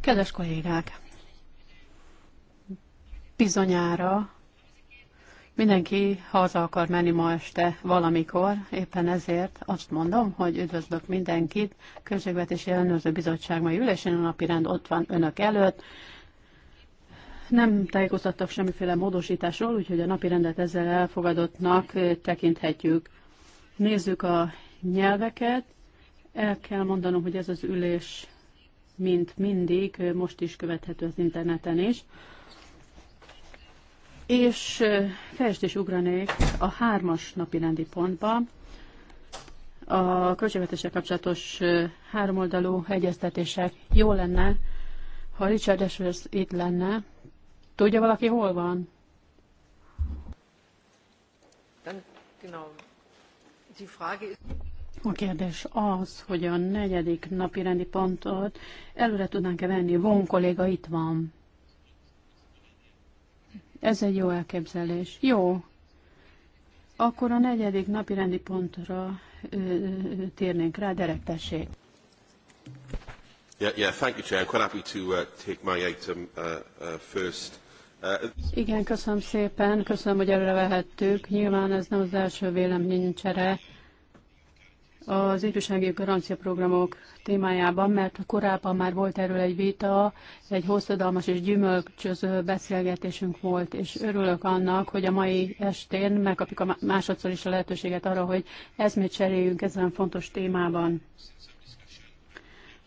Kedves kollégák! Bizonyára mindenki haza akar menni ma este valamikor, éppen ezért azt mondom, hogy üdvözlök mindenkit. Községvetési Ellenőrző Bizottság mai ülésén a napirend ott van önök előtt. Nem tájékoztattak semmiféle módosításról, úgyhogy a napirendet ezzel elfogadottnak tekinthetjük. Nézzük a nyelveket. El kell mondanom, hogy ez az ülés, mint mindig, most is követhető az interneten is. És fejest is ugranék a hármas napi rendi pontba, a költségvetéssel kapcsolatos háromoldalú egyeztetések. Jó lenne, ha Richard Ashworth itt lenne. Tudja valaki, hol van? A kérdés az, hogy a negyedik napi rendi pontot előre tudnánk-e venni. Von kolléga itt van. Ez egy jó elképzelés. Jó. Akkor a negyedik napi rendi pontra ö, ö, térnénk rá, derek tessék. Yeah, yeah, thank you, Chair. I'm quite happy to uh, take my item uh, uh, first. Uh, Igen, köszönöm szépen, köszönöm, hogy előre vehettük. Nyilván ez nem az első véleménycsere, az ifjúsági garancia programok témájában, mert korábban már volt erről egy vita, egy hosszadalmas és gyümölcsöző beszélgetésünk volt, és örülök annak, hogy a mai estén megkapjuk a másodszor is a lehetőséget arra, hogy még cseréljünk ezen fontos témában.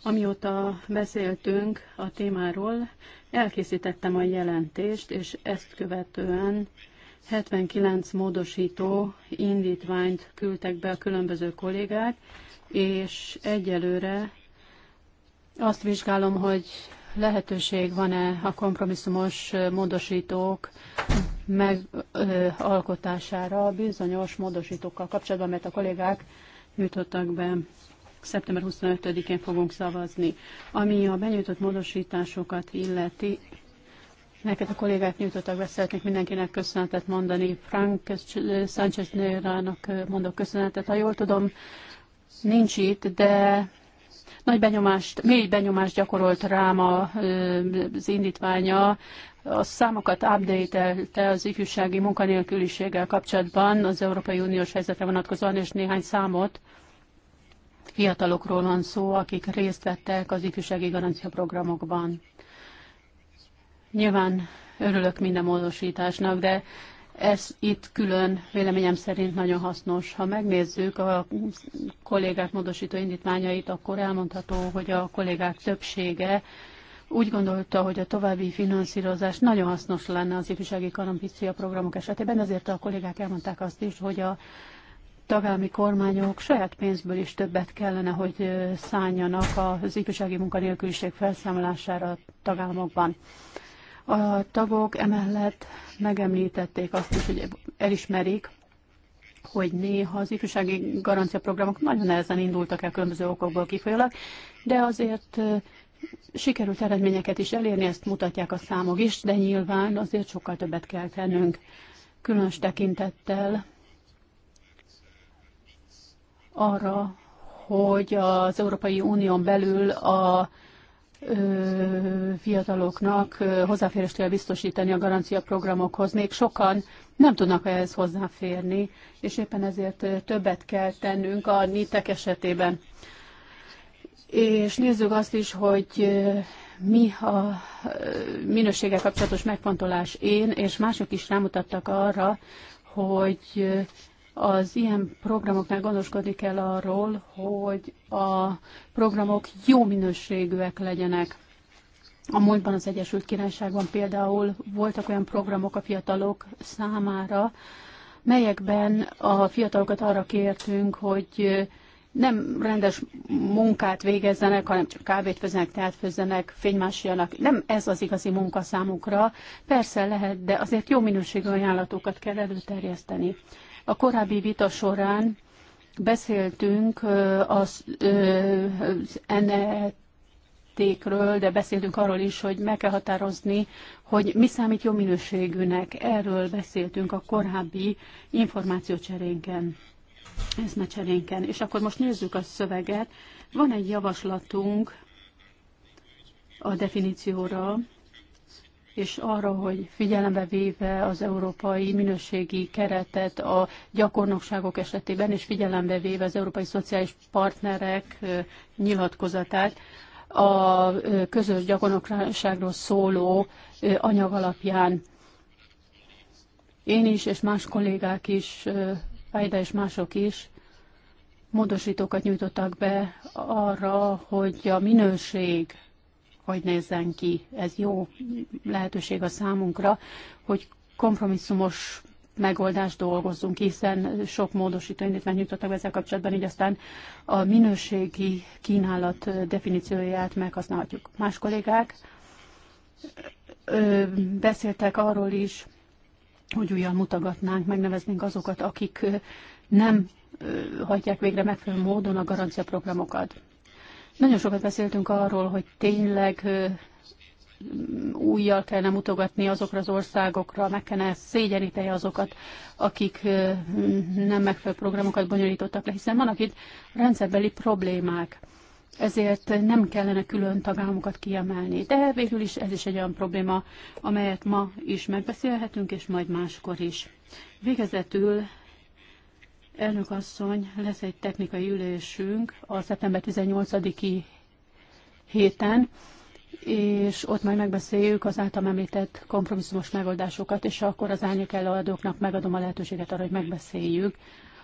Amióta beszéltünk a témáról, elkészítettem a jelentést, és ezt követően 79 módosító indítványt küldtek be a különböző kollégák, és egyelőre azt vizsgálom, hogy lehetőség van-e a kompromisszumos módosítók megalkotására bizonyos módosítókkal kapcsolatban, mert a kollégák nyújtottak be. Szeptember 25-én fogunk szavazni. Ami a benyújtott módosításokat illeti, Neked a kollégák nyújtottak be, szeretnék mindenkinek köszönetet mondani. Frank Sánchez nőrának mondok köszönetet. Ha jól tudom, nincs itt, de nagy benyomást, mély benyomást gyakorolt rám az indítványa. A számokat update-elte az ifjúsági munkanélküliséggel kapcsolatban az Európai Uniós helyzetre vonatkozóan, és néhány számot fiatalokról van szó, akik részt vettek az ifjúsági garancia programokban. Nyilván örülök minden módosításnak, de ez itt külön véleményem szerint nagyon hasznos. Ha megnézzük a kollégák módosító indítványait, akkor elmondható, hogy a kollégák többsége úgy gondolta, hogy a további finanszírozás nagyon hasznos lenne az ifjúsági kalampicia programok esetében, ezért a kollégák elmondták azt is, hogy a tagállami kormányok saját pénzből is többet kellene, hogy szálljanak az ifjúsági munkanélküliség felszámolására a tagállamokban. A tagok emellett megemlítették azt is, hogy elismerik, hogy néha az ifjúsági garancia programok nagyon nehezen indultak el különböző okokból kifolyólag, de azért sikerült eredményeket is elérni, ezt mutatják a számok is, de nyilván azért sokkal többet kell tennünk, különös tekintettel arra, hogy az Európai Unión belül a fiataloknak hozzáférést kell biztosítani a garancia programokhoz. Még sokan nem tudnak ehhez hozzáférni, és éppen ezért többet kell tennünk a nitek esetében. És nézzük azt is, hogy mi a minőséggel kapcsolatos megfontolás én, és mások is rámutattak arra, hogy az ilyen programoknál gondoskodni kell arról, hogy a programok jó minőségűek legyenek. A múltban az Egyesült Királyságban például voltak olyan programok a fiatalok számára, melyekben a fiatalokat arra kértünk, hogy nem rendes munkát végezzenek, hanem csak kávét főzzenek, teát főzzenek, fénymásoljanak. Nem ez az igazi munka számukra. Persze lehet, de azért jó minőségű ajánlatokat kell előterjeszteni. A korábbi vita során beszéltünk az, az enetékről, de beszéltünk arról is, hogy meg kell határozni, hogy mi számít jó minőségűnek. Erről beszéltünk a korábbi információcserénken, eszmecserénken. És akkor most nézzük a szöveget. Van egy javaslatunk a definícióra, és arra, hogy figyelembe véve az európai minőségi keretet a gyakornokságok esetében, és figyelembe véve az európai szociális partnerek nyilatkozatát, a közös gyakornokságról szóló anyag alapján. Én is, és más kollégák is, Fajda és mások is módosítókat nyújtottak be arra, hogy a minőség hogy nézzen ki. Ez jó lehetőség a számunkra, hogy kompromisszumos megoldást dolgozzunk, hiszen sok módosító indítványt nyújtottak ezzel kapcsolatban, így aztán a minőségi kínálat definícióját meghasználhatjuk. Más kollégák ö, beszéltek arról is, hogy újjal mutogatnánk, megneveznénk azokat, akik nem hagyják végre megfelelő módon a garanciaprogramokat. Nagyon sokat beszéltünk arról, hogy tényleg újjal kellene mutogatni azokra az országokra, meg kellene szégyeníteni azokat, akik nem megfelelő programokat bonyolítottak le, hiszen vannak itt rendszerbeli problémák. Ezért nem kellene külön tagállamokat kiemelni. De végül is ez is egy olyan probléma, amelyet ma is megbeszélhetünk, és majd máskor is. Végezetül Elnök asszony, lesz egy technikai ülésünk a szeptember 18-i héten, és ott majd megbeszéljük az általam említett kompromisszumos megoldásokat, és akkor az árnyék előadóknak megadom a lehetőséget arra, hogy megbeszéljük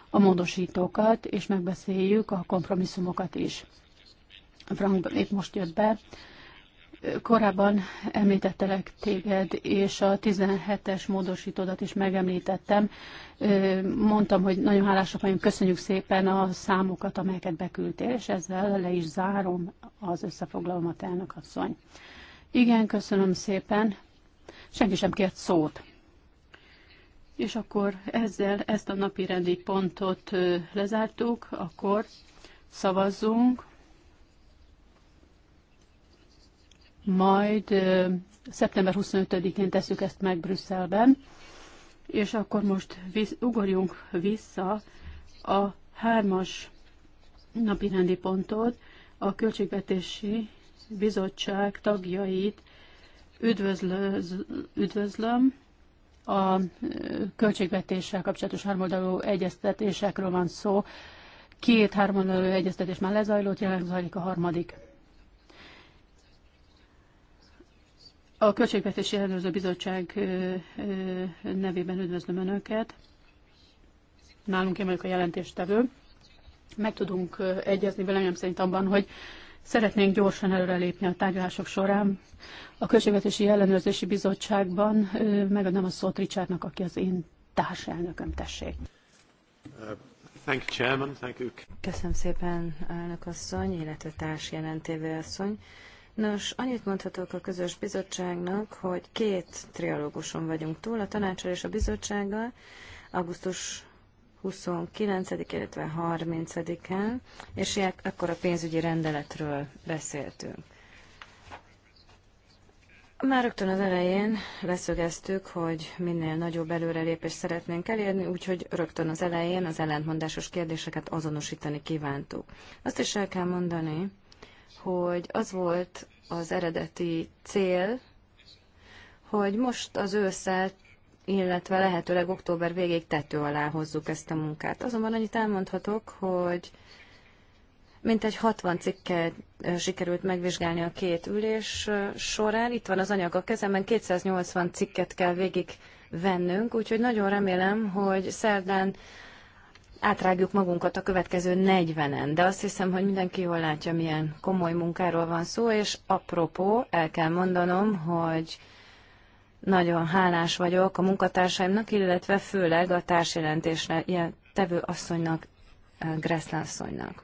a módosítókat, és megbeszéljük a kompromisszumokat is. Frank épp most jött be, Korábban említettelek téged, és a 17-es módosítódat is megemlítettem. Mondtam, hogy nagyon hálásak vagyunk, köszönjük szépen a számokat, amelyeket beküldtél, és ezzel le is zárom az összefoglalómat, elnök asszony. Igen, köszönöm szépen. Senki sem kért szót. És akkor ezzel ezt a napi rendi pontot lezártuk, akkor szavazzunk. majd szeptember 25-én tesszük ezt meg Brüsszelben, és akkor most visz, ugorjunk vissza a hármas napi rendi pontot, a Költségvetési Bizottság tagjait üdvözlöm, üdvözlöm a költségvetéssel kapcsolatos háromoldalú egyeztetésekről van szó. Két harmadaló egyeztetés már lezajlott, jelenleg zajlik a harmadik. A Költségvetési Ellenőrző Bizottság nevében üdvözlöm Önöket. Nálunk én vagyok a jelentéstevő. Meg tudunk egyezni velem szerint abban, hogy Szeretnénk gyorsan előrelépni a tárgyalások során. A Költségvetési Ellenőrzési Bizottságban megadnám a szót Richardnak, aki az én társelnököm, tessék. thank you, Chairman. Thank you. Köszönöm szépen, elnök asszony, illetve társ jelentévő asszony. Nos, annyit mondhatok a közös bizottságnak, hogy két trialóguson vagyunk túl, a tanácsal és a bizottsággal, augusztus 29 illetve 30-án, és akkor a pénzügyi rendeletről beszéltünk. Már rögtön az elején leszögeztük, hogy minél nagyobb előrelépést szeretnénk elérni, úgyhogy rögtön az elején az ellentmondásos kérdéseket azonosítani kívántuk. Azt is el kell mondani, hogy az volt az eredeti cél, hogy most az ősszel, illetve lehetőleg október végéig tető alá hozzuk ezt a munkát. Azonban annyit elmondhatok, hogy mintegy 60 cikket sikerült megvizsgálni a két ülés során. Itt van az anyag a kezemben, 280 cikket kell végig vennünk, úgyhogy nagyon remélem, hogy szerdán átrágjuk magunkat a következő 40-en, de azt hiszem, hogy mindenki jól látja, milyen komoly munkáról van szó, és apropó, el kell mondanom, hogy nagyon hálás vagyok a munkatársaimnak, illetve főleg a társjelentésre ilyen tevő asszonynak, Gressler asszonynak.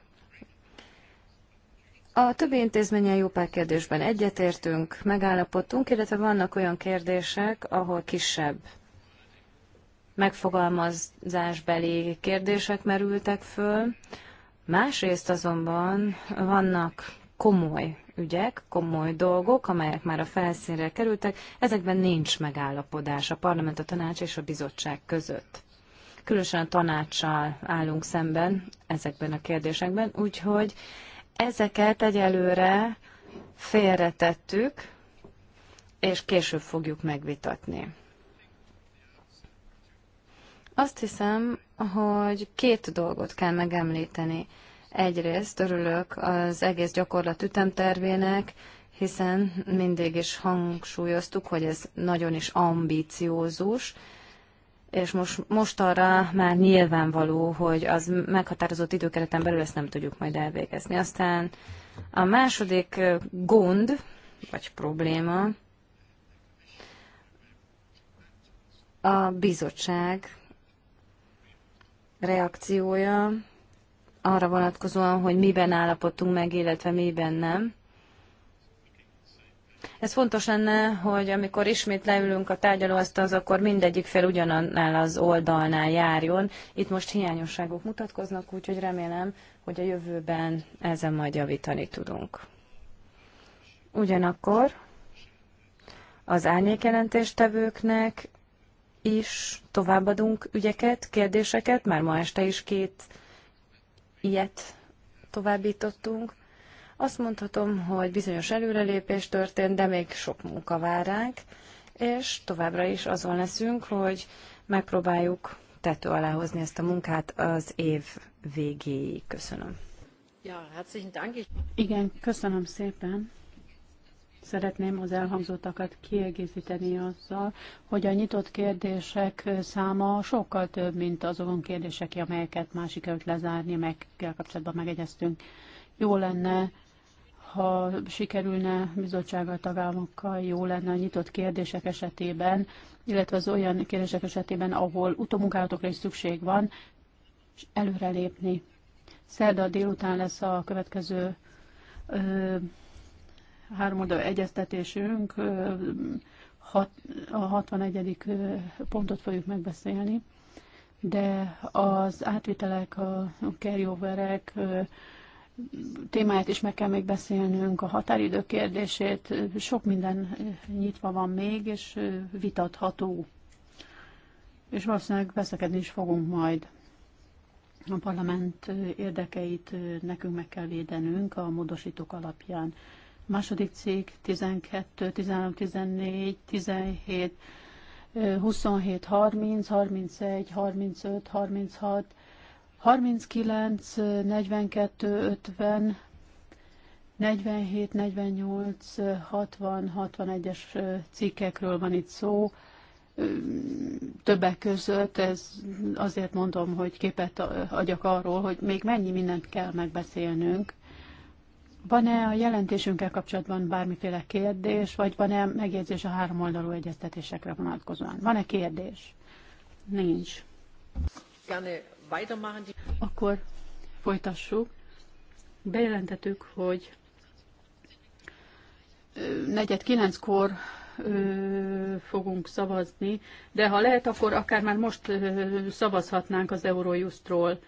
A többi intézményen jó pár kérdésben egyetértünk, megállapodtunk, illetve vannak olyan kérdések, ahol kisebb megfogalmazásbeli kérdések merültek föl. Másrészt azonban vannak komoly ügyek, komoly dolgok, amelyek már a felszínre kerültek, ezekben nincs megállapodás a parlament, a tanács és a bizottság között. Különösen a tanácssal állunk szemben ezekben a kérdésekben, úgyhogy ezeket egyelőre félretettük, és később fogjuk megvitatni. Azt hiszem, hogy két dolgot kell megemlíteni. Egyrészt örülök az egész gyakorlat ütemtervének, hiszen mindig is hangsúlyoztuk, hogy ez nagyon is ambíciózus, és most, most arra már nyilvánvaló, hogy az meghatározott időkereten belül ezt nem tudjuk majd elvégezni. Aztán a második gond, vagy probléma, a bizottság reakciója arra vonatkozóan, hogy miben állapodtunk meg, illetve miben nem. Ez fontos lenne, hogy amikor ismét leülünk a tárgyalóasztalhoz, akkor mindegyik fel ugyanannál az oldalnál járjon. Itt most hiányosságok mutatkoznak, úgyhogy remélem, hogy a jövőben ezen majd javítani tudunk. Ugyanakkor az árnyékjelentéstevőknek is továbbadunk ügyeket, kérdéseket, már ma este is két ilyet továbbítottunk. Azt mondhatom, hogy bizonyos előrelépés történt, de még sok munka vár ránk, és továbbra is azon leszünk, hogy megpróbáljuk tető alá hozni ezt a munkát az év végéig. Köszönöm. Ja, herzlichen Dank. Igen, köszönöm szépen. Szeretném az elhangzottakat kiegészíteni azzal, hogy a nyitott kérdések száma sokkal több, mint azon kérdések, amelyeket már sikerült lezárni, amelyekkel kapcsolatban megegyeztünk. Jó lenne, ha sikerülne bizottsággal, tagállamokkal, jó lenne a nyitott kérdések esetében, illetve az olyan kérdések esetében, ahol utómunkálatokra is szükség van, és előrelépni. Szerda délután lesz a következő ö, háromoldalú egyeztetésünk hat, a 61. pontot fogjuk megbeszélni, de az átvitelek, a carryoverek témáját is meg kell még beszélnünk, a határidő kérdését, sok minden nyitva van még, és vitatható. És valószínűleg veszekedni is fogunk majd. A parlament érdekeit nekünk meg kell védenünk a módosítók alapján. Második cikk 12, 13, 14, 17, 27, 30, 31, 35, 36, 39, 42, 50, 47, 48, 60, 61-es cikkekről van itt szó. Többek között ez azért mondom, hogy képet adjak arról, hogy még mennyi mindent kell megbeszélnünk. Van-e a jelentésünkkel kapcsolatban bármiféle kérdés, vagy van-e megjegyzés a három oldalú egyeztetésekre vonatkozóan? Van-e kérdés? Nincs. Akkor folytassuk. Bejelentettük, hogy negyed kilenckor fogunk szavazni, de ha lehet, akkor akár már most szavazhatnánk az Eurojustról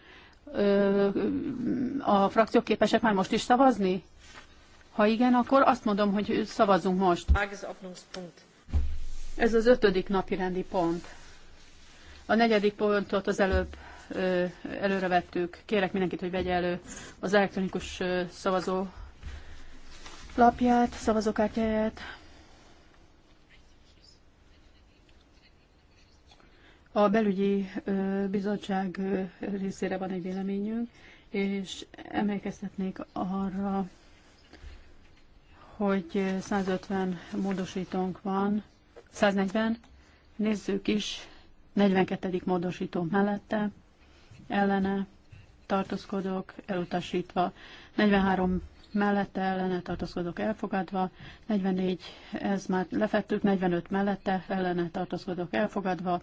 a frakciók képesek már most is szavazni? Ha igen, akkor azt mondom, hogy szavazunk most. Ez az ötödik napi rendi pont. A negyedik pontot az előbb előre vettük. Kérek mindenkit, hogy vegye elő az elektronikus szavazó lapját, szavazókártyáját. A belügyi bizottság részére van egy véleményünk, és emlékeztetnék arra, hogy 150 módosítónk van, 140, nézzük is, 42. módosító mellette, ellene tartózkodok, elutasítva, 43 mellette ellene tartózkodok elfogadva, 44, ez már lefettük, 45 mellette ellene tartózkodok elfogadva,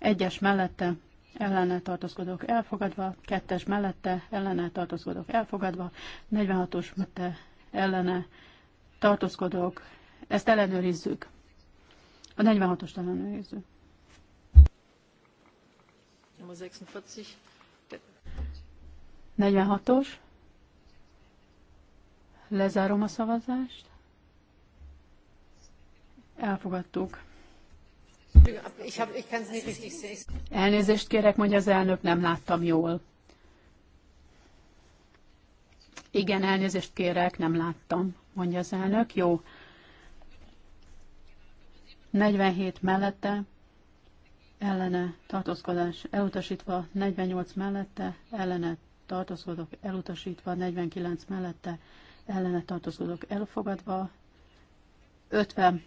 egyes mellette ellene tartózkodók elfogadva, kettes mellette ellene tartózkodók elfogadva, 46-os mellette ellene tartózkodók, ezt ellenőrizzük. A 46-ost ellenőrizzük. Nummer 46. 46-os. Lezárom a szavazást. Elfogadtuk. Elnézést kérek, mondja az elnök, nem láttam jól. Igen, elnézést kérek, nem láttam, mondja az elnök. Jó. 47 mellette, ellene tartózkodás elutasítva, 48 mellette, ellene tartózkodok elutasítva, 49 mellette, ellene tartózkodok elfogadva, 50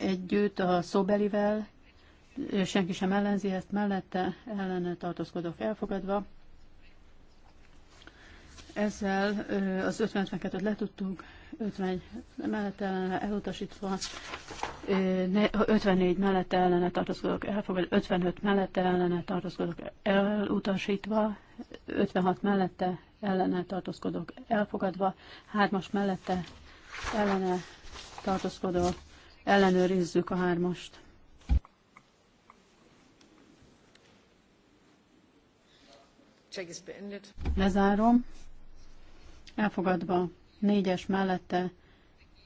együtt a szóbelivel, senki sem ellenzi ezt mellette, ellene tartózkodók elfogadva. Ezzel az 52-et letudtunk, 50 mellette ellene elutasítva, 54 mellette ellene tartózkodok elfogadva, 55 mellette ellene tartózkodok elutasítva, 56 mellette ellene tartózkodok elfogadva, 3-as mellette ellene tartózkodok ellenőrizzük a hármast. Lezárom. Elfogadva négyes mellette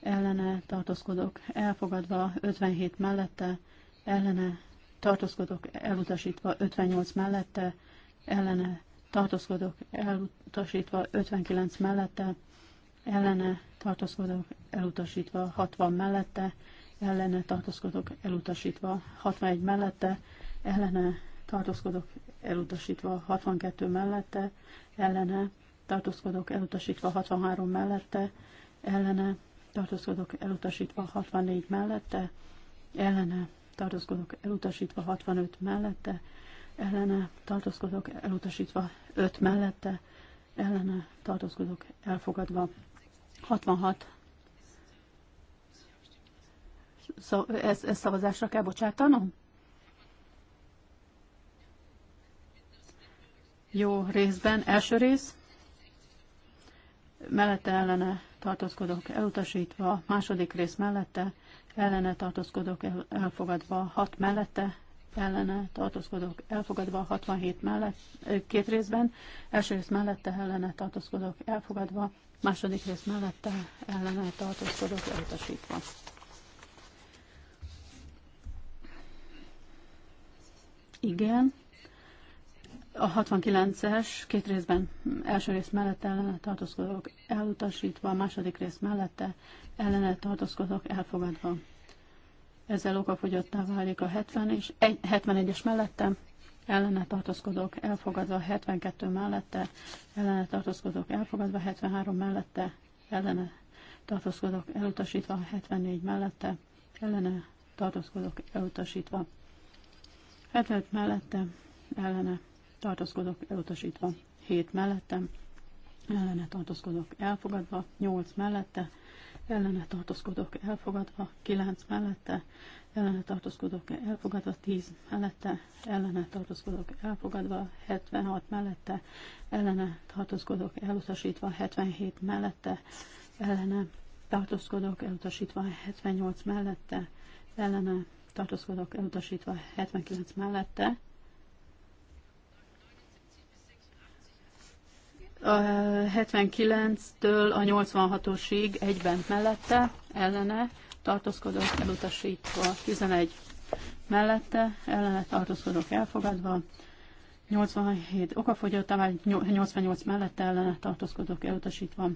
ellene tartózkodok. Elfogadva 57 mellette ellene tartózkodok. Elutasítva 58 mellette ellene tartózkodok. Elutasítva 59 mellette ellene tartózkodok. Elutasítva 60 mellette ellene tartózkodok elutasítva, 61 mellette ellene tartózkodok elutasítva, 62 mellette ellene tartózkodok elutasítva, 63 mellette ellene tartózkodok elutasítva, 64 mellette ellene tartózkodok elutasítva, 65 mellette ellene tartózkodok elutasítva, 5 mellette ellene tartózkodok elfogadva, 66 ezt, ezt szavazásra kell bocsátanom? Jó, részben. Első rész. Mellette ellene tartózkodok elutasítva. Második rész mellette ellene tartózkodok elfogadva. Hat mellette ellene tartózkodok elfogadva. 67 mellett két részben. Első rész mellette ellene tartózkodok elfogadva. Második rész mellette ellene tartózkodok elutasítva. igen. A 69-es két részben első rész mellette ellene tartózkodok elutasítva, a második rész mellette ellene tartózkodok elfogadva. Ezzel okafogyottá válik a 70 és 71-es mellette ellene tartózkodok elfogadva, 72 mellette ellene tartózkodok elfogadva, 73 mellette ellene tartózkodok elutasítva, 74 mellette ellene tartózkodok elutasítva. Hetet mellettem, ellene tartózkodok elutasítva. Hét mellettem, ellene tartózkodok elfogadva. Nyolc mellette, ellene tartózkodok elfogadva. Kilenc mellette, ellene tartózkodok elfogadva. tíz mellette, ellene tartózkodok elfogadva. 76 mellette, ellene tartózkodok elutasítva. 77 mellette, ellene tartózkodok elutasítva. 78 mellette, ellene tartózkodok elutasítva 79 mellette. A 79-től a 86-osig egyben mellette, ellene tartózkodok elutasítva 11 mellette, ellene tartózkodok elfogadva. 87 okafogyott, vagy 88 mellette ellene tartózkodok elutasítva.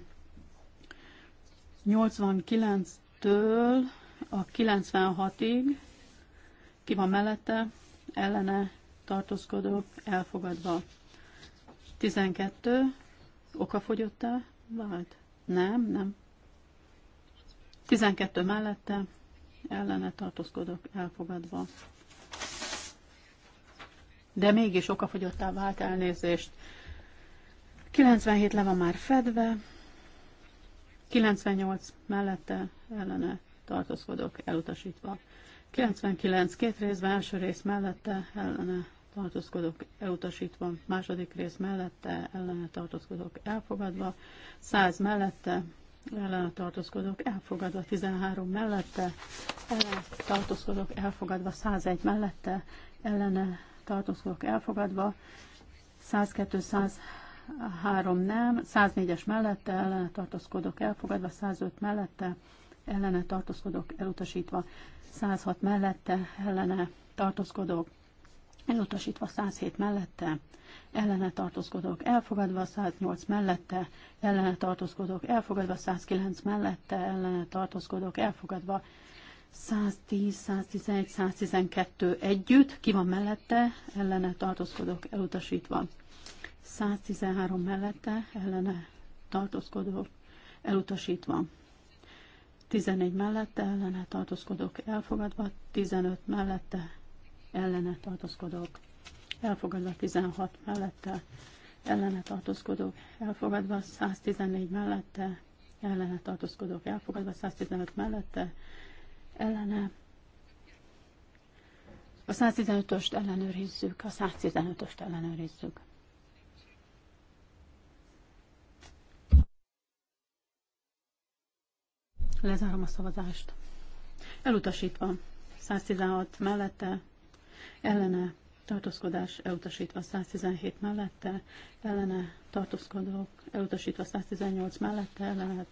89-től a 96-ig ki van mellette? Ellene tartózkodok, elfogadva. 12. Okafogyottá vált? Nem, nem. 12 mellette ellene tartózkodok elfogadva. De mégis okafogyottá vált elnézést. 97 le van már fedve, 98 mellette ellene tartózkodok elutasítva. 99 két részben, első rész mellette ellene tartózkodok elutasítva, második rész mellette ellene tartózkodok elfogadva, 100 mellette ellene tartózkodok elfogadva, 13 mellette ellene tartózkodok elfogadva, 101 mellette ellene tartózkodok elfogadva, 102 100 3 nem, 104-es mellette ellene tartózkodok elfogadva, 105 mellette ellene tartózkodok, elutasítva, 106 mellette ellene tartózkodok, elutasítva 107 mellette, ellene tartózkodok, elfogadva 108 mellette, ellene tartózkodok, elfogadva 109 mellette, ellene tartózkodok, elfogadva 110, 111, 112 együtt, ki van mellette, ellene tartózkodok, elutasítva. 113 mellette, ellene tartózkodok, elutasítva. 11 mellette ellene tartózkodok elfogadva, 15 mellette ellene tartózkodok elfogadva, 16 mellette ellene tartózkodok elfogadva, 114 mellette ellene tartózkodok elfogadva, 115 mellette ellene. A 115-öst ellenőrizzük, a 115-öst ellenőrizzük. Lezárom a szavazást. Elutasítva. 116 mellette, ellene tartózkodás elutasítva 117 mellette, ellene tartózkodók elutasítva 118 mellette, ellene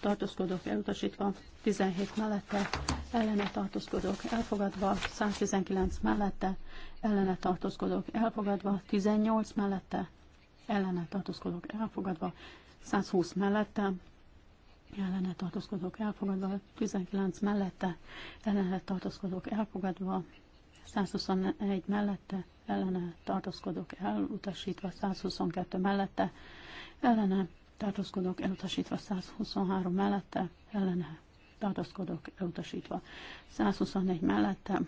tartózkodók elutasítva 17 mellette, ellene tartózkodók elfogadva 119 mellette, ellene tartózkodók elfogadva 18 mellette, ellene tartózkodók elfogadva 120 mellette, ellene tartózkodók elfogadva, 19 mellette ellene tartózkodók elfogadva, 121 mellette ellene tartózkodók elutasítva, 122 mellette ellene tartózkodók elutasítva, 123 mellette ellene tartózkodók elutasítva, 124 mellette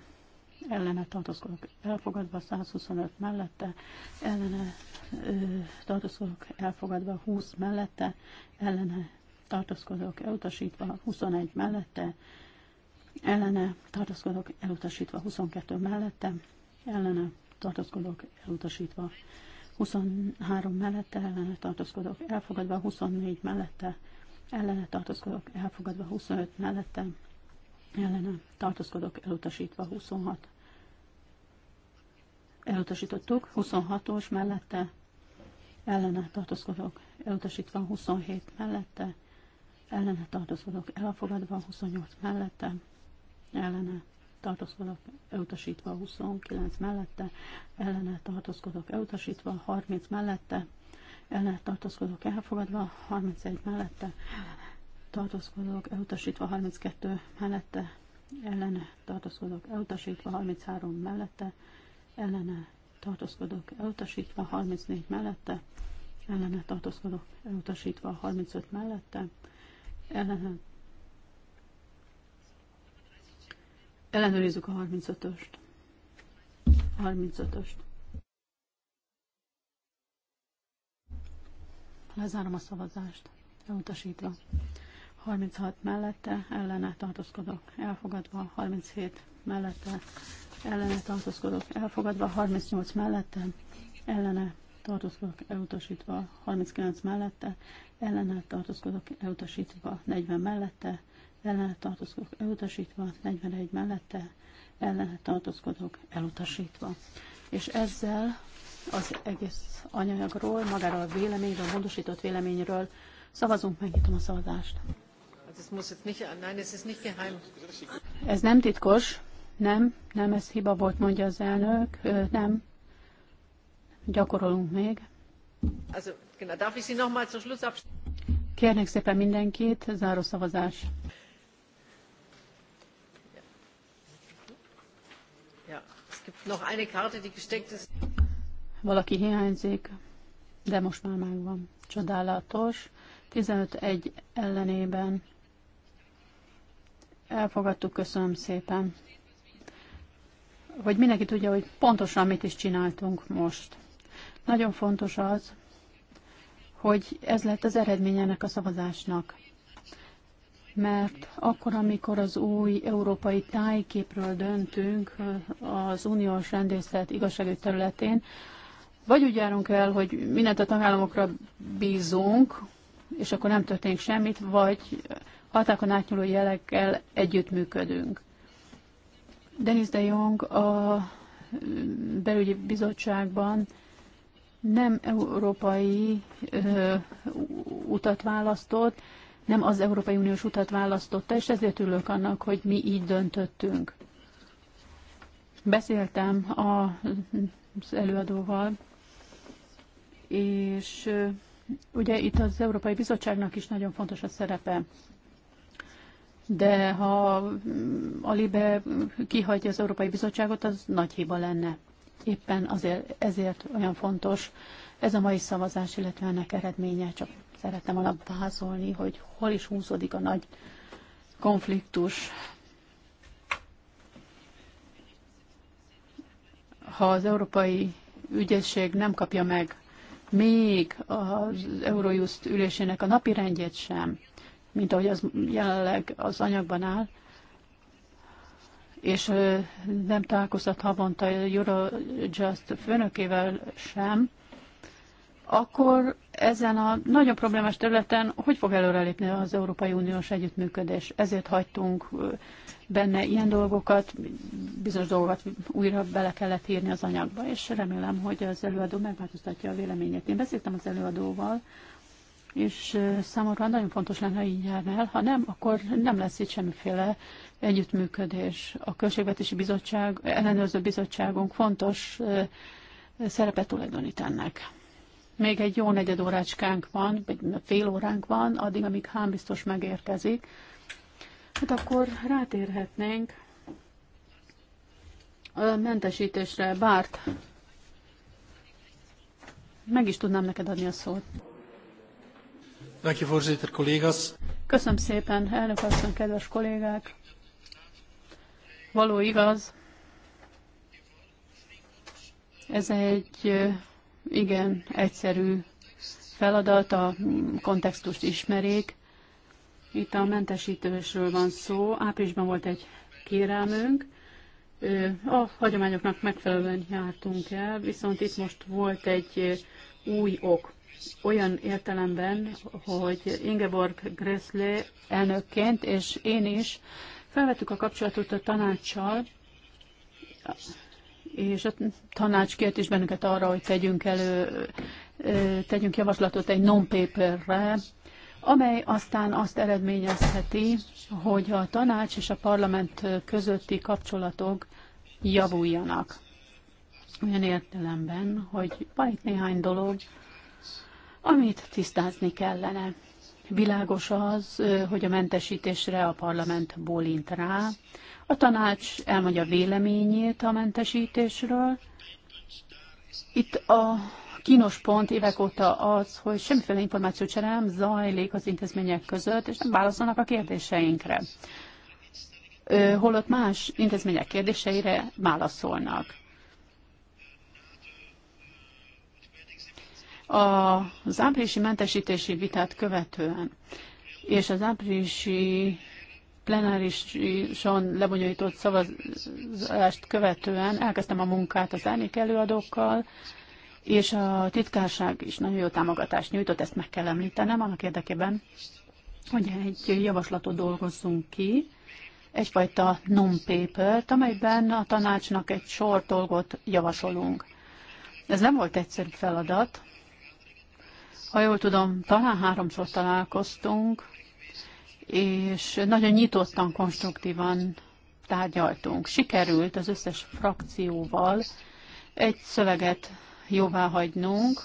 ellene tartózkodók elfogadva, 125 mellette, ellene ö, tartózkodók elfogadva, 20 mellette, ellene tartózkodók elutasítva, 21 mellette, ellene tartózkodók elutasítva, 22 mellette, ellene tartózkodók elutasítva, 23 mellette, ellene tartózkodók elfogadva, 24 mellette, ellene tartózkodók elfogadva, 25 mellette, ellene tartózkodók elutasítva, 26 elutasítottuk, 26-os mellette, ellene tartózkodók elutasítva, 27 mellette, ellene tartozkodok elfogadva, 28 mellette, ellene tartozkodok elutasítva, 29 mellette, ellene tartozkodok elutasítva, 30 mellette, ellene tartozkodok elfogadva, 31 mellette, tartozkodok elutasítva, 32 mellette, ellene tartozkodok elutasítva, 33 mellette, ellene tartozkodok elutasítva, 34 mellette, ellene tartozkodok elutasítva, 35 mellette, Ellenőrizzük a 35-öst. 35-öst. Lezárom a szavazást. Elutasítva. 36 mellette, ellene tartózkodok. Elfogadva. 37 mellette, ellene tartózkodok. Elfogadva. 38 mellette, ellene tartózkodok elutasítva, 39 mellette, ellene tartózkodok elutasítva, 40 mellette, ellene tartózkodok elutasítva, 41 mellette, ellene tartózkodok elutasítva. És ezzel az egész anyagról, magáról a véleményről, a módosított véleményről szavazunk, megnyitom a szavazást. Ez nem titkos, nem, nem, ez hiba volt, mondja az elnök, nem, gyakorolunk még. Kérnek szépen mindenkit, záró szavazás. Valaki hiányzik, de most már megvan. Csodálatos. 15-1 ellenében elfogadtuk, köszönöm szépen. Hogy mindenki tudja, hogy pontosan mit is csináltunk most. Nagyon fontos az, hogy ez lett az eredmény ennek a szavazásnak. Mert akkor, amikor az új európai tájképről döntünk az uniós rendészet igazságügy területén, vagy úgy járunk el, hogy mindent a tagállamokra bízunk, és akkor nem történik semmit, vagy hatákon átnyúló jelekkel együttműködünk. Denis de Jong a belügyi bizottságban nem európai ö, utat választott, nem az Európai Uniós utat választotta, és ezért ülök annak, hogy mi így döntöttünk. Beszéltem az előadóval, és ugye itt az Európai Bizottságnak is nagyon fontos a szerepe. De ha a Libe kihagyja az Európai Bizottságot, az nagy hiba lenne éppen azért, ezért olyan fontos ez a mai szavazás, illetve ennek eredménye, csak szerettem volna hogy hol is húzódik a nagy konfliktus. Ha az európai ügyesség nem kapja meg még az Eurojust ülésének a napi rendjét sem, mint ahogy az jelenleg az anyagban áll, és nem találkozott havonta Eurojust főnökével sem, akkor ezen a nagyon problémás területen hogy fog előrelépni az Európai Uniós együttműködés? Ezért hagytunk benne ilyen dolgokat, bizonyos dolgokat újra bele kellett írni az anyagba, és remélem, hogy az előadó megváltoztatja a véleményét. Én beszéltem az előadóval, és számomra nagyon fontos lenne, ha így járna el. Ha nem, akkor nem lesz itt semmiféle együttműködés. A Költségvetési Bizottság, ellenőrző bizottságunk fontos szerepet tulajdonít ennek. Még egy jó negyed órácskánk van, vagy fél óránk van, addig, amíg Hán biztos megérkezik. Hát akkor rátérhetnénk a mentesítésre. Bárt, meg is tudnám neked adni a szót. Köszönöm szépen, elnök asszony, kedves kollégák! Való igaz, ez egy igen egyszerű feladat, a kontextust ismerik. Itt a mentesítősről van szó. Áprilisban volt egy kérelmünk, a hagyományoknak megfelelően jártunk el, viszont itt most volt egy új ok olyan értelemben, hogy Ingeborg Gressle elnökként és én is felvettük a kapcsolatot a tanácssal, és a tanács kért is bennünket arra, hogy tegyünk elő, tegyünk javaslatot egy non-paperre, amely aztán azt eredményezheti, hogy a tanács és a parlament közötti kapcsolatok javuljanak. Olyan értelemben, hogy van itt néhány dolog, amit tisztázni kellene. Világos az, hogy a mentesítésre a parlament bólint rá, a tanács elmondja véleményét a mentesítésről. Itt a kínos pont évek óta az, hogy semmiféle információ nem zajlik az intézmények között, és nem válaszolnak a kérdéseinkre. Holott más intézmények kérdéseire válaszolnak. Az áprilisi mentesítési vitát követően és az áprilisi plenárison lebonyolított szavazást követően elkezdtem a munkát az árnyék előadókkal, és a titkárság is nagyon jó támogatást nyújtott, ezt meg kell említenem, annak érdekében, hogy egy javaslatot dolgozzunk ki, egyfajta non-paper-t, amelyben a tanácsnak egy sor dolgot javasolunk. Ez nem volt egyszerű feladat, ha jól tudom, talán háromszor találkoztunk, és nagyon nyitottan, konstruktívan tárgyaltunk. Sikerült az összes frakcióval egy szöveget jóvá hagynunk,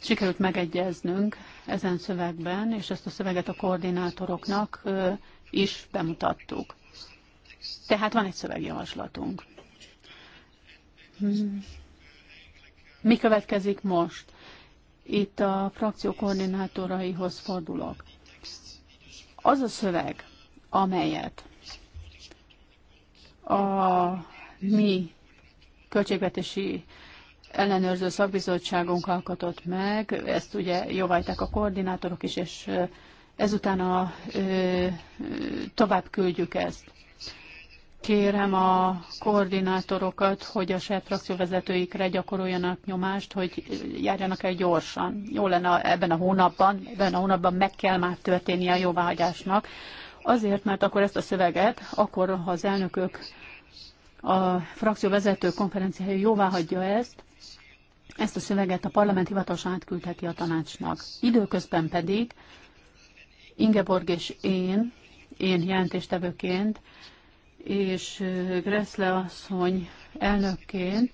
sikerült megegyeznünk ezen szövegben, és ezt a szöveget a koordinátoroknak is bemutattuk. Tehát van egy szövegjavaslatunk. Hmm. Mi következik most? Itt a frakció koordinátoraihoz fordulok. Az a szöveg, amelyet a mi költségvetési ellenőrző szakbizottságunk alkotott meg, ezt ugye jóvájták a koordinátorok is, és ezután a, ö, tovább küldjük ezt kérem a koordinátorokat, hogy a saját frakcióvezetőikre gyakoroljanak nyomást, hogy járjanak el gyorsan. Jó lenne ebben a hónapban, ebben a hónapban meg kell már történnie a jóváhagyásnak, azért, mert akkor ezt a szöveget, akkor ha az elnökök a frakcióvezető konferenciája jóváhagyja ezt, ezt a szöveget a parlament hivatalosan átküldheti a tanácsnak. Időközben pedig Ingeborg és én, én jelentéstevőként és Gressle asszony elnökként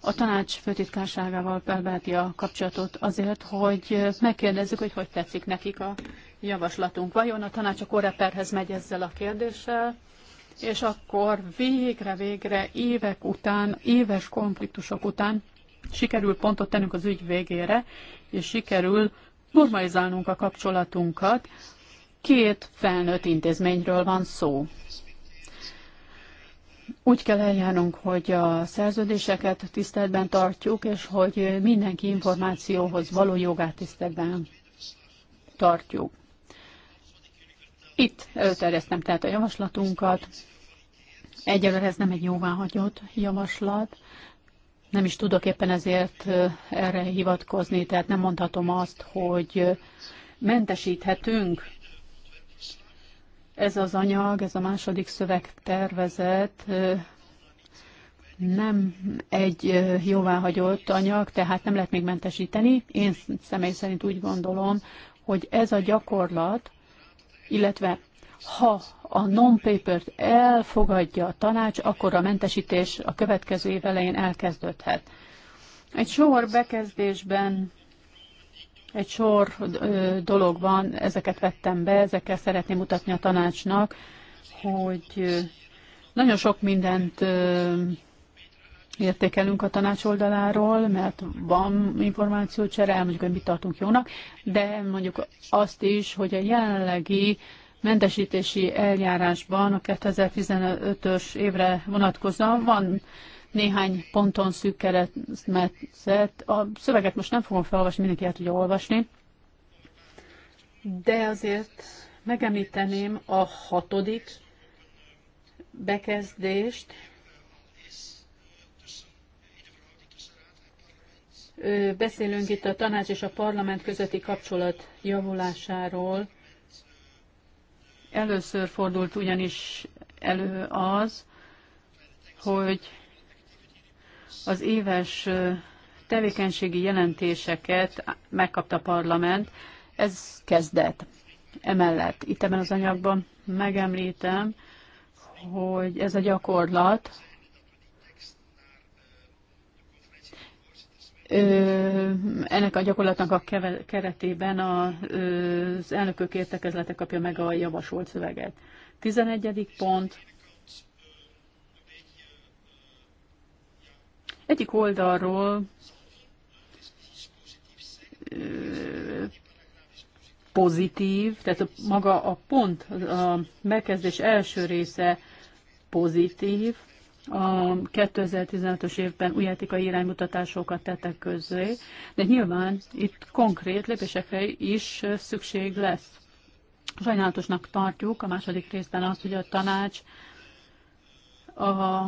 a tanács főtitkárságával felveheti a kapcsolatot azért, hogy megkérdezzük, hogy hogy tetszik nekik a javaslatunk. Vajon a tanács a koreperhez megy ezzel a kérdéssel, és akkor végre-végre évek után, éves konfliktusok után sikerül pontot tennünk az ügy végére, és sikerül normalizálnunk a kapcsolatunkat. Két felnőtt intézményről van szó úgy kell eljárnunk, hogy a szerződéseket tiszteletben tartjuk, és hogy mindenki információhoz való jogát tiszteletben tartjuk. Itt előterjesztem tehát a javaslatunkat. Egyelőre ez nem egy jóváhagyott javaslat, nem is tudok éppen ezért erre hivatkozni, tehát nem mondhatom azt, hogy mentesíthetünk ez az anyag, ez a második szöveg tervezet nem egy jóváhagyott anyag, tehát nem lehet még mentesíteni. Én személy szerint úgy gondolom, hogy ez a gyakorlat, illetve ha a non-papert elfogadja a tanács, akkor a mentesítés a következő év elején elkezdődhet. Egy sor bekezdésben egy sor dolog van, ezeket vettem be, ezekkel szeretném mutatni a tanácsnak, hogy nagyon sok mindent értékelünk a tanács oldaláról, mert van információcsere, mondjuk, hogy mit tartunk jónak, de mondjuk azt is, hogy a jelenlegi mentesítési eljárásban a 2015-ös évre vonatkozóan van néhány ponton szűk keresztmetszett. A szöveget most nem fogom felolvasni, mindenki el tudja olvasni, de azért megemlíteném a hatodik bekezdést, Beszélünk itt a tanács és a parlament közötti kapcsolat javulásáról. Először fordult ugyanis elő az, hogy az éves tevékenységi jelentéseket megkapta a parlament, ez kezdett Emellett itt ebben az anyagban megemlítem, hogy ez a gyakorlat Ö, ennek a gyakorlatnak a keve, keretében a, ö, az elnökök értekezlete kapja meg a javasolt szöveget. 11. pont Egyik oldalról pozitív, tehát a, maga a pont, a megkezdés első része pozitív. A 2015-ös évben új etikai iránymutatásokat tettek közzé, de nyilván itt konkrét lépésekre is szükség lesz. Sajnálatosnak tartjuk a második részben azt, hogy a tanács a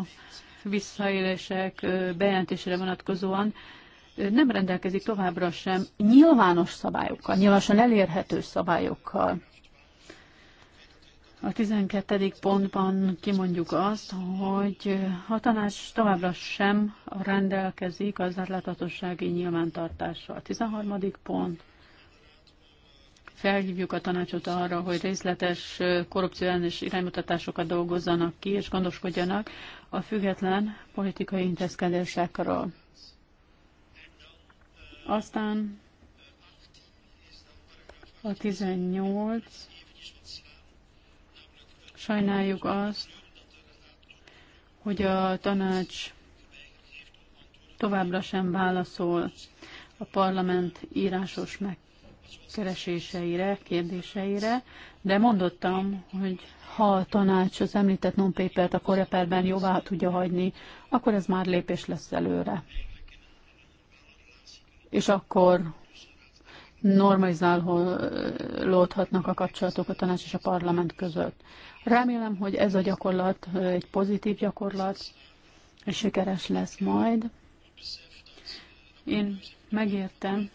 visszaélések bejelentésére vonatkozóan nem rendelkezik továbbra sem nyilvános szabályokkal, nyilvánosan elérhető szabályokkal. A 12. pontban kimondjuk azt, hogy a tanács továbbra sem rendelkezik az átláthatósági nyilvántartással. 13. pont felhívjuk a tanácsot arra, hogy részletes és iránymutatásokat dolgozzanak ki, és gondoskodjanak a független politikai intézkedésekről. Aztán a 18. Sajnáljuk azt, hogy a tanács továbbra sem válaszol a parlament írásos meg kereséseire, kérdéseire, de mondottam, hogy ha a tanács az említett non-papert a koreperben jóvá tudja hagyni, akkor ez már lépés lesz előre. És akkor normalizálódhatnak a kapcsolatok a tanács és a parlament között. Remélem, hogy ez a gyakorlat egy pozitív gyakorlat, és sikeres lesz majd. Én megértem,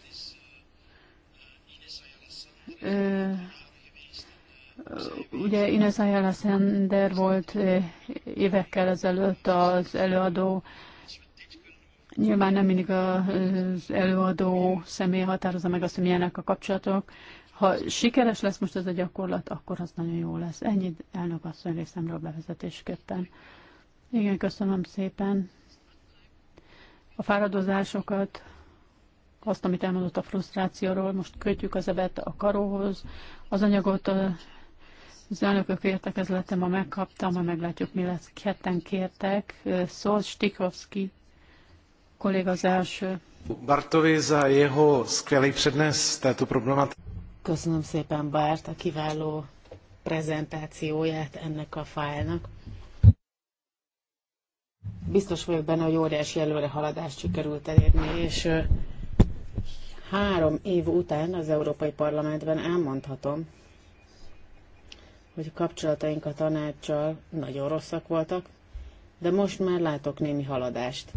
Ugye Ines Ayala Sender volt évekkel ezelőtt az előadó, Nyilván nem mindig az előadó személy határozza meg azt, hogy milyenek a kapcsolatok. Ha sikeres lesz most ez a gyakorlat, akkor az nagyon jó lesz. Ennyit elnök asszony részemről bevezetésképpen. Igen, köszönöm szépen a fáradozásokat, azt, amit elmondott a frusztrációról, most kötjük az ebet a karóhoz, az anyagot az elnökök értekezlete ma megkaptam, ma meglátjuk, mi lesz. Ketten kértek. Szolz Stikovski kolléga az első. Bartovi za jeho skvělý přednes této problematiky. Köszönöm szépen Bart a kiváló prezentációját ennek a fájlnak. Biztos vagyok benne, hogy óriási előrehaladást sikerült elérni, és Három év után az Európai Parlamentben elmondhatom, hogy a kapcsolataink a tanácssal nagyon rosszak voltak, de most már látok némi haladást.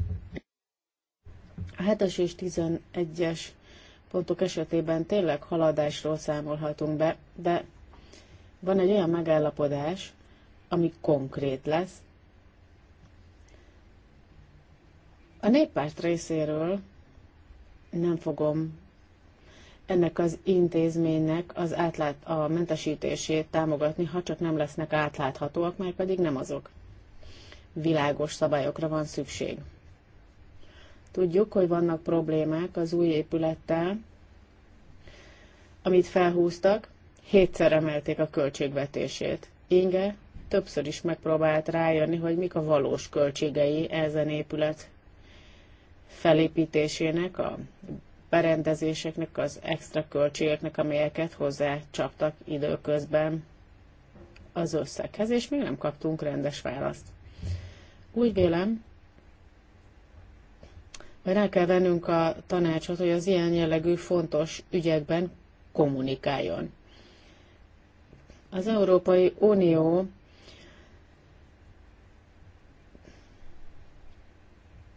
A 7-es és 11-es pontok esetében tényleg haladásról számolhatunk be, de van egy olyan megállapodás, ami konkrét lesz. A néppárt részéről nem fogom ennek az intézménynek az átlát, a mentesítését támogatni, ha csak nem lesznek átláthatóak, mert pedig nem azok. Világos szabályokra van szükség. Tudjuk, hogy vannak problémák az új épülettel, amit felhúztak, hétszer emelték a költségvetését. Inge többször is megpróbált rájönni, hogy mik a valós költségei ezen épület felépítésének, a berendezéseknek, az extra költségeknek, amelyeket hozzá csaptak időközben az összeghez, és még nem kaptunk rendes választ. Úgy vélem, mert el kell vennünk a tanácsot, hogy az ilyen jellegű fontos ügyekben kommunikáljon. Az Európai Unió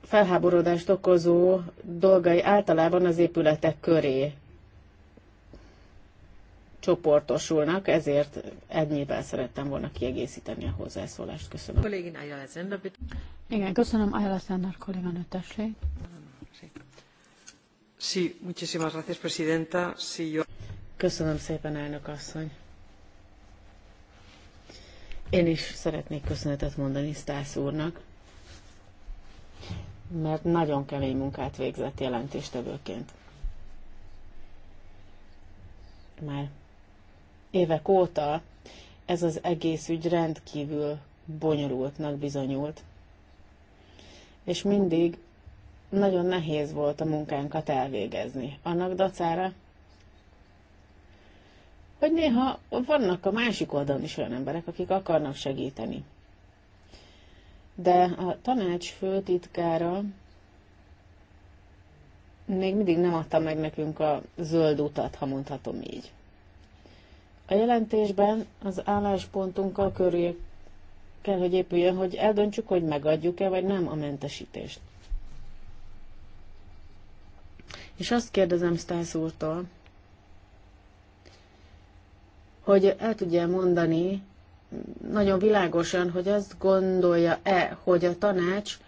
felháborodást okozó dolgai általában az épületek köré csoportosulnak, ezért ennyivel szerettem volna kiegészíteni a hozzászólást. Köszönöm. Igen, köszönöm. Ayala Sándor kolléganő, tessék. Sí, muchísimas gracias, presidenta. Sí, yo... Köszönöm szépen, elnök asszony. Én is szeretnék köszönetet mondani Stász úrnak mert nagyon kemény munkát végzett jelentéstevőként. Már évek óta ez az egész ügy rendkívül bonyolultnak bizonyult, és mindig nagyon nehéz volt a munkánkat elvégezni. Annak dacára, hogy néha vannak a másik oldalon is olyan emberek, akik akarnak segíteni de a tanács főtitkára még mindig nem adta meg nekünk a zöld utat, ha mondhatom így. A jelentésben az álláspontunkkal köré kell, hogy épüljön, hogy eldöntsük, hogy megadjuk-e vagy nem a mentesítést. És azt kérdezem Stász úrtól, hogy el tudja mondani, nagyon világosan, hogy azt gondolja-e, hogy a tanács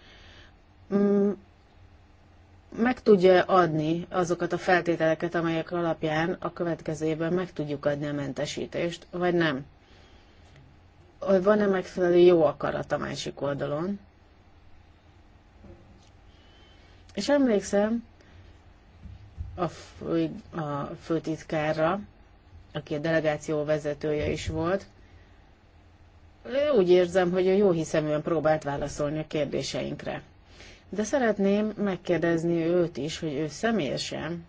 mm, meg tudja adni azokat a feltételeket, amelyek alapján a következő évben meg tudjuk adni a mentesítést, vagy nem. Hogy van-e megfelelő jó akarat a másik oldalon. És emlékszem a, fő, a főtitkárra, aki a delegáció vezetője is volt, úgy érzem, hogy ő jó hiszeműen próbált válaszolni a kérdéseinkre. De szeretném megkérdezni őt is, hogy ő személyesen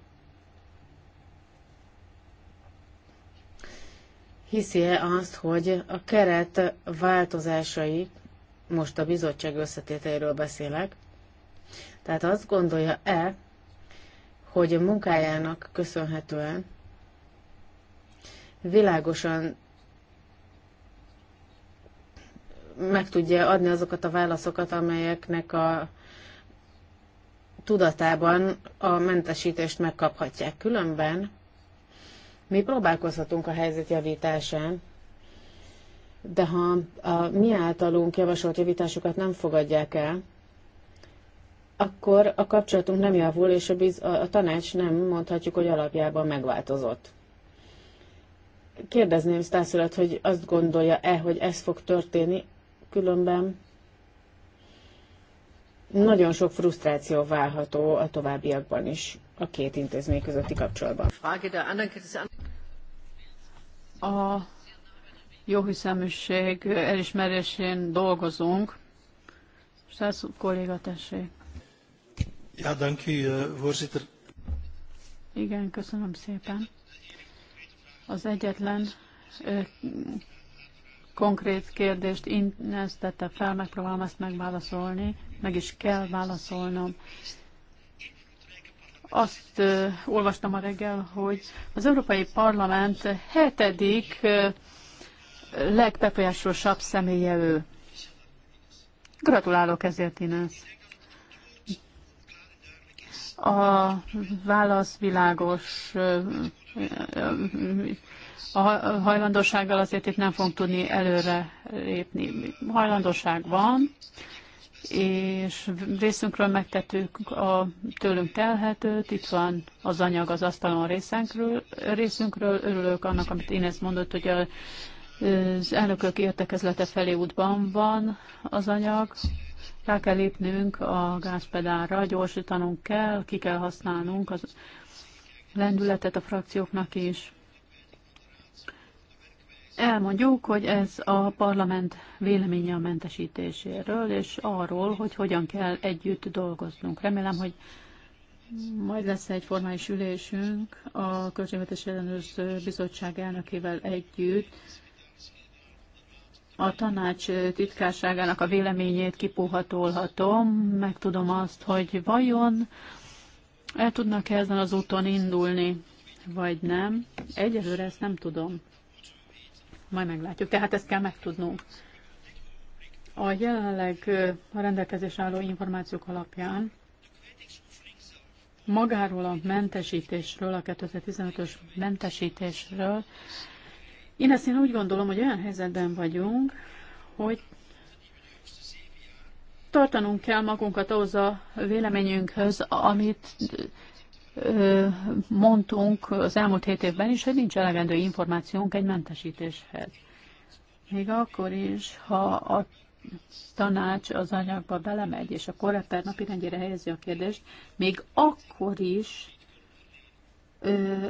hiszi-e azt, hogy a keret változásai, most a bizottság összetételéről beszélek, tehát azt gondolja-e, hogy a munkájának köszönhetően világosan meg tudja adni azokat a válaszokat, amelyeknek a tudatában a mentesítést megkaphatják. Különben mi próbálkozhatunk a helyzet javításán, de ha a mi általunk javasolt javításokat nem fogadják el, akkor a kapcsolatunk nem javul, és a, biz- a tanács nem mondhatjuk, hogy alapjában megváltozott. Kérdezném Stász hogy azt gondolja-e, hogy ez fog történni, különben nagyon sok frusztráció válható a továbbiakban is a két intézmény közötti kapcsolatban. A jóhiszeműség elismerésén dolgozunk. Stász kolléga, tessék. Ja, danki, eh, vorzitr. Igen, köszönöm szépen. Az egyetlen eh, konkrét kérdést Ines tette fel, megpróbálom ezt megválaszolni, meg is kell válaszolnom. Azt uh, olvastam a reggel, hogy az Európai Parlament hetedik uh, legbefolyásosabb személye ő. Gratulálok ezért, Ines. A válasz világos. Uh, uh, uh, a hajlandósággal azért itt nem fogunk tudni előre lépni. Hajlandóság van, és részünkről megtettük a tőlünk telhetőt, itt van az anyag az asztalon részünkről, részünkről. Örülök annak, amit Inez mondott, hogy a, az elnökök értekezlete felé útban van az anyag. Rá kell lépnünk a gázpedálra, gyorsítanunk kell, ki kell használnunk az lendületet a frakcióknak is. Elmondjuk, hogy ez a parlament véleménye a mentesítéséről, és arról, hogy hogyan kell együtt dolgoznunk. Remélem, hogy majd lesz egy formális ülésünk a Költségvetés Ellenőrző Bizottság elnökével együtt. A tanács titkárságának a véleményét meg Megtudom azt, hogy vajon el tudnak -e ezen az úton indulni, vagy nem. Egyelőre ezt nem tudom majd meglátjuk. Tehát ezt kell megtudnunk. A jelenleg a rendelkezés álló információk alapján magáról a mentesítésről, a 2015-ös mentesítésről, én ezt én úgy gondolom, hogy olyan helyzetben vagyunk, hogy tartanunk kell magunkat ahhoz a véleményünkhöz, amit mondtunk az elmúlt hét évben is, hogy nincs elegendő információnk egy mentesítéshez. Még akkor is, ha a tanács az anyagba belemegy, és a korreper napi rendjére helyezi a kérdést, még akkor is ö,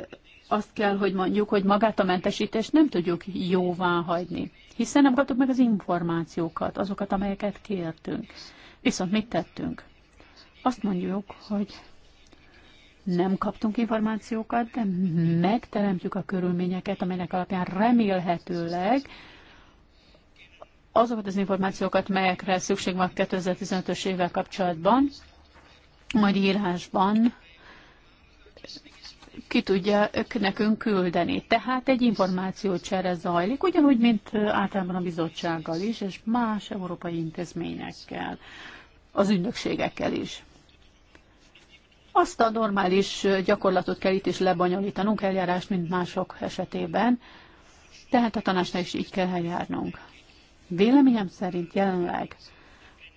azt kell, hogy mondjuk, hogy magát a mentesítést nem tudjuk jóvá hagyni, hiszen nem kaptuk meg az információkat, azokat, amelyeket kértünk. Viszont mit tettünk? Azt mondjuk, hogy nem kaptunk információkat, de megteremtjük a körülményeket, amelynek alapján remélhetőleg azokat az információkat, melyekre szükség van 2015-ös évvel kapcsolatban, majd írásban ki tudja nekünk küldeni. Tehát egy információcsere zajlik, ugyanúgy, mint általában a bizottsággal is, és más európai intézményekkel, az ügynökségekkel is. Azt a normális gyakorlatot kell itt is lebonyolítanunk, eljárást, mint mások esetében, tehát a tanácsnál is így kell eljárnunk. Véleményem szerint jelenleg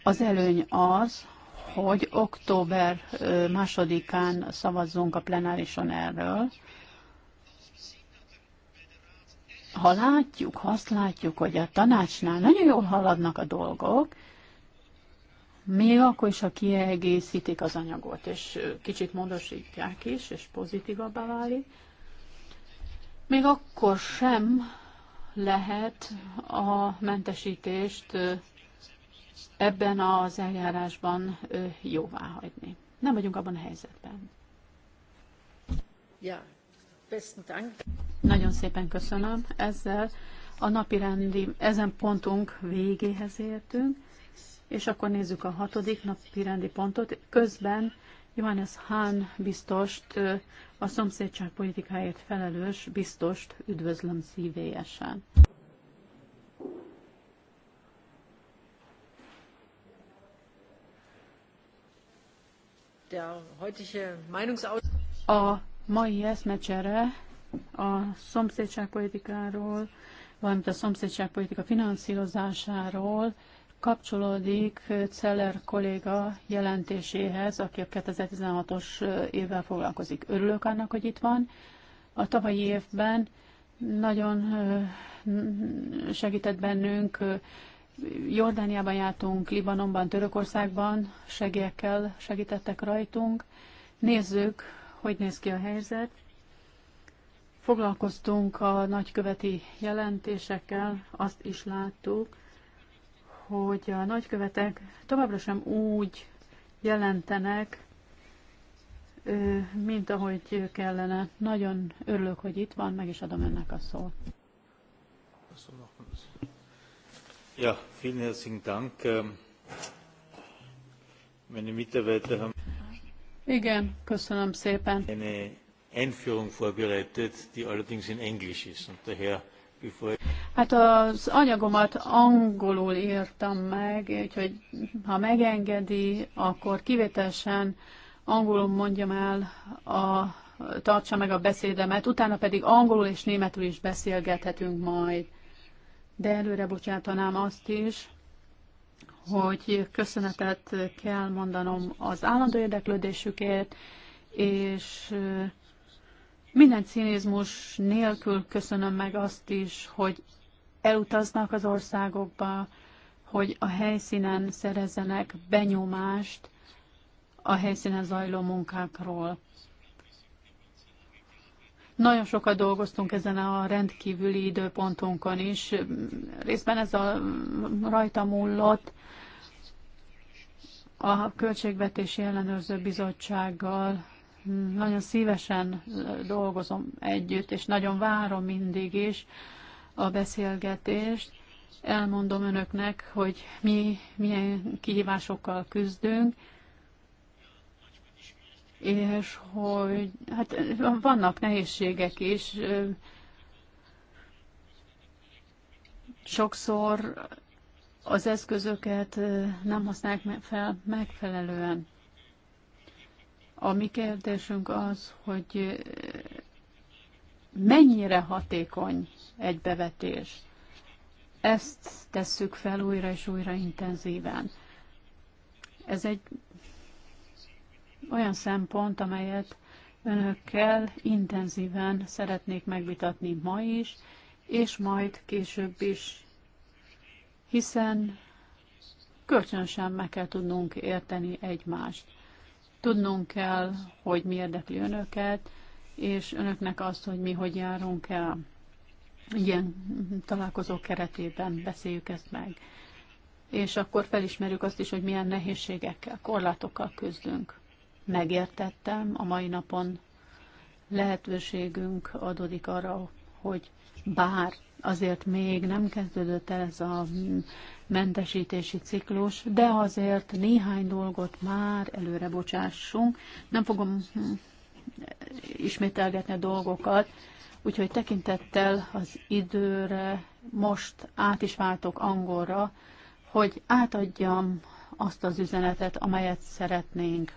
az előny az, hogy október másodikán szavazzunk a plenárison erről. Ha látjuk, ha azt látjuk, hogy a tanácsnál nagyon jól haladnak a dolgok, még akkor is, ha kiegészítik az anyagot, és kicsit módosítják is, és pozitívabbá válik, még akkor sem lehet a mentesítést ebben az eljárásban jóvá hagyni. Nem vagyunk abban a helyzetben. Ja, Nagyon szépen köszönöm. Ezzel a napirendi, ezen pontunk végéhez értünk. És akkor nézzük a hatodik napi rendi pontot. Közben Johannes Hahn biztost, a szomszédság politikáért felelős biztost üdvözlöm szívélyesen. A mai eszmecsere a szomszédságpolitikáról, valamint a szomszédságpolitika finanszírozásáról kapcsolódik Celler kolléga jelentéséhez, aki a 2016-os évvel foglalkozik. Örülök annak, hogy itt van. A tavalyi évben nagyon segített bennünk. Jordániában jártunk, Libanonban, Törökországban, segélyekkel segítettek rajtunk. Nézzük, hogy néz ki a helyzet. Foglalkoztunk a nagyköveti jelentésekkel, azt is láttuk, hogy a nagykövetek továbbra sem úgy jelentenek, mint ahogy kellene. Nagyon örülök, hogy itt van, meg is adom ennek a szót. Ja, vielen herzlichen Dank. Ähm, meine Mitarbeiter haben igen, köszönöm szépen. Eine Einführung vorbereitet, die allerdings in Englisch ist und daher Hát az anyagomat angolul írtam meg, úgyhogy ha megengedi, akkor kivételesen angolul mondjam el, a, tartsa meg a beszédemet, utána pedig angolul és németül is beszélgethetünk majd. De előre bocsátanám azt is, hogy köszönetet kell mondanom az állandó érdeklődésükért, és minden cinizmus nélkül köszönöm meg azt is, hogy elutaznak az országokba, hogy a helyszínen szerezzenek benyomást a helyszínen zajló munkákról. Nagyon sokat dolgoztunk ezen a rendkívüli időpontunkon is. Részben ez a rajta múlott a Költségvetési Ellenőrző Bizottsággal nagyon szívesen dolgozom együtt, és nagyon várom mindig is a beszélgetést. Elmondom önöknek, hogy mi milyen kihívásokkal küzdünk, és hogy hát vannak nehézségek is. Sokszor az eszközöket nem használják fel megfelelően. A mi kérdésünk az, hogy mennyire hatékony egy bevetés. Ezt tesszük fel újra és újra intenzíven. Ez egy olyan szempont, amelyet önökkel intenzíven szeretnék megvitatni ma is, és majd később is, hiszen kölcsönösen meg kell tudnunk érteni egymást. Tudnunk kell, hogy mi érdekli önöket, és önöknek azt, hogy mi hogy járunk el. Ilyen találkozó keretében beszéljük ezt meg. És akkor felismerjük azt is, hogy milyen nehézségekkel, korlátokkal küzdünk. Megértettem, a mai napon lehetőségünk adódik arra, hogy bár azért még nem kezdődött el ez a mentesítési ciklus, de azért néhány dolgot már előre bocsássunk. Nem fogom ismételgetni a dolgokat, úgyhogy tekintettel az időre most át is váltok angolra, hogy átadjam azt az üzenetet, amelyet szeretnénk.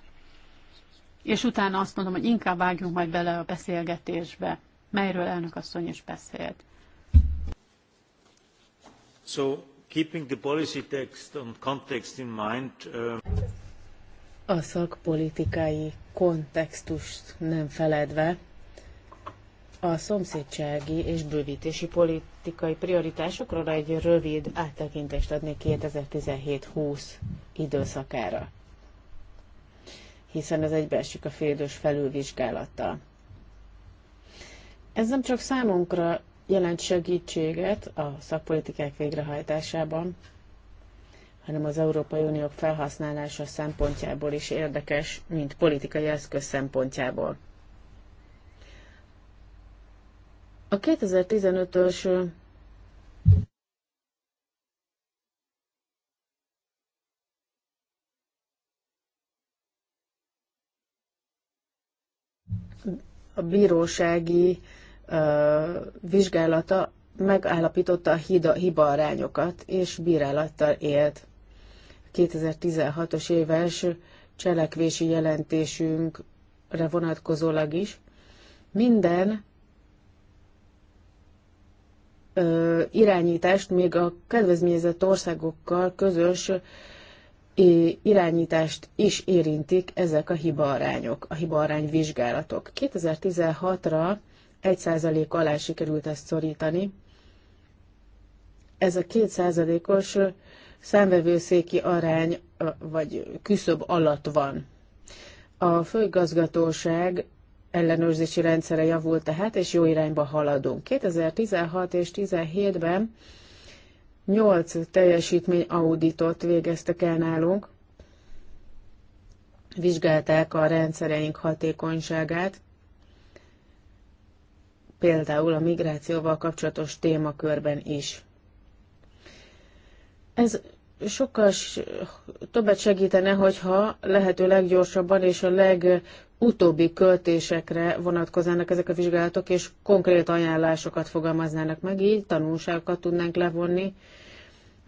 És utána azt mondom, hogy inkább vágjunk majd bele a beszélgetésbe, melyről elnök asszony is beszélt. So Uh, a szakpolitikai kontextust nem feledve, a szomszédsági és bővítési politikai prioritásokról egy rövid áttekintést adni 2017-20 időszakára, hiszen ez egybeesik a félidős felülvizsgálattal. Ez nem csak számunkra jelent segítséget a szakpolitikák végrehajtásában, hanem az Európai Unió felhasználása szempontjából is érdekes, mint politikai eszköz szempontjából. A 2015-ös a bírósági vizsgálata megállapította a hiba arányokat, és bírálattal élt. 2016-os éves cselekvési jelentésünkre vonatkozólag is minden ö, irányítást még a kedvezményezett országokkal közös irányítást is érintik ezek a hibaarányok, a hibaarány vizsgálatok. 2016-ra 1% alá sikerült ezt szorítani. Ez a 2 százalékos számvevőszéki arány vagy küszöb alatt van. A főigazgatóság ellenőrzési rendszere javult tehát, és jó irányba haladunk. 2016 és 2017-ben 8 teljesítmény auditot végeztek el nálunk, vizsgálták a rendszereink hatékonyságát, például a migrációval kapcsolatos témakörben is. Ez sokkal többet segítene, hogyha lehető leggyorsabban és a legutóbbi költésekre vonatkozának ezek a vizsgálatok, és konkrét ajánlásokat fogalmaznának meg, így tanulságokat tudnánk levonni,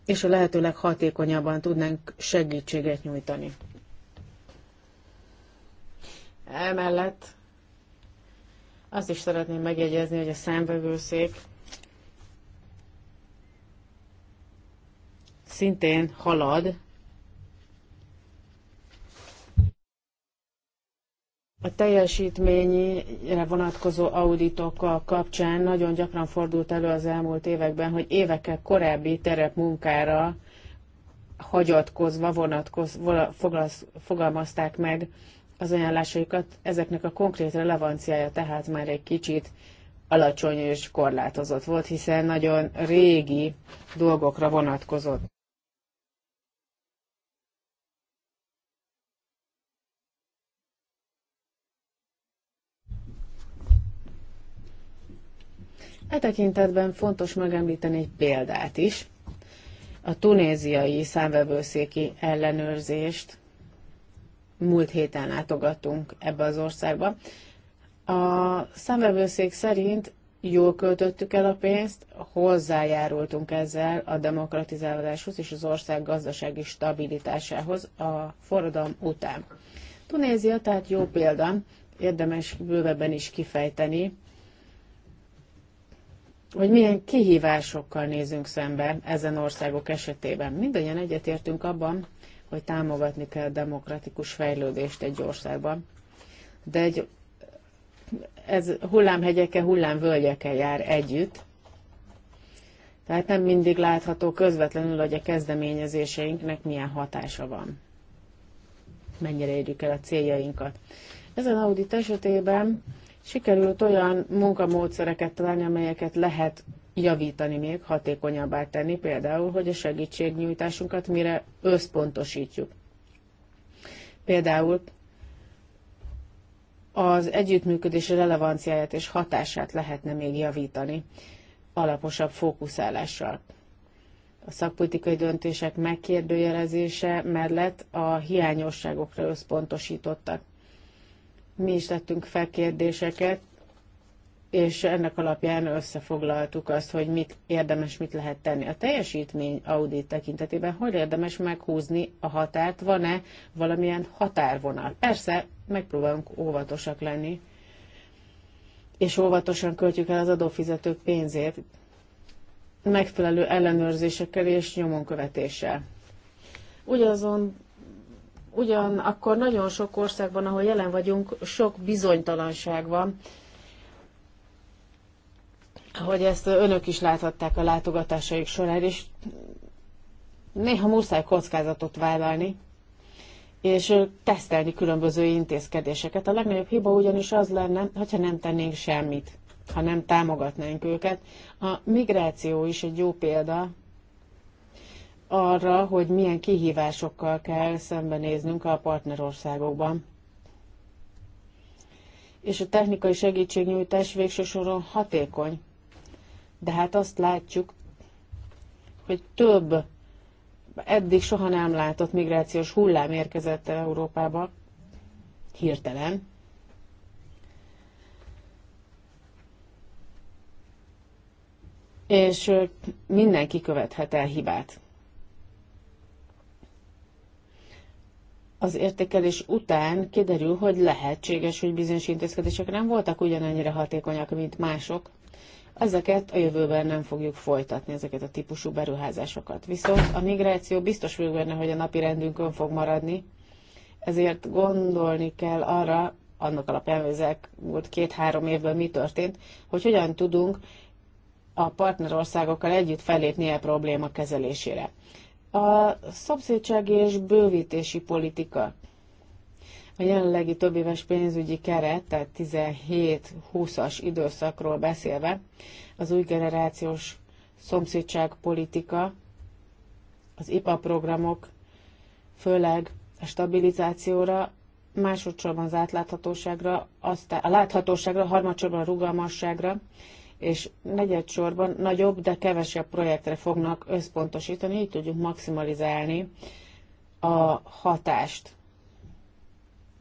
és a lehető leghatékonyabban tudnánk segítséget nyújtani. Emellett azt is szeretném megjegyezni, hogy a szemvevőszék szintén halad A teljesítményre vonatkozó auditokkal kapcsán nagyon gyakran fordult elő az elmúlt években, hogy évekkel korábbi terepmunkára hagyatkozva vonatkoz, fogalmazták meg az ajánlásaikat, ezeknek a konkrét relevanciája tehát már egy kicsit alacsony és korlátozott volt, hiszen nagyon régi dolgokra vonatkozott. E tekintetben fontos megemlíteni egy példát is. A tunéziai számvevőszéki ellenőrzést múlt héten látogattunk ebbe az országba. A szemvevőszék szerint jól költöttük el a pénzt, hozzájárultunk ezzel a demokratizálódáshoz és az ország gazdasági stabilitásához a forradalom után. Tunézia tehát jó példa, érdemes bővebben is kifejteni, hogy milyen kihívásokkal nézünk szembe ezen országok esetében. Mindannyian egyetértünk abban, hogy támogatni kell a demokratikus fejlődést egy országban. De egy, ez hullámhegyekkel, hullámvölgyekkel jár együtt, tehát nem mindig látható közvetlenül, hogy a kezdeményezéseinknek milyen hatása van. Mennyire érjük el a céljainkat. Ezen audit esetében sikerült olyan munkamódszereket találni, amelyeket lehet javítani még, hatékonyabbá tenni, például, hogy a segítségnyújtásunkat mire összpontosítjuk. Például az együttműködés relevanciáját és hatását lehetne még javítani alaposabb fókuszálással. A szakpolitikai döntések megkérdőjelezése mellett a hiányosságokra összpontosítottak. Mi is tettünk fel kérdéseket és ennek alapján összefoglaltuk azt, hogy mit érdemes, mit lehet tenni. A teljesítmény audit tekintetében hogy érdemes meghúzni a határt? Van-e valamilyen határvonal? Persze, megpróbálunk óvatosak lenni, és óvatosan költjük el az adófizetők pénzét, megfelelő ellenőrzésekkel és nyomonkövetéssel. Ugyanazon Ugyanakkor nagyon sok országban, ahol jelen vagyunk, sok bizonytalanság van, hogy ezt önök is láthatták a látogatásaik során, és néha muszáj kockázatot vállalni, és tesztelni különböző intézkedéseket. A legnagyobb hiba ugyanis az lenne, hogyha nem tennénk semmit, ha nem támogatnánk őket. A migráció is egy jó példa arra, hogy milyen kihívásokkal kell szembenéznünk a partnerországokban. És a technikai segítségnyújtás végső soron hatékony, de hát azt látjuk, hogy több eddig soha nem látott migrációs hullám érkezett el Európába, hirtelen. És mindenki követhet el hibát. Az értékelés után kiderül, hogy lehetséges, hogy bizonyos intézkedések nem voltak ugyanannyira hatékonyak, mint mások, ezeket a jövőben nem fogjuk folytatni, ezeket a típusú beruházásokat. Viszont a migráció biztos vagyok benne, hogy a napi rendünkön fog maradni, ezért gondolni kell arra, annak alapján, hogy ezek volt két-három évben mi történt, hogy hogyan tudunk a partnerországokkal együtt felépni a e probléma kezelésére. A szomszédság és bővítési politika a jelenlegi éves pénzügyi keret, tehát 17-20-as időszakról beszélve, az új generációs szomszédságpolitika, az IPA programok, főleg a stabilizációra, másodszorban az átláthatóságra, aztán a láthatóságra, harmadsorban a rugalmasságra, és negyedsorban nagyobb, de kevesebb projektre fognak összpontosítani, így tudjuk maximalizálni a hatást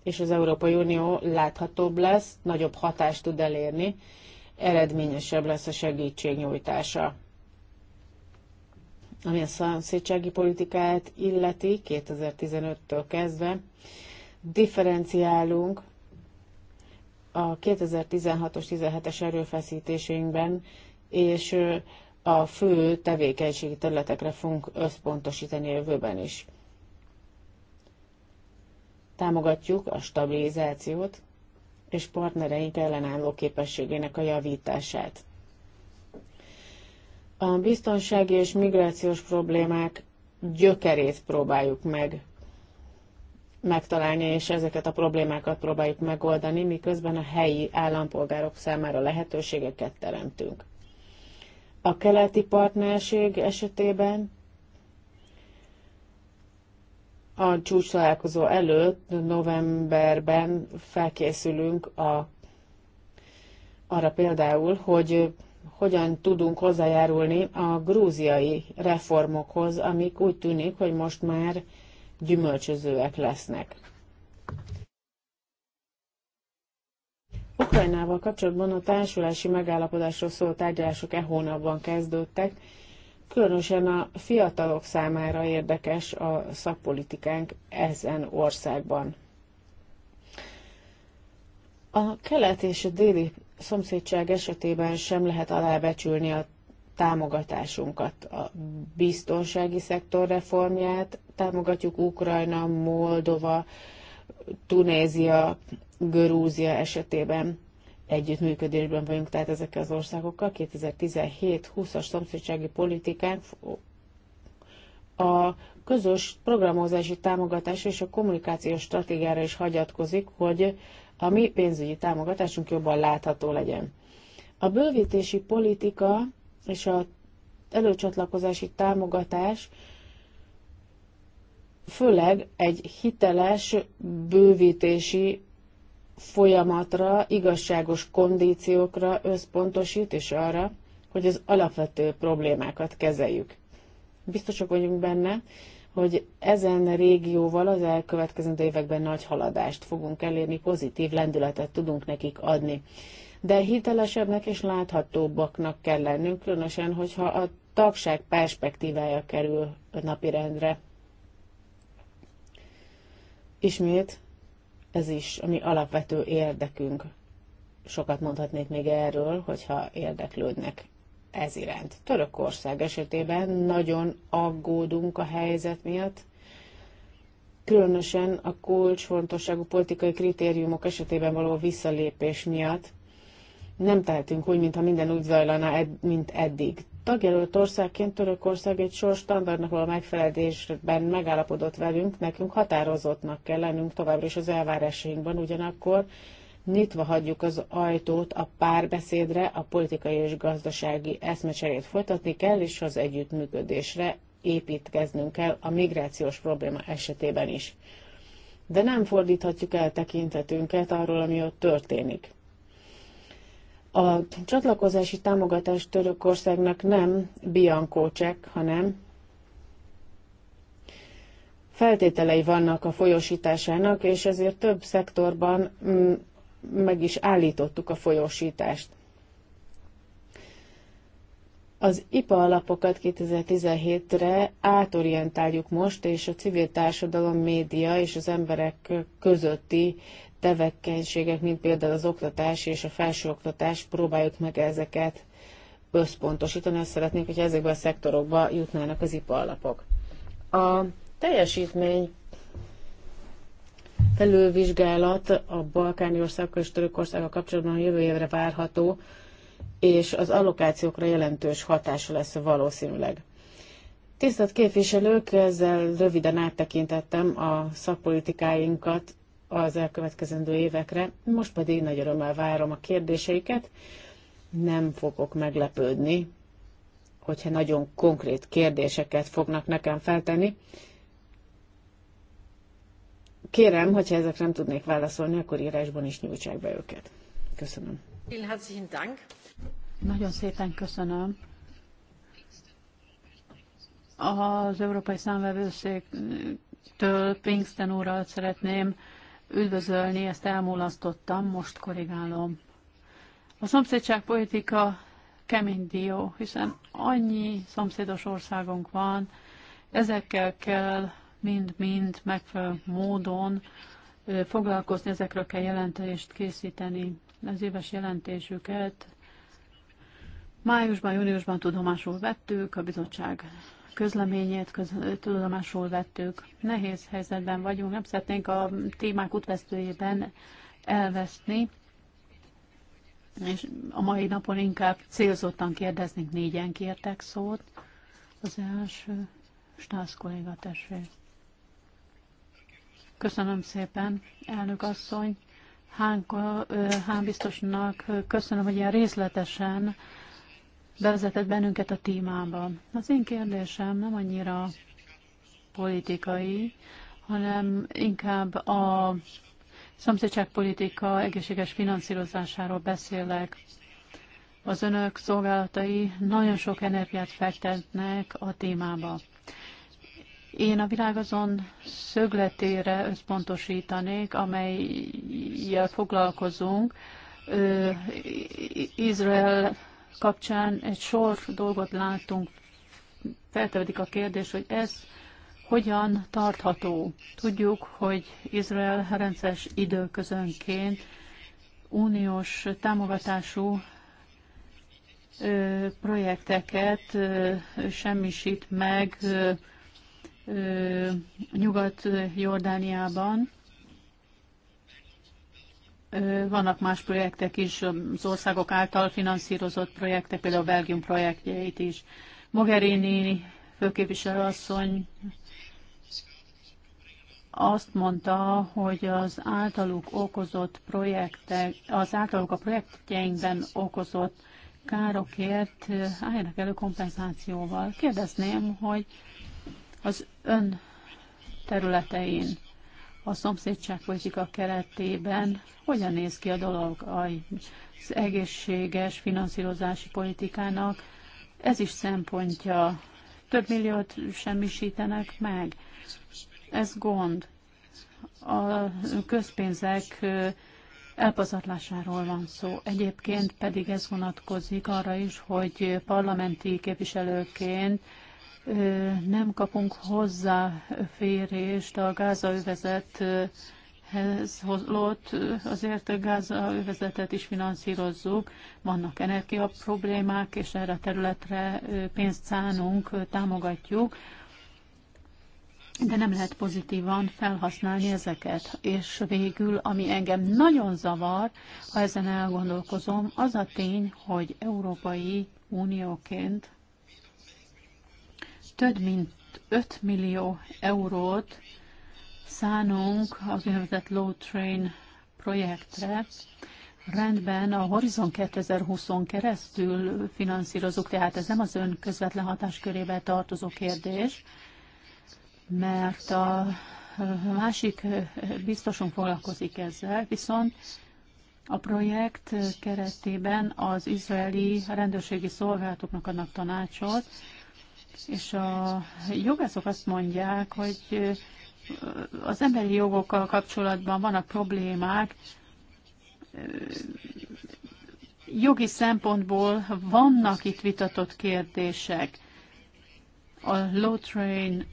és az Európai Unió láthatóbb lesz, nagyobb hatást tud elérni, eredményesebb lesz a segítségnyújtása. Ami a szomszédsági politikát illeti, 2015-től kezdve differenciálunk a 2016-os 17-es erőfeszítésünkben, és a fő tevékenységi területekre fogunk összpontosítani a jövőben is. Támogatjuk a stabilizációt és partnereink ellenálló képességének a javítását. A biztonsági és migrációs problémák gyökerét próbáljuk meg megtalálni, és ezeket a problémákat próbáljuk megoldani, miközben a helyi állampolgárok számára lehetőségeket teremtünk. A keleti partnerség esetében a csúcs találkozó előtt novemberben felkészülünk a, arra például, hogy hogyan tudunk hozzájárulni a grúziai reformokhoz, amik úgy tűnik, hogy most már gyümölcsözőek lesznek. Ukrajnával kapcsolatban a társulási megállapodásról szóló tárgyalások e hónapban kezdődtek, Különösen a fiatalok számára érdekes a szakpolitikánk ezen országban. A kelet és a déli szomszédság esetében sem lehet alábecsülni a támogatásunkat. A biztonsági szektor reformját támogatjuk Ukrajna, Moldova, Tunézia, Görúzia esetében együttműködésben vagyunk, tehát ezekkel az országokkal. 2017-20-as szomszédsági politikánk a közös programozási támogatás és a kommunikációs stratégiára is hagyatkozik, hogy a mi pénzügyi támogatásunk jobban látható legyen. A bővítési politika és a előcsatlakozási támogatás főleg egy hiteles bővítési folyamatra, igazságos kondíciókra összpontosít, és arra, hogy az alapvető problémákat kezeljük. Biztosak vagyunk benne, hogy ezen régióval az elkövetkezendő években nagy haladást fogunk elérni, pozitív lendületet tudunk nekik adni. De hitelesebbnek és láthatóbbaknak kell lennünk, különösen, hogyha a tagság perspektívája kerül napirendre. Ismét ez is a mi alapvető érdekünk. Sokat mondhatnék még erről, hogyha érdeklődnek ez iránt. Törökország esetében nagyon aggódunk a helyzet miatt, különösen a kulcsfontosságú politikai kritériumok esetében való visszalépés miatt nem tehetünk úgy, mintha minden úgy zajlana, mint eddig tagjelölt országként Törökország egy sor standardnak a megfelelésben megállapodott velünk, nekünk határozottnak kell lennünk továbbra is az elvárásainkban, ugyanakkor nyitva hagyjuk az ajtót a párbeszédre, a politikai és gazdasági eszmecserét folytatni kell, és az együttműködésre építkeznünk kell a migrációs probléma esetében is. De nem fordíthatjuk el tekintetünket arról, ami ott történik. A csatlakozási támogatás Törökországnak nem biankó hanem feltételei vannak a folyósításának, és ezért több szektorban mm, meg is állítottuk a folyósítást. Az IPA alapokat 2017-re átorientáljuk most, és a civil társadalom, média és az emberek közötti tevékenységek, mint például az oktatás és a felsőoktatás, próbáljuk meg ezeket összpontosítani, azt szeretnénk, hogy ezekben a szektorokba jutnának az iparlapok. A teljesítmény felülvizsgálat a balkáni országokkal és Törökországgal kapcsolatban jövő évre várható, és az allokációkra jelentős hatása lesz valószínűleg. Tisztelt képviselők, ezzel röviden áttekintettem a szakpolitikáinkat az elkövetkezendő évekre. Most pedig nagy örömmel várom a kérdéseiket. Nem fogok meglepődni, hogyha nagyon konkrét kérdéseket fognak nekem feltenni. Kérem, hogyha ezek nem tudnék válaszolni, akkor írásban is nyújtsák be őket. Köszönöm. Nagyon szépen köszönöm. Az Európai Számvevőszéktől Pinkston úrral szeretném üdvözölni, ezt elmulasztottam, most korrigálom. A politika kemény dió, hiszen annyi szomszédos országunk van, ezekkel kell mind-mind megfelelő módon foglalkozni, ezekről kell jelentést készíteni, az éves jelentésüket. Májusban, júniusban tudomásul vettük, a bizottság közleményét köz, tudomásul vettük. Nehéz helyzetben vagyunk, nem szeretnénk a témák útvesztőjében elveszni, és a mai napon inkább célzottan kérdeznénk, négyen kértek szót. Az első, Stász kolléga, tessék. Köszönöm szépen, elnök asszony. Hán, Hán biztosnak köszönöm, hogy ilyen részletesen bevezetett bennünket a témába. Az én kérdésem nem annyira politikai, hanem inkább a szomszédságpolitika egészséges finanszírozásáról beszélek. Az önök szolgálatai nagyon sok energiát fektetnek a témába. Én a világ azon szögletére összpontosítanék, amelyel foglalkozunk. Izrael kapcsán egy sor dolgot látunk. Feltevedik a kérdés, hogy ez hogyan tartható. Tudjuk, hogy Izrael rendszeres időközönként uniós támogatású projekteket semmisít meg Nyugat-Jordániában, vannak más projektek is, az országok által finanszírozott projektek, például a Belgium projektjeit is. Mogherini főképviselőasszony azt mondta, hogy az általuk okozott projektek, az általuk a projektjeinkben okozott károkért álljanak elő kompenzációval. Kérdezném, hogy az ön területein a szomszédságpolitika keretében hogyan néz ki a dolog az egészséges finanszírozási politikának. Ez is szempontja. Több milliót semmisítenek meg. Ez gond. A közpénzek elpazarlásáról van szó. Egyébként pedig ez vonatkozik arra is, hogy parlamenti képviselőként nem kapunk hozzáférést a gázaövezethez holott, azért a gázaövezetet is finanszírozzuk. Vannak energia problémák, és erre a területre pénzt szánunk, támogatjuk, de nem lehet pozitívan felhasználni ezeket. És végül, ami engem nagyon zavar, ha ezen elgondolkozom, az a tény, hogy Európai Unióként több mint 5 millió eurót szánunk az úgynevezett Low Train projektre. Rendben, a Horizon 2020-on keresztül finanszírozunk, tehát ez nem az ön közvetlen hatáskörébe tartozó kérdés, mert a másik biztosunk foglalkozik ezzel, viszont a projekt keretében az izraeli rendőrségi szolgálatoknak adnak tanácsot, és a jogászok azt mondják, hogy az emberi jogokkal kapcsolatban vannak problémák, jogi szempontból vannak itt vitatott kérdések. A Low Train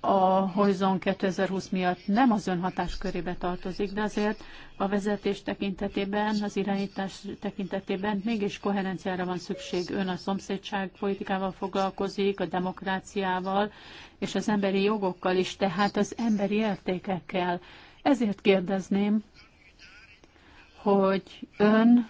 a Horizon 2020 miatt nem az ön hatáskörébe tartozik, de azért a vezetés tekintetében, az irányítás tekintetében mégis koherenciára van szükség. Ön a szomszédság politikával foglalkozik, a demokráciával és az emberi jogokkal is, tehát az emberi értékekkel. Ezért kérdezném, hogy ön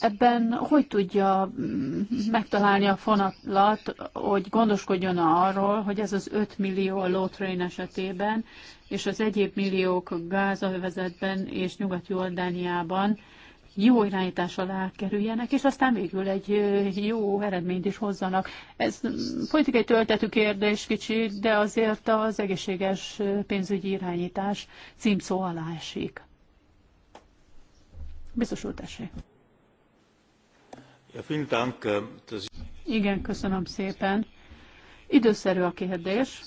ebben hogy tudja mm, megtalálni a fonatlat, hogy gondoskodjon arról, hogy ez az 5 millió a lótrain esetében, és az egyéb milliók gázavezetben és nyugati Jordániában jó irányítás alá kerüljenek, és aztán végül egy jó eredményt is hozzanak. Ez mm, politikai töltetű kérdés kicsit, de azért az egészséges pénzügyi irányítás címszó alá esik. Biztos úr, tessék. Äh, Igen, köszönöm szépen. Időszerű a kérdés.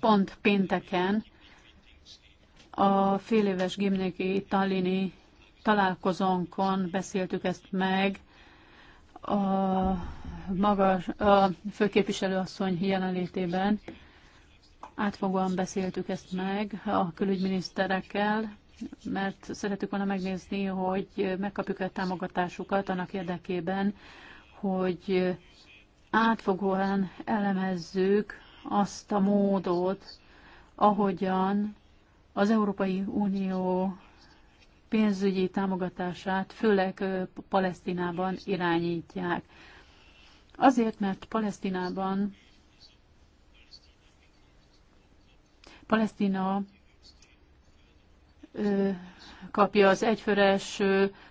Pont pénteken a féléves gimnéki tallini találkozónkon beszéltük ezt meg, a, magas, a főképviselőasszony jelenlétében. Átfogóan beszéltük ezt meg a külügyminiszterekkel, mert szeretük volna megnézni, hogy megkapjuk-e a támogatásukat annak érdekében, hogy átfogóan elemezzük azt a módot, ahogyan az Európai Unió pénzügyi támogatását, főleg Palesztinában irányítják. Azért, mert Palesztinában Palesztina kapja az egyfőres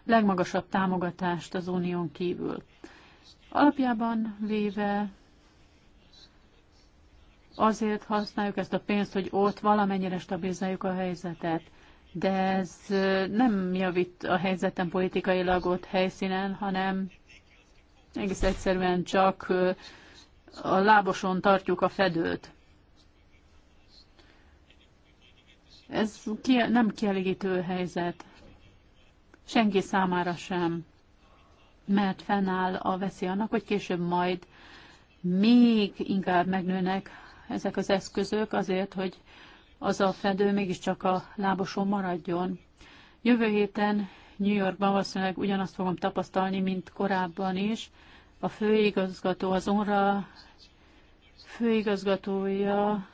legmagasabb támogatást az unión kívül. Alapjában véve azért használjuk ezt a pénzt, hogy ott valamennyire stabilizáljuk a helyzetet. De ez nem javít a helyzeten politikailag ott helyszínen, hanem egész egyszerűen csak a láboson tartjuk a fedőt. Ez ki, nem kielégítő helyzet. Senki számára sem, mert fennáll a veszély annak, hogy később majd még inkább megnőnek ezek az eszközök azért, hogy az a fedő mégiscsak a láboson maradjon. Jövő héten New Yorkban valószínűleg ugyanazt fogom tapasztalni, mint korábban is. A főigazgató, az onra főigazgatója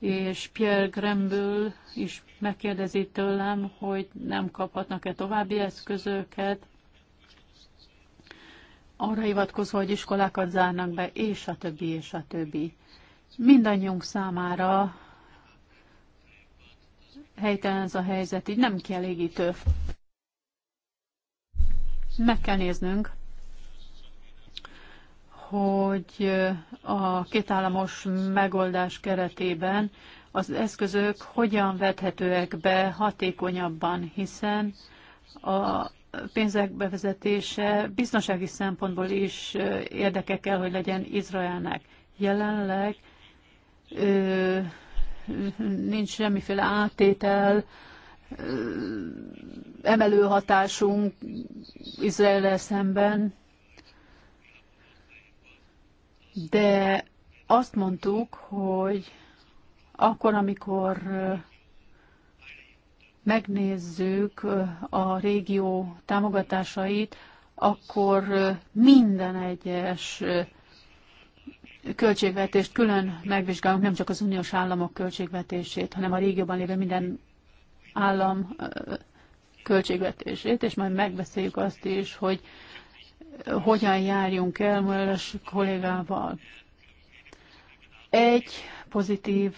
és Pierre Gremből is megkérdezi tőlem, hogy nem kaphatnak-e további eszközöket, arra hivatkozva, hogy iskolákat zárnak be, és a többi, és a többi. Mindannyiunk számára helytelen ez a helyzet, így nem kielégítő. Meg kell néznünk, hogy a kétállamos megoldás keretében az eszközök hogyan vethetőek be hatékonyabban, hiszen a pénzek bevezetése biztonsági szempontból is érdeke kell, hogy legyen Izraelnek. Jelenleg ö, nincs semmiféle átétel, emelő hatásunk Izrael szemben, de azt mondtuk, hogy akkor, amikor megnézzük a régió támogatásait, akkor minden egyes költségvetést külön megvizsgálunk, nem csak az uniós államok költségvetését, hanem a régióban lévő minden állam költségvetését, és majd megbeszéljük azt is, hogy hogyan járjunk el Morales kollégával. Egy pozitív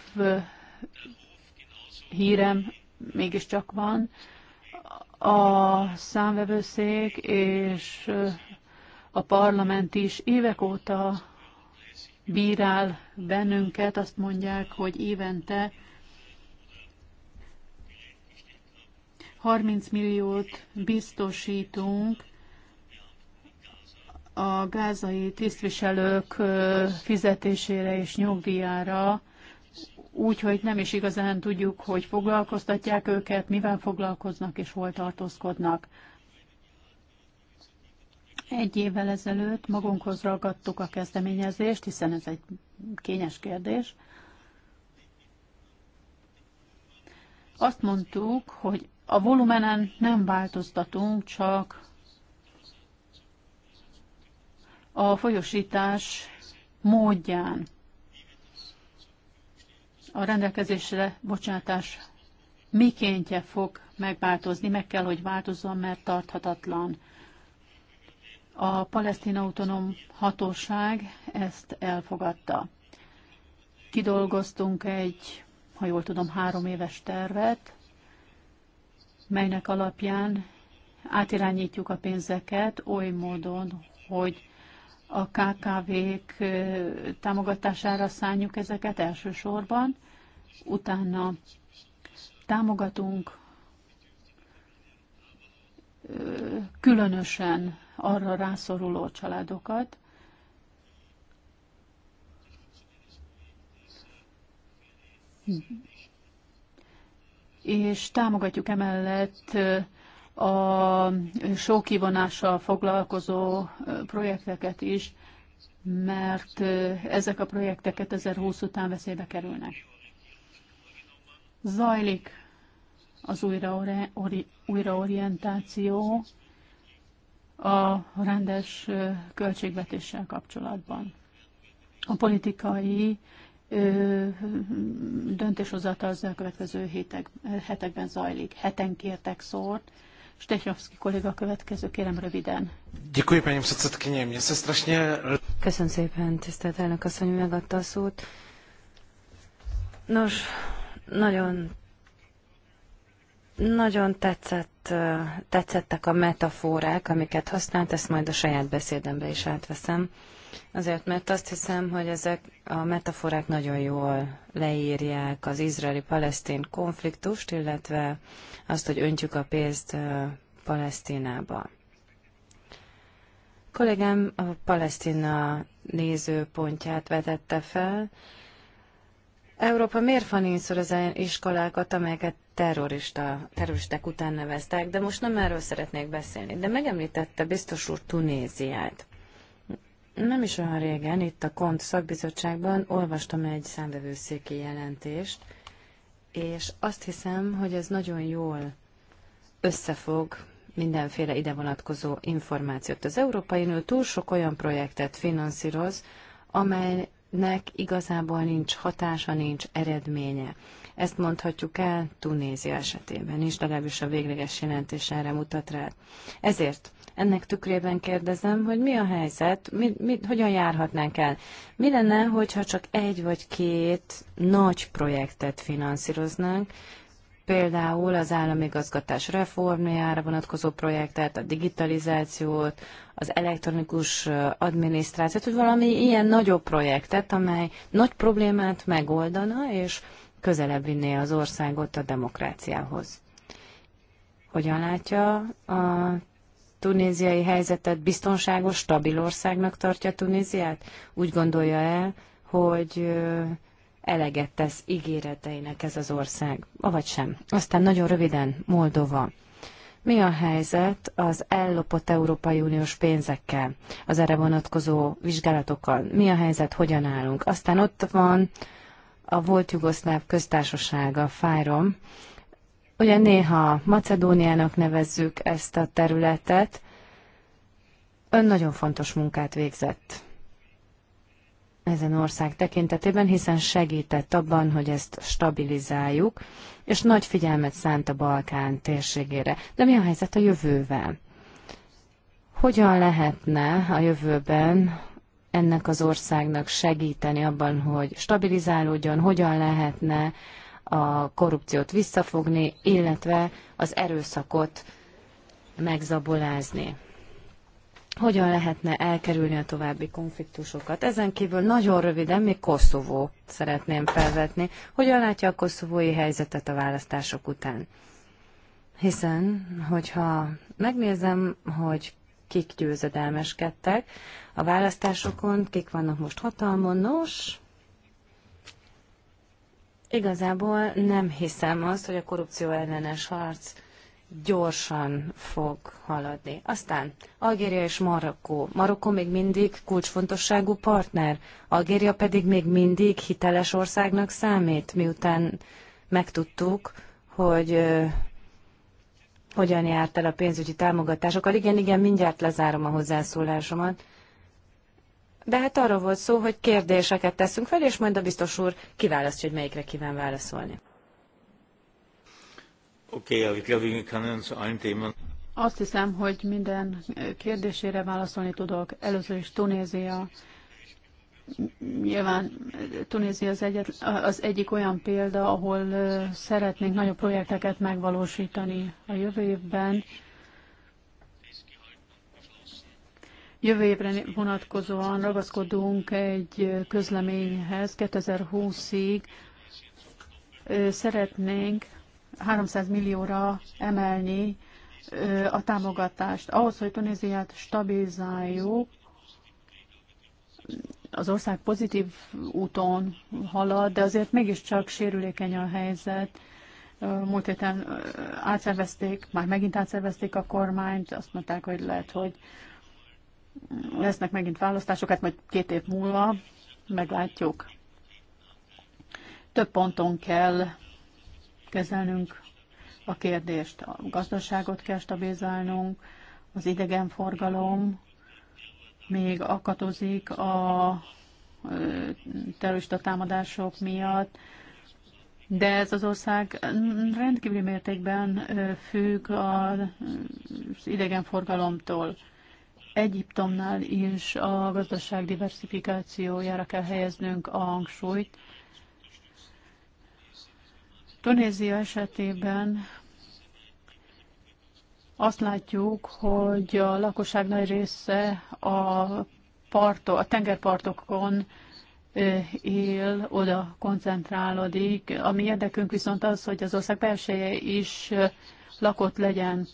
hírem mégiscsak van. A számvevőszék és a parlament is évek óta bírál bennünket, azt mondják, hogy évente 30 milliót biztosítunk a gázai tisztviselők fizetésére és nyugdíjára, úgyhogy nem is igazán tudjuk, hogy foglalkoztatják őket, mivel foglalkoznak és hol tartózkodnak. Egy évvel ezelőtt magunkhoz ragadtuk a kezdeményezést, hiszen ez egy kényes kérdés. Azt mondtuk, hogy a volumenen nem változtatunk, csak a folyosítás módján a rendelkezésre bocsátás mikéntje fog megváltozni, meg kell, hogy változzon, mert tarthatatlan. A palesztin autonóm hatóság ezt elfogadta. Kidolgoztunk egy, ha jól tudom, három éves tervet, melynek alapján átirányítjuk a pénzeket oly módon, hogy a KKV-k támogatására szálljuk ezeket elsősorban, utána támogatunk különösen arra rászoruló családokat, és támogatjuk emellett a sókivonással foglalkozó projekteket is, mert ezek a projektek 2020 után veszélybe kerülnek. Zajlik az újraorientáció a rendes költségvetéssel kapcsolatban. A politikai döntéshozata az elkövetkező hetek, hetekben zajlik. Heten kértek szót, Stechnovski kolléga következő, kérem röviden. Děkuji, paní předsedkyně. Mě se strašně... Köszönöm szépen, tisztelt elnök asszony, megadta a szót. Nos, nagyon nagyon tetszett, tetszettek a metaforák, amiket használt, ezt majd a saját beszédembe is átveszem. Azért, mert azt hiszem, hogy ezek a metaforák nagyon jól leírják az izraeli-palesztin konfliktust, illetve azt, hogy öntjük a pénzt Palesztinába. A kollégám a Palesztina nézőpontját vetette fel. Európa miért faninszor az iskolákat, amelyeket terrorista, terroristák után neveztek, de most nem erről szeretnék beszélni. De megemlítette biztos úr Tunéziát. Nem is olyan régen, itt a KONT szakbizottságban olvastam egy számvevőszéki jelentést, és azt hiszem, hogy ez nagyon jól összefog mindenféle ide vonatkozó információt. Az Európai Unió túl sok olyan projektet finanszíroz, amelynek igazából nincs hatása, nincs eredménye. Ezt mondhatjuk el Tunézia esetében is, legalábbis a végleges jelentés erre mutat rá. Ezért ennek tükrében kérdezem, hogy mi a helyzet, mi, mi, hogyan járhatnánk el. Mi lenne, hogyha csak egy vagy két nagy projektet finanszíroznánk, például az államigazgatás reformjára vonatkozó projektet, a digitalizációt, az elektronikus adminisztrációt, hogy valami ilyen nagyobb projektet, amely nagy problémát megoldana, és közelebb vinné az országot a demokráciához. Hogyan látja a tunéziai helyzetet biztonságos, stabil országnak tartja Tunéziát? Úgy gondolja el, hogy eleget tesz ígéreteinek ez az ország, avagy sem. Aztán nagyon röviden Moldova. Mi a helyzet az ellopott Európai Uniós pénzekkel, az erre vonatkozó vizsgálatokkal? Mi a helyzet, hogyan állunk? Aztán ott van a volt Jugoszláv köztársasága, Fájrom, Ugye néha Macedóniának nevezzük ezt a területet. Ön nagyon fontos munkát végzett ezen ország tekintetében, hiszen segített abban, hogy ezt stabilizáljuk, és nagy figyelmet szánt a Balkán térségére. De mi a helyzet a jövővel? Hogyan lehetne a jövőben ennek az országnak segíteni abban, hogy stabilizálódjon, hogyan lehetne a korrupciót visszafogni, illetve az erőszakot megzabolázni. Hogyan lehetne elkerülni a további konfliktusokat? Ezen kívül nagyon röviden még Koszovó szeretném felvetni. Hogyan látja a koszovói helyzetet a választások után? Hiszen, hogyha megnézem, hogy kik győzedelmeskedtek a választásokon, kik vannak most hatalmon, nos, Igazából nem hiszem azt, hogy a korrupció ellenes harc gyorsan fog haladni. Aztán Algéria és Marokkó. Marokkó még mindig kulcsfontosságú partner, Algéria pedig még mindig hiteles országnak számít, miután megtudtuk, hogy hogyan járt el a pénzügyi támogatásokkal. Igen, igen, mindjárt lezárom a hozzászólásomat. De hát arról volt szó, hogy kérdéseket teszünk fel, és majd a biztos úr kiválasztja, hogy melyikre kíván válaszolni. Oké, okay, Azt hiszem, hogy minden kérdésére válaszolni tudok. Először is Tunézia. Nyilván Tunézia az, egyet, az egyik olyan példa, ahol szeretnénk nagyobb projekteket megvalósítani a jövő évben. Jövő évre vonatkozóan ragaszkodunk egy közleményhez. 2020-ig szeretnénk 300 millióra emelni a támogatást. Ahhoz, hogy Tunéziát stabilizáljuk, az ország pozitív úton halad, de azért mégiscsak sérülékeny a helyzet. Múlt héten átszervezték, már megint átszervezték a kormányt, azt mondták, hogy lehet, hogy lesznek megint választások, hát majd két év múlva meglátjuk. Több ponton kell kezelnünk a kérdést. A gazdaságot kell stabilizálnunk, az idegenforgalom még akatozik a terrorista támadások miatt, de ez az ország rendkívüli mértékben függ az idegenforgalomtól. Egyiptomnál is a gazdaság diversifikációjára kell helyeznünk a hangsúlyt. Tunézia esetében azt látjuk, hogy a lakosság nagy része a, parto, a tengerpartokon él, oda koncentrálódik. A mi érdekünk viszont az, hogy az ország belseje is lakott legyen.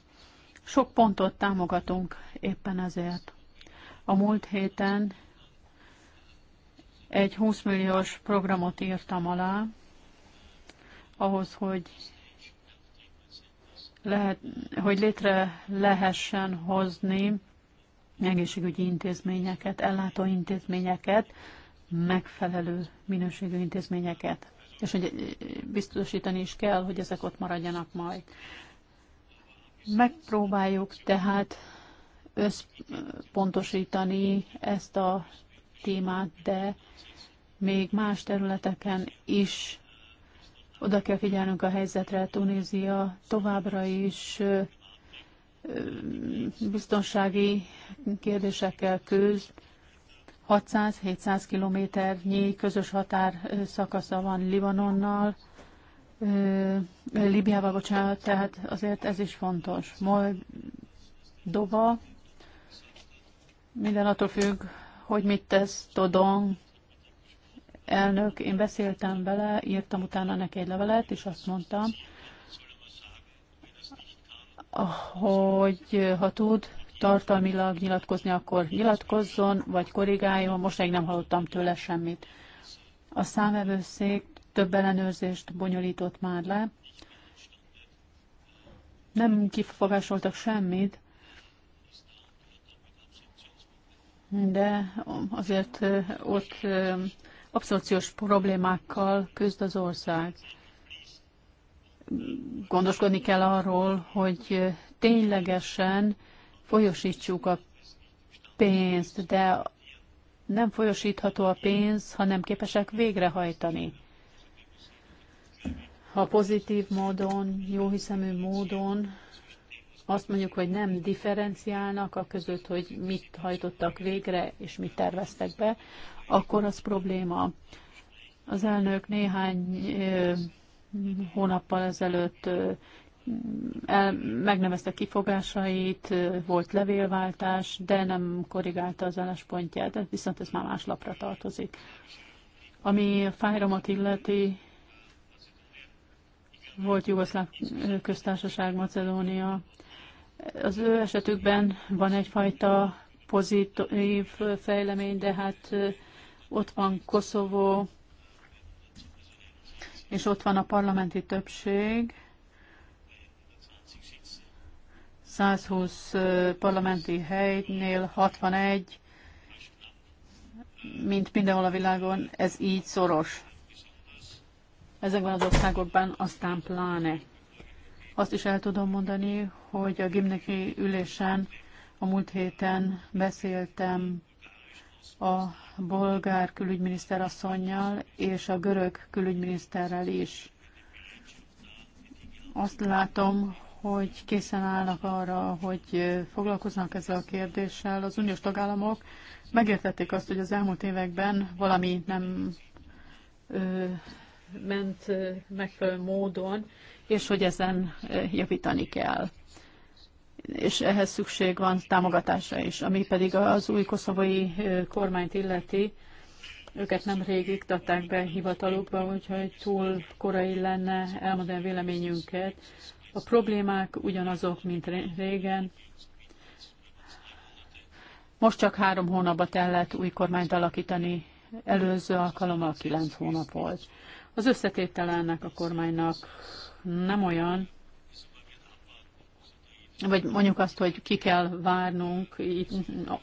Sok pontot támogatunk éppen ezért. A múlt héten egy 20 milliós programot írtam alá, ahhoz, hogy, lehet, hogy létre lehessen hozni egészségügyi intézményeket, ellátó intézményeket, megfelelő minőségű intézményeket. És hogy biztosítani is kell, hogy ezek ott maradjanak majd. Megpróbáljuk tehát összpontosítani ezt a témát, de még más területeken is oda kell figyelnünk a helyzetre. Tunézia továbbra is biztonsági kérdésekkel küzd. 600-700 kilométernyi közös határ szakasza van Libanonnal, Libiával, bocsánat, tehát azért ez is fontos. Moldova minden attól függ, hogy mit tesz Todong. elnök. Én beszéltem vele, írtam utána neki egy levelet, és azt mondtam, hogy ha tud tartalmilag nyilatkozni, akkor nyilatkozzon, vagy korrigáljon. még nem hallottam tőle semmit. A számevőszék több ellenőrzést bonyolított már le. Nem kifogásoltak semmit, de azért ott abszorciós problémákkal küzd az ország. Gondoskodni kell arról, hogy ténylegesen folyosítsuk a pénzt, de nem folyosítható a pénz, ha nem képesek végrehajtani. Ha pozitív módon, jóhiszemű módon azt mondjuk, hogy nem differenciálnak a között, hogy mit hajtottak végre és mit terveztek be, akkor az probléma. Az elnök néhány hónappal ezelőtt el, megnevezte kifogásait, volt levélváltás, de nem korrigálta az álláspontját, viszont ez már más lapra tartozik. Ami a fájramot illeti, volt Jugoszláv köztársaság Macedónia, az ő esetükben van egyfajta pozitív fejlemény, de hát ott van Koszovó, és ott van a parlamenti többség, 120 parlamenti helynél 61, mint mindenhol a világon, ez így szoros. Ezekben az országokban aztán pláne. Azt is el tudom mondani, hogy a gimneki ülésen a múlt héten beszéltem a bolgár külügyminiszter asszonynal és a görög külügyminiszterrel is. Azt látom, hogy készen állnak arra, hogy foglalkoznak ezzel a kérdéssel. Az uniós tagállamok megértették azt, hogy az elmúlt években valami nem ö, ment megfelelő módon, és hogy ezen javítani kell. És ehhez szükség van támogatásra is, ami pedig az új koszovói kormányt illeti, őket nem rég iktatták be hivatalukba, úgyhogy túl korai lenne elmondani véleményünket. A problémák ugyanazok, mint régen. Most csak három hónapba tellett új kormányt alakítani, előző alkalommal kilenc hónap volt. Az összetétel ennek a kormánynak nem olyan, vagy mondjuk azt, hogy ki kell várnunk, itt, no,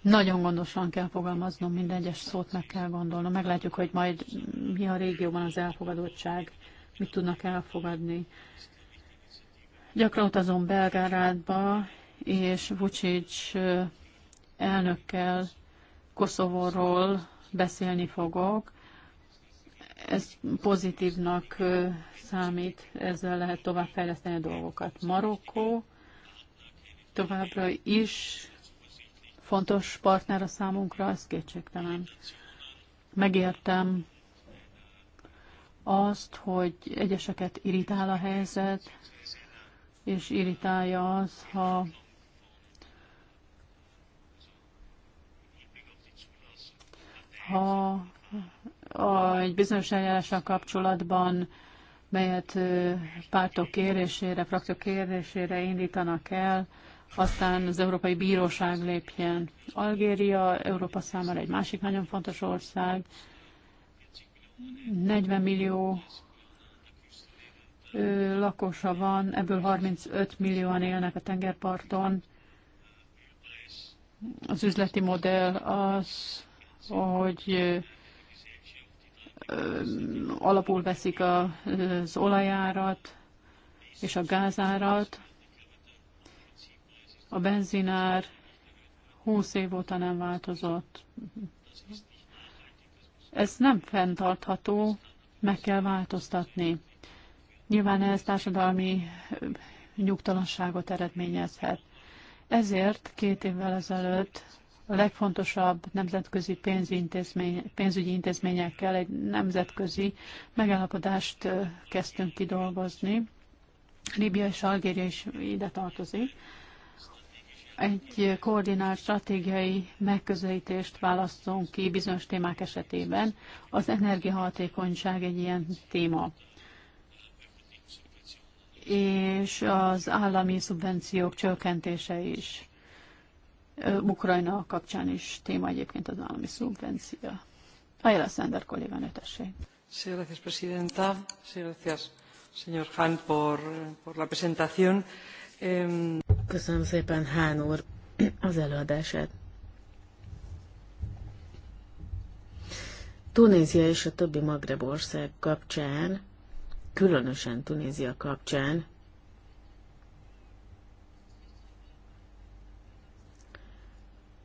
nagyon gondosan kell fogalmaznom, minden egyes szót meg kell gondolnom. Meglátjuk, hogy majd mi a régióban az elfogadottság, mit tudnak elfogadni. Gyakran utazom Belgrádba, és Vucic elnökkel Koszovóról beszélni fogok ez pozitívnak számít, ezzel lehet továbbfejleszteni a dolgokat. Marokkó továbbra is fontos partner a számunkra, ez kétségtelen. Megértem azt, hogy egyeseket irítál a helyzet, és irítálja az, ha ha a, egy bizonyos eljárással kapcsolatban, melyet pártok kérésére, frakciók kérésére indítanak el, aztán az Európai Bíróság lépjen. Algéria Európa számára egy másik nagyon fontos ország, 40 millió lakosa van, ebből 35 millióan élnek a tengerparton. Az üzleti modell az, hogy alapul veszik az olajárat és a gázárat. A benzinár 20 év óta nem változott. Ez nem fenntartható, meg kell változtatni. Nyilván ez társadalmi nyugtalanságot eredményezhet. Ezért két évvel ezelőtt a legfontosabb nemzetközi pénzintézmény, pénzügyi intézményekkel egy nemzetközi megállapodást kezdtünk kidolgozni. Líbia és Algéria is ide tartozik. Egy koordinált stratégiai megközelítést választunk ki bizonyos témák esetében. Az energiahatékonyság egy ilyen téma és az állami szubvenciók csökkentése is. Ukrajna kapcsán is téma egyébként az állami szubvencia. Ajla Szender kolléganő, tessék. Sí, gracias, presidenta. Sí, gracias, señor Hahn, por, por la presentación. Um... Köszönöm szépen, Hán úr, az előadását. Tunézia és a többi Magreb ország kapcsán, különösen Tunézia kapcsán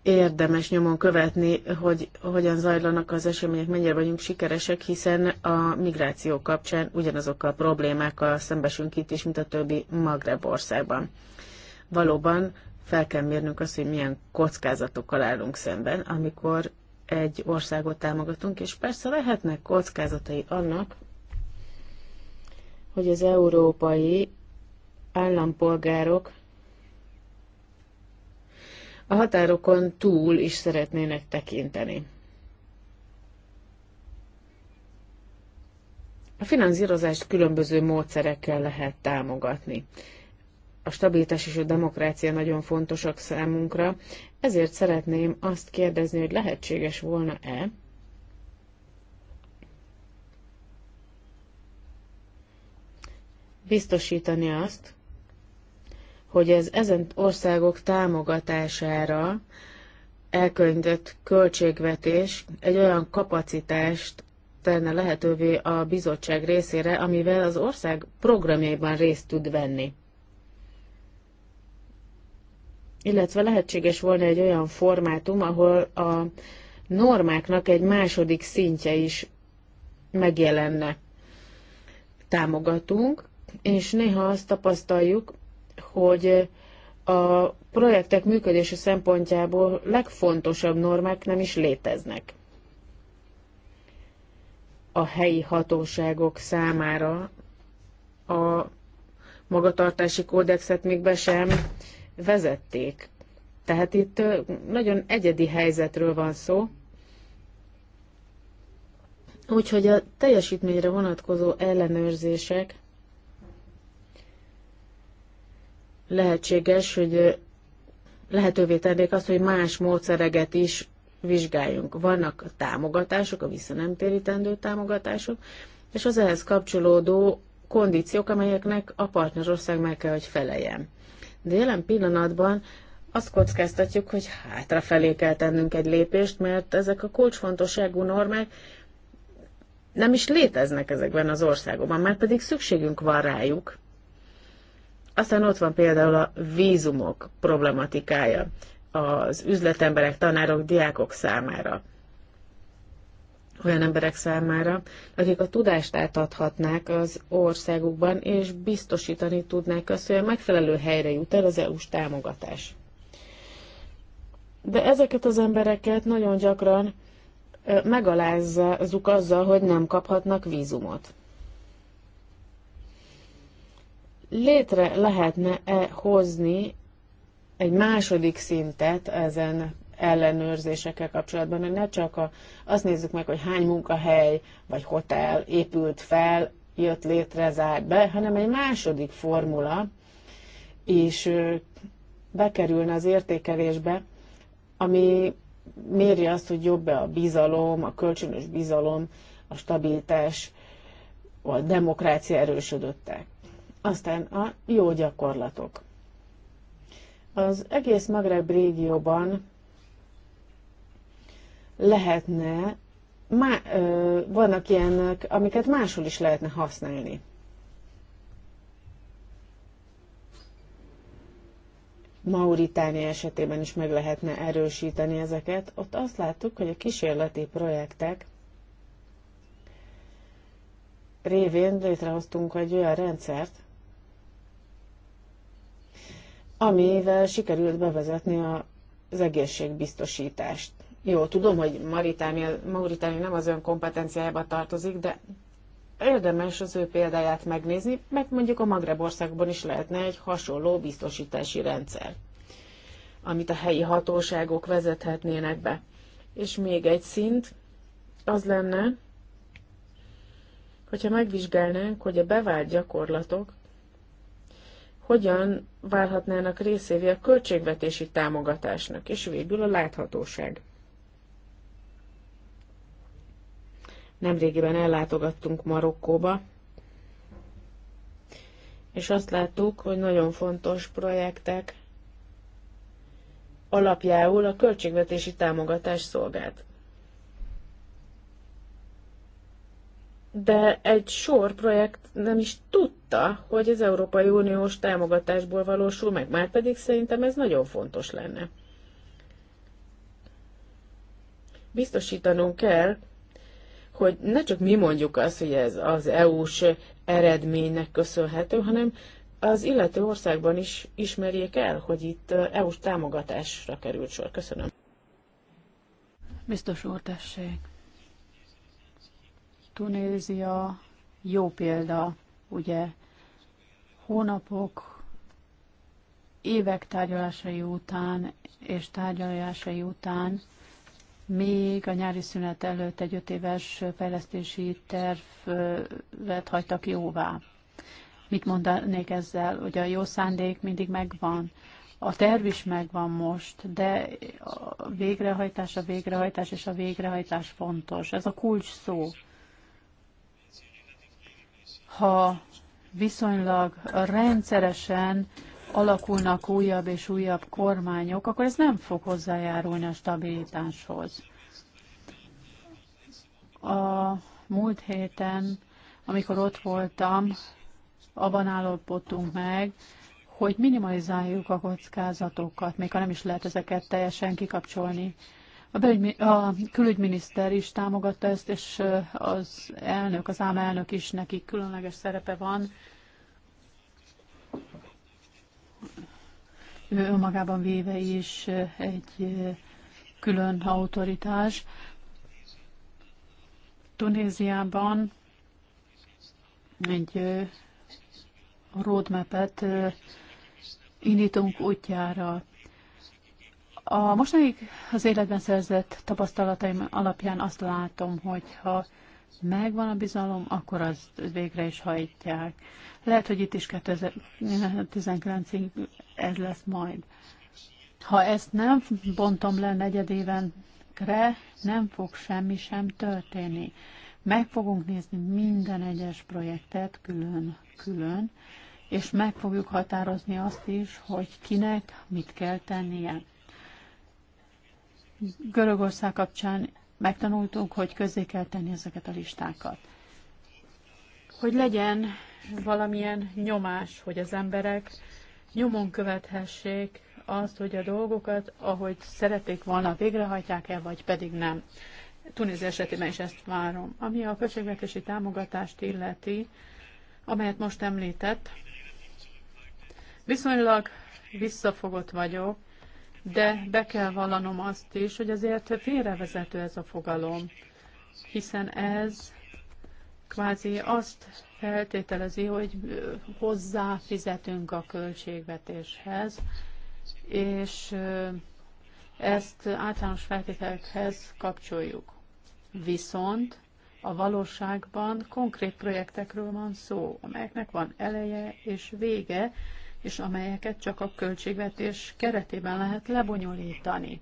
érdemes nyomon követni, hogy hogyan zajlanak az események, mennyire vagyunk sikeresek, hiszen a migráció kapcsán ugyanazokkal a problémákkal szembesünk itt is, mint a többi Magreb országban. Valóban fel kell mérnünk azt, hogy milyen kockázatokkal állunk szemben, amikor egy országot támogatunk, és persze lehetnek kockázatai annak, hogy az európai állampolgárok a határokon túl is szeretnének tekinteni. A finanszírozást különböző módszerekkel lehet támogatni. A stabilitás és a demokrácia nagyon fontosak számunkra, ezért szeretném azt kérdezni, hogy lehetséges volna-e, biztosítani azt, hogy az ezen országok támogatására elkönyvett költségvetés egy olyan kapacitást tenne lehetővé a bizottság részére, amivel az ország programjaiban részt tud venni. Illetve lehetséges volna egy olyan formátum, ahol a normáknak egy második szintje is megjelenne. Támogatunk, és néha azt tapasztaljuk, hogy a projektek működése szempontjából legfontosabb normák nem is léteznek. A helyi hatóságok számára a magatartási kódexet még be sem vezették. Tehát itt nagyon egyedi helyzetről van szó, Úgyhogy a teljesítményre vonatkozó ellenőrzések lehetséges, hogy lehetővé tennék azt, hogy más módszereket is vizsgáljunk. Vannak a támogatások, a visszanemtérítendő támogatások, és az ehhez kapcsolódó kondíciók, amelyeknek a partnerország meg kell, hogy feleljen. De jelen pillanatban azt kockáztatjuk, hogy hátrafelé kell tennünk egy lépést, mert ezek a kulcsfontosságú normák nem is léteznek ezekben az országokban, mert pedig szükségünk van rájuk, aztán ott van például a vízumok problematikája az üzletemberek, tanárok, diákok számára. Olyan emberek számára, akik a tudást átadhatnák az országukban, és biztosítani tudnák azt, hogy a megfelelő helyre jut el az EU-s támogatás. De ezeket az embereket nagyon gyakran megalázzuk azzal, hogy nem kaphatnak vízumot létre lehetne-e hozni egy második szintet ezen ellenőrzésekkel kapcsolatban, hogy ne csak a, azt nézzük meg, hogy hány munkahely vagy hotel épült fel, jött létre, zárt be, hanem egy második formula is bekerülne az értékelésbe, ami méri azt, hogy jobb-e a bizalom, a kölcsönös bizalom, a stabilitás, a demokrácia erősödöttek. Aztán a jó gyakorlatok. Az egész Magreb régióban lehetne, má, ö, vannak ilyenek, amiket máshol is lehetne használni. Mauritánia esetében is meg lehetne erősíteni ezeket. Ott azt láttuk, hogy a kísérleti projektek révén létrehoztunk egy olyan rendszert, amivel sikerült bevezetni a, az egészségbiztosítást. Jó, tudom, hogy Mauritánia, nem az ön kompetenciájába tartozik, de érdemes az ő példáját megnézni, meg mondjuk a Magreb országban is lehetne egy hasonló biztosítási rendszer, amit a helyi hatóságok vezethetnének be. És még egy szint az lenne, hogyha megvizsgálnánk, hogy a bevált gyakorlatok hogyan válhatnának részévé a költségvetési támogatásnak, és végül a láthatóság. Nemrégiben ellátogattunk Marokkóba, és azt láttuk, hogy nagyon fontos projektek alapjául a költségvetési támogatás szolgált. de egy sor projekt nem is tudta, hogy az Európai Uniós támogatásból valósul meg, már pedig szerintem ez nagyon fontos lenne. Biztosítanunk kell, hogy ne csak mi mondjuk azt, hogy ez az EU-s eredménynek köszönhető, hanem az illető országban is ismerjék el, hogy itt uh, EU-s támogatásra került sor. Köszönöm. Biztos úr, tessék. Tunézia jó példa, ugye hónapok, évek tárgyalásai után és tárgyalásai után még a nyári szünet előtt egy öt éves fejlesztési tervet hagytak jóvá. Mit mondanék ezzel? hogy a jó szándék mindig megvan. A terv is megvan most, de a végrehajtás, a végrehajtás és a végrehajtás fontos. Ez a kulcs szó ha viszonylag rendszeresen alakulnak újabb és újabb kormányok, akkor ez nem fog hozzájárulni a stabilitáshoz. A múlt héten, amikor ott voltam, abban állapodtunk meg, hogy minimalizáljuk a kockázatokat, még ha nem is lehet ezeket teljesen kikapcsolni a, belügymi, a külügyminiszter is támogatta ezt, és az elnök, az ám elnök is neki különleges szerepe van. Ő önmagában véve is egy külön autoritás. Tunéziában egy roadmap-et indítunk útjára. A mostanig az életben szerzett tapasztalataim alapján azt látom, hogy ha megvan a bizalom, akkor azt végre is hajtják. Lehet, hogy itt is 2019-ig ez lesz majd. Ha ezt nem bontom le negyedévenkre, nem fog semmi sem történni. Meg fogunk nézni minden egyes projektet külön-külön, és meg fogjuk határozni azt is, hogy kinek mit kell tennie. Görögország kapcsán megtanultunk, hogy közzé kell tenni ezeket a listákat. Hogy legyen valamilyen nyomás, hogy az emberek nyomon követhessék azt, hogy a dolgokat, ahogy szerették volna, végrehajtják-e, vagy pedig nem. Tunézia esetében is ezt várom. Ami a költségvetési támogatást illeti, amelyet most említett, viszonylag visszafogott vagyok, de be kell vallanom azt is, hogy azért félrevezető ez a fogalom, hiszen ez kvázi azt feltételezi, hogy hozzáfizetünk a költségvetéshez, és ezt általános feltételekhez kapcsoljuk. Viszont a valóságban konkrét projektekről van szó, amelyeknek van eleje és vége, és amelyeket csak a költségvetés keretében lehet lebonyolítani.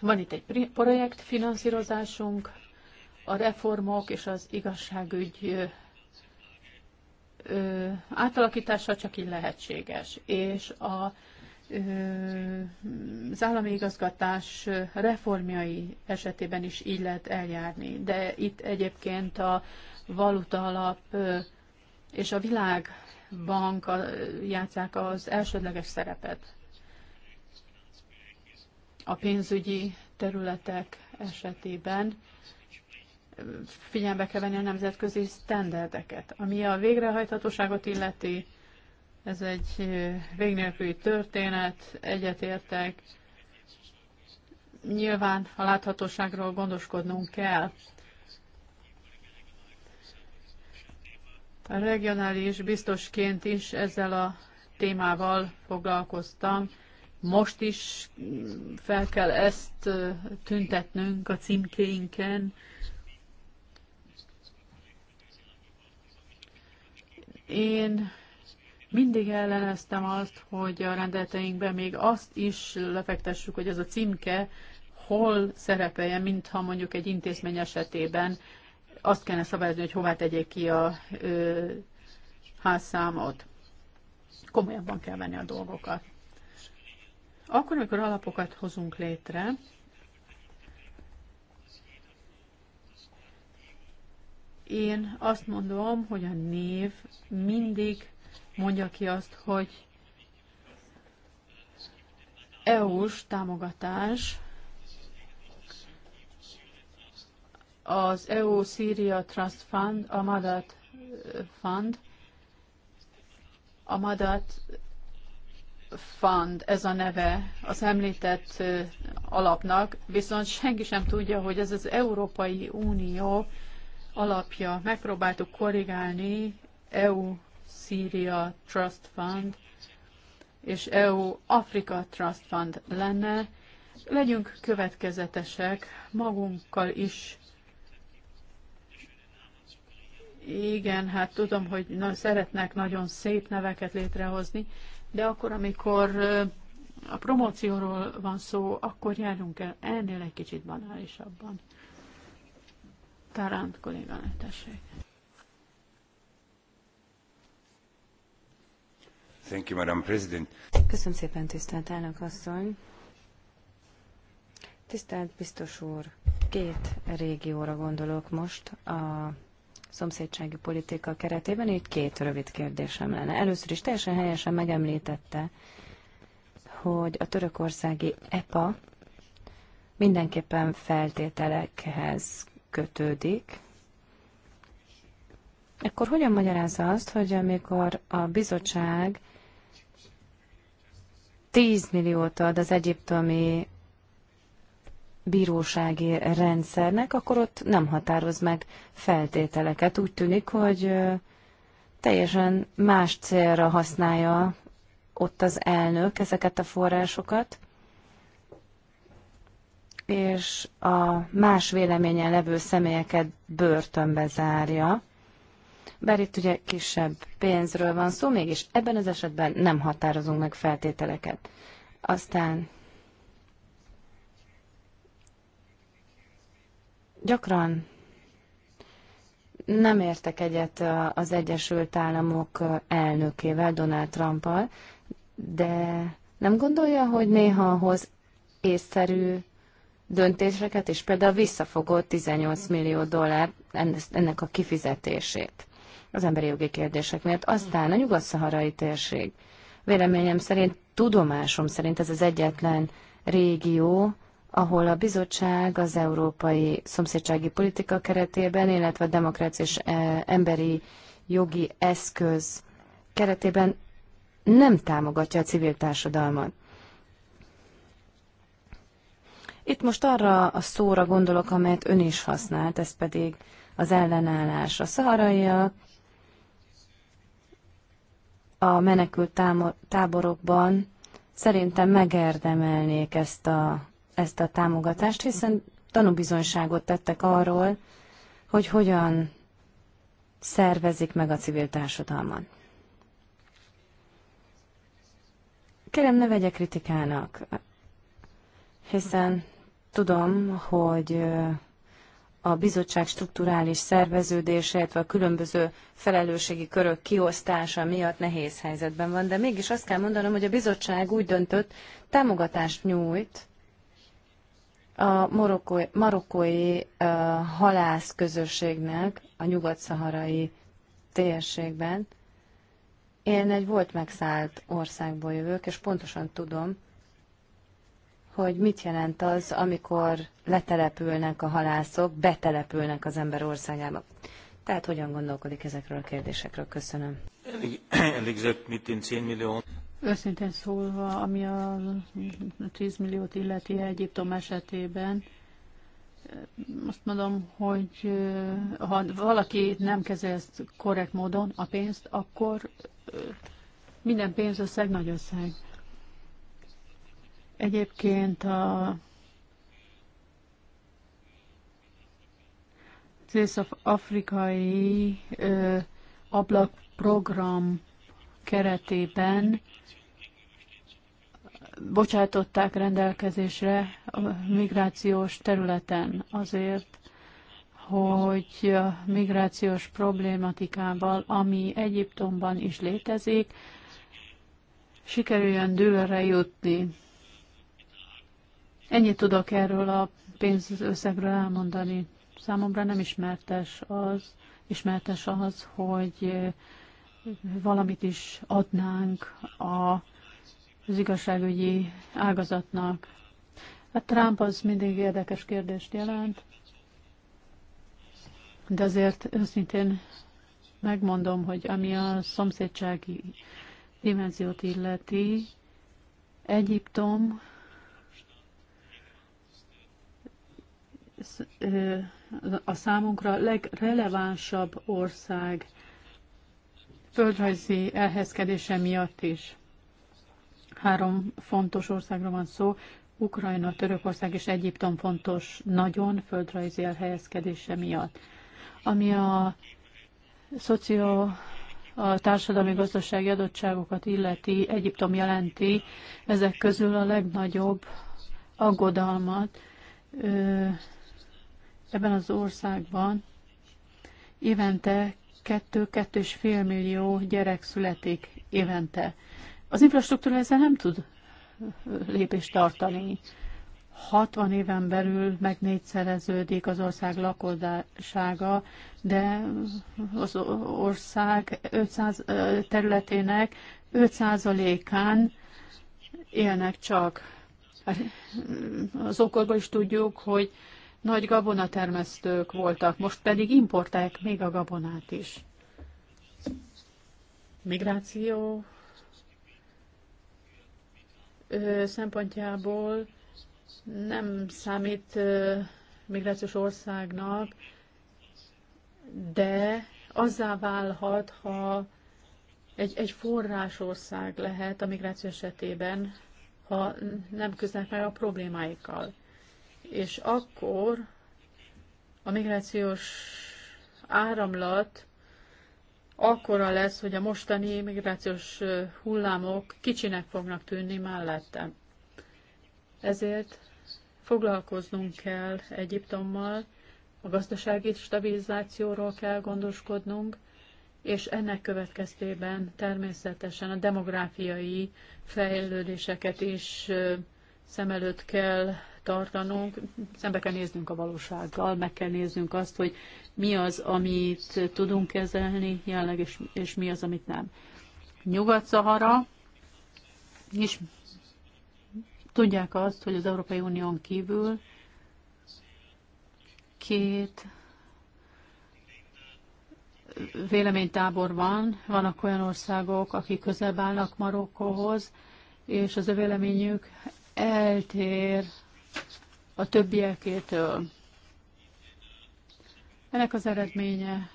Van itt egy projektfinanszírozásunk, a reformok és az igazságügy ö, átalakítása csak így lehetséges, és a az állami igazgatás reformjai esetében is így lehet eljárni, de itt egyébként a valuta alap és a világbank játszák az elsődleges szerepet. A pénzügyi területek esetében figyelembe kell venni a nemzetközi sztenderdeket. Ami a végrehajthatóságot illeti, ez egy végnélküli történet, egyetértek. Nyilván a láthatóságról gondoskodnunk kell, A regionális biztosként is ezzel a témával foglalkoztam. Most is fel kell ezt tüntetnünk a címkéinken. Én mindig elleneztem azt, hogy a rendeleteinkben még azt is lefektessük, hogy ez a címke hol szerepeljen, mintha mondjuk egy intézmény esetében azt kellene szabályozni, hogy hová tegyék ki a ö, házszámot. Komolyabban kell venni a dolgokat. Akkor, amikor alapokat hozunk létre, én azt mondom, hogy a név mindig mondja ki azt, hogy EU-s támogatás Az EU Syria Trust Fund, a Madat eh, Fund, a Madat Fund, ez a neve az említett eh, alapnak, viszont senki sem tudja, hogy ez az Európai Unió alapja. Megpróbáltuk korrigálni EU Syria Trust Fund és EU Afrika Trust Fund lenne. Legyünk következetesek, magunkkal is igen, hát tudom, hogy na, szeretnek nagyon szép neveket létrehozni, de akkor, amikor a promócióról van szó, akkor járjunk el ennél egy kicsit banálisabban. Taránt kolléganő, tessék. Thank you, Madam President. Köszönöm szépen, tisztelt elnök asszony. Tisztelt biztos úr, két régióra gondolok most, a szomszédsági politika keretében. Itt két rövid kérdésem lenne. Először is teljesen helyesen megemlítette, hogy a törökországi EPA mindenképpen feltételekhez kötődik. Akkor hogyan magyarázza azt, hogy amikor a bizottság 10 milliót ad az egyiptomi bírósági rendszernek, akkor ott nem határoz meg feltételeket. Úgy tűnik, hogy teljesen más célra használja ott az elnök ezeket a forrásokat, és a más véleményen levő személyeket börtönbe zárja. Bár itt ugye kisebb pénzről van szó, mégis ebben az esetben nem határozunk meg feltételeket. Aztán Gyakran nem értek egyet az Egyesült Államok elnökével, Donald Trumpal, de nem gondolja, hogy néha hoz észszerű döntéseket, és például visszafogott 18 millió dollár ennek a kifizetését az emberi jogi kérdések miatt. Aztán a nyugat-szaharai térség. Véleményem szerint, tudomásom szerint ez az egyetlen régió, ahol a bizottság az európai szomszédsági politika keretében, illetve a demokrácia és eh, emberi jogi eszköz keretében nem támogatja a civil társadalmat. Itt most arra a szóra gondolok, amelyet ön is használt, ez pedig az ellenállás. A szaharaiak a menekült táborokban szerintem megérdemelnék ezt a ezt a támogatást, hiszen tanúbizonyságot tettek arról, hogy hogyan szervezik meg a civil társadalmat. Kérem, ne vegye kritikának, hiszen tudom, hogy a bizottság strukturális szerveződése, illetve a különböző felelősségi körök kiosztása miatt nehéz helyzetben van, de mégis azt kell mondanom, hogy a bizottság úgy döntött, támogatást nyújt a marokkói, marokkói uh, halászközösségnek a nyugat-szaharai térségben. Én egy volt megszállt országból jövök, és pontosan tudom, hogy mit jelent az, amikor letelepülnek a halászok, betelepülnek az ember országába. Tehát hogyan gondolkodik ezekről a kérdésekről? Köszönöm. Őszintén szólva, ami a 10 milliót illeti Egyiptom esetében, azt mondom, hogy eh, ha valaki nem kezeli ezt korrekt módon a pénzt, akkor eh, minden pénzösszeg nagy összeg. Egyébként a észak-afrikai eh, ablakprogram keretében bocsátották rendelkezésre a migrációs területen azért, hogy a migrációs problématikával, ami Egyiptomban is létezik, sikerüljön dőlre jutni. Ennyit tudok erről a pénzösszegről elmondani. Számomra nem ismertes az, ismertes az, hogy valamit is adnánk a az igazságügyi ágazatnak. A Trump az mindig érdekes kérdést jelent, de azért őszintén megmondom, hogy ami a szomszédsági dimenziót illeti, Egyiptom a számunkra legrelevánsabb ország földrajzi elhelyezkedése miatt is. Három fontos országra van szó, Ukrajna, Törökország és Egyiptom fontos nagyon földrajzi elhelyezkedése miatt. Ami a szoció a társadalmi gazdasági adottságokat illeti, Egyiptom jelenti ezek közül a legnagyobb aggodalmat ebben az országban. Évente 2-2,5 millió gyerek születik évente. Az infrastruktúra ezzel nem tud lépést tartani. 60 éven belül meg négyszereződik az ország lakossága, de az ország 500 területének 5%-án élnek csak. Hát, az okorban is tudjuk, hogy nagy gabonatermesztők voltak, most pedig importálják még a gabonát is. Migráció szempontjából nem számít migrációs országnak, de azzá válhat, ha egy, egy forrásország lehet a migráció esetében, ha nem küzdenek meg a problémáikkal. És akkor a migrációs áramlat akkora lesz, hogy a mostani migrációs hullámok kicsinek fognak tűnni mellette. Ezért foglalkoznunk kell Egyiptommal, a gazdasági stabilizációról kell gondoskodnunk, és ennek következtében természetesen a demográfiai fejlődéseket is szem előtt kell tartanunk, szembe kell néznünk a valósággal, meg kell néznünk azt, hogy mi az, amit tudunk kezelni jelenleg, és, és mi az, amit nem. Nyugat-Szahara, és tudják azt, hogy az Európai Unión kívül két véleménytábor van. Vannak olyan országok, akik közebb állnak Marokkóhoz, és az a véleményük eltér a többiekétől. Ennek az eredménye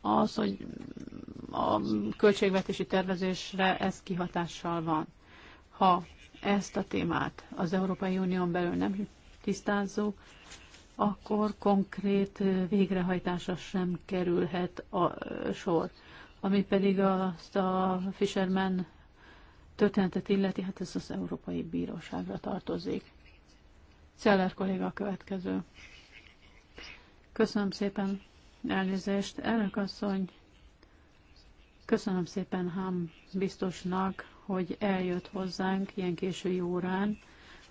az, hogy a költségvetési tervezésre ez kihatással van. Ha ezt a témát az Európai Unión belül nem tisztázzuk, akkor konkrét végrehajtásra sem kerülhet a sor. Ami pedig azt a Fisherman történetet illeti, hát ez az Európai Bíróságra tartozik. Celler kolléga a következő. Köszönöm szépen elnézést. Elnök asszony, köszönöm szépen Ham biztosnak, hogy eljött hozzánk ilyen késői órán,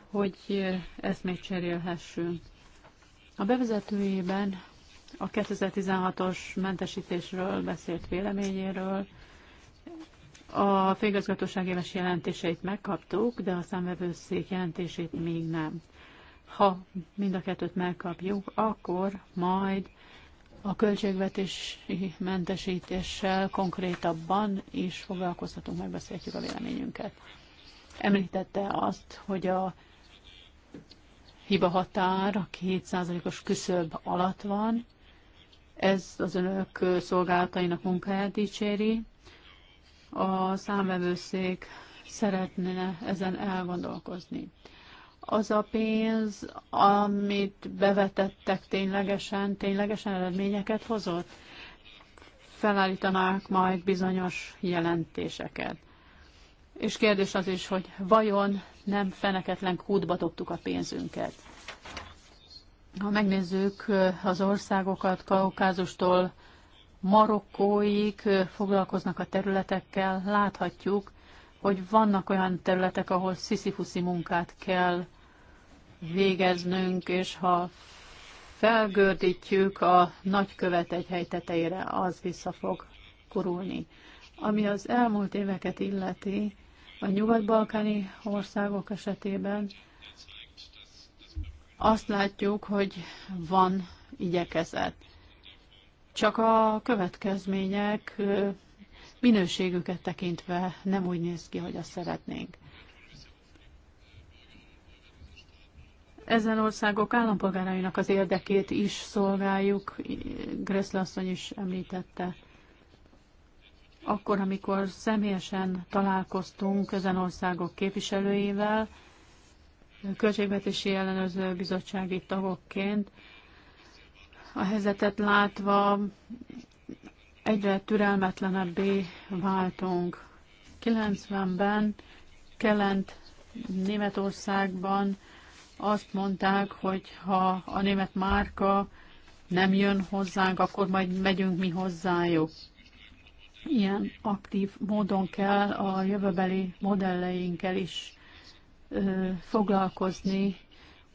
hogy ezt még cserélhessünk. A bevezetőjében a 2016-os mentesítésről beszélt véleményéről, a főigazgatóság éves jelentéseit megkaptuk, de a számvevőszék jelentését még nem. Ha mind a kettőt megkapjuk, akkor majd a költségvetési mentesítéssel konkrétabban is foglalkozhatunk, megbeszélhetjük a véleményünket. Említette azt, hogy a hiba határ a 2%-os küszöb alatt van. Ez az önök szolgálatainak munkáját dicséri. A számvevőszék szeretne ezen elgondolkozni az a pénz, amit bevetettek ténylegesen, ténylegesen eredményeket hozott? Felállítanák majd bizonyos jelentéseket. És kérdés az is, hogy vajon nem feneketlen kútba dobtuk a pénzünket. Ha megnézzük az országokat, Kaukázustól Marokkóig foglalkoznak a területekkel, láthatjuk, hogy vannak olyan területek, ahol sziszifuszi munkát kell végeznünk, és ha felgördítjük a nagykövet egy hely tetejére, az vissza fog kurulni. Ami az elmúlt éveket illeti, a nyugat-balkáni országok esetében azt látjuk, hogy van igyekezet. Csak a következmények minőségüket tekintve nem úgy néz ki, hogy azt szeretnénk. Ezen országok állampolgárainak az érdekét is szolgáljuk, Gressle asszony is említette. Akkor, amikor személyesen találkoztunk ezen országok képviselőivel, költségvetési ellenőrző bizottsági tagokként, a helyzetet látva egyre türelmetlenebbé váltunk. 90-ben Kelent Németországban azt mondták, hogy ha a német márka nem jön hozzánk, akkor majd megyünk mi hozzájuk. Ilyen aktív módon kell a jövőbeli modelleinkkel is ö, foglalkozni,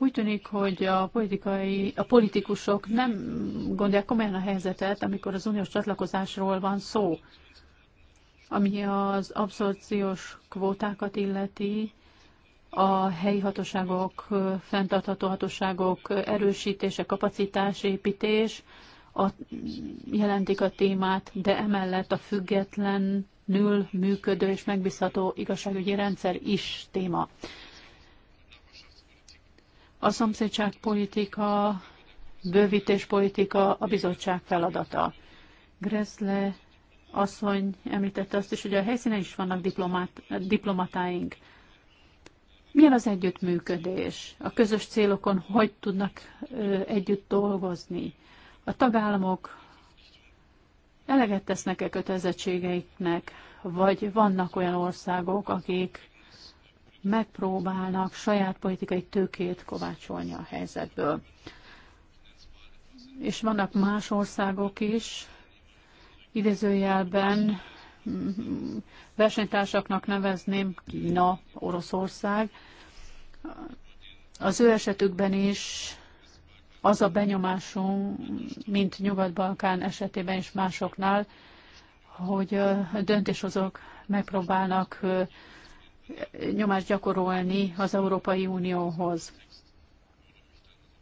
úgy tűnik, hogy a, politikai, a politikusok nem gondolják komolyan a helyzetet, amikor az uniós csatlakozásról van szó, ami az abszorciós kvótákat illeti, a helyi hatóságok, fenntartható hatóságok erősítése, kapacitásépítés a, jelentik a témát, de emellett a függetlenül működő és megbízható igazságügyi rendszer is téma. A szomszédságpolitika, bővítéspolitika a bizottság feladata. Grezle asszony említette azt is, hogy a helyszínen is vannak diplomát, diplomatáink. Milyen az együttműködés? A közös célokon hogy tudnak együtt dolgozni? A tagállamok eleget tesznek-e kötelezettségeiknek, vagy vannak olyan országok, akik megpróbálnak saját politikai tőkét kovácsolni a helyzetből. És vannak más országok is, idézőjelben versenytársaknak nevezném Kína, Oroszország. Az ő esetükben is az a benyomásunk, mint Nyugat-Balkán esetében és másoknál, hogy a döntéshozók megpróbálnak nyomást gyakorolni az Európai Unióhoz.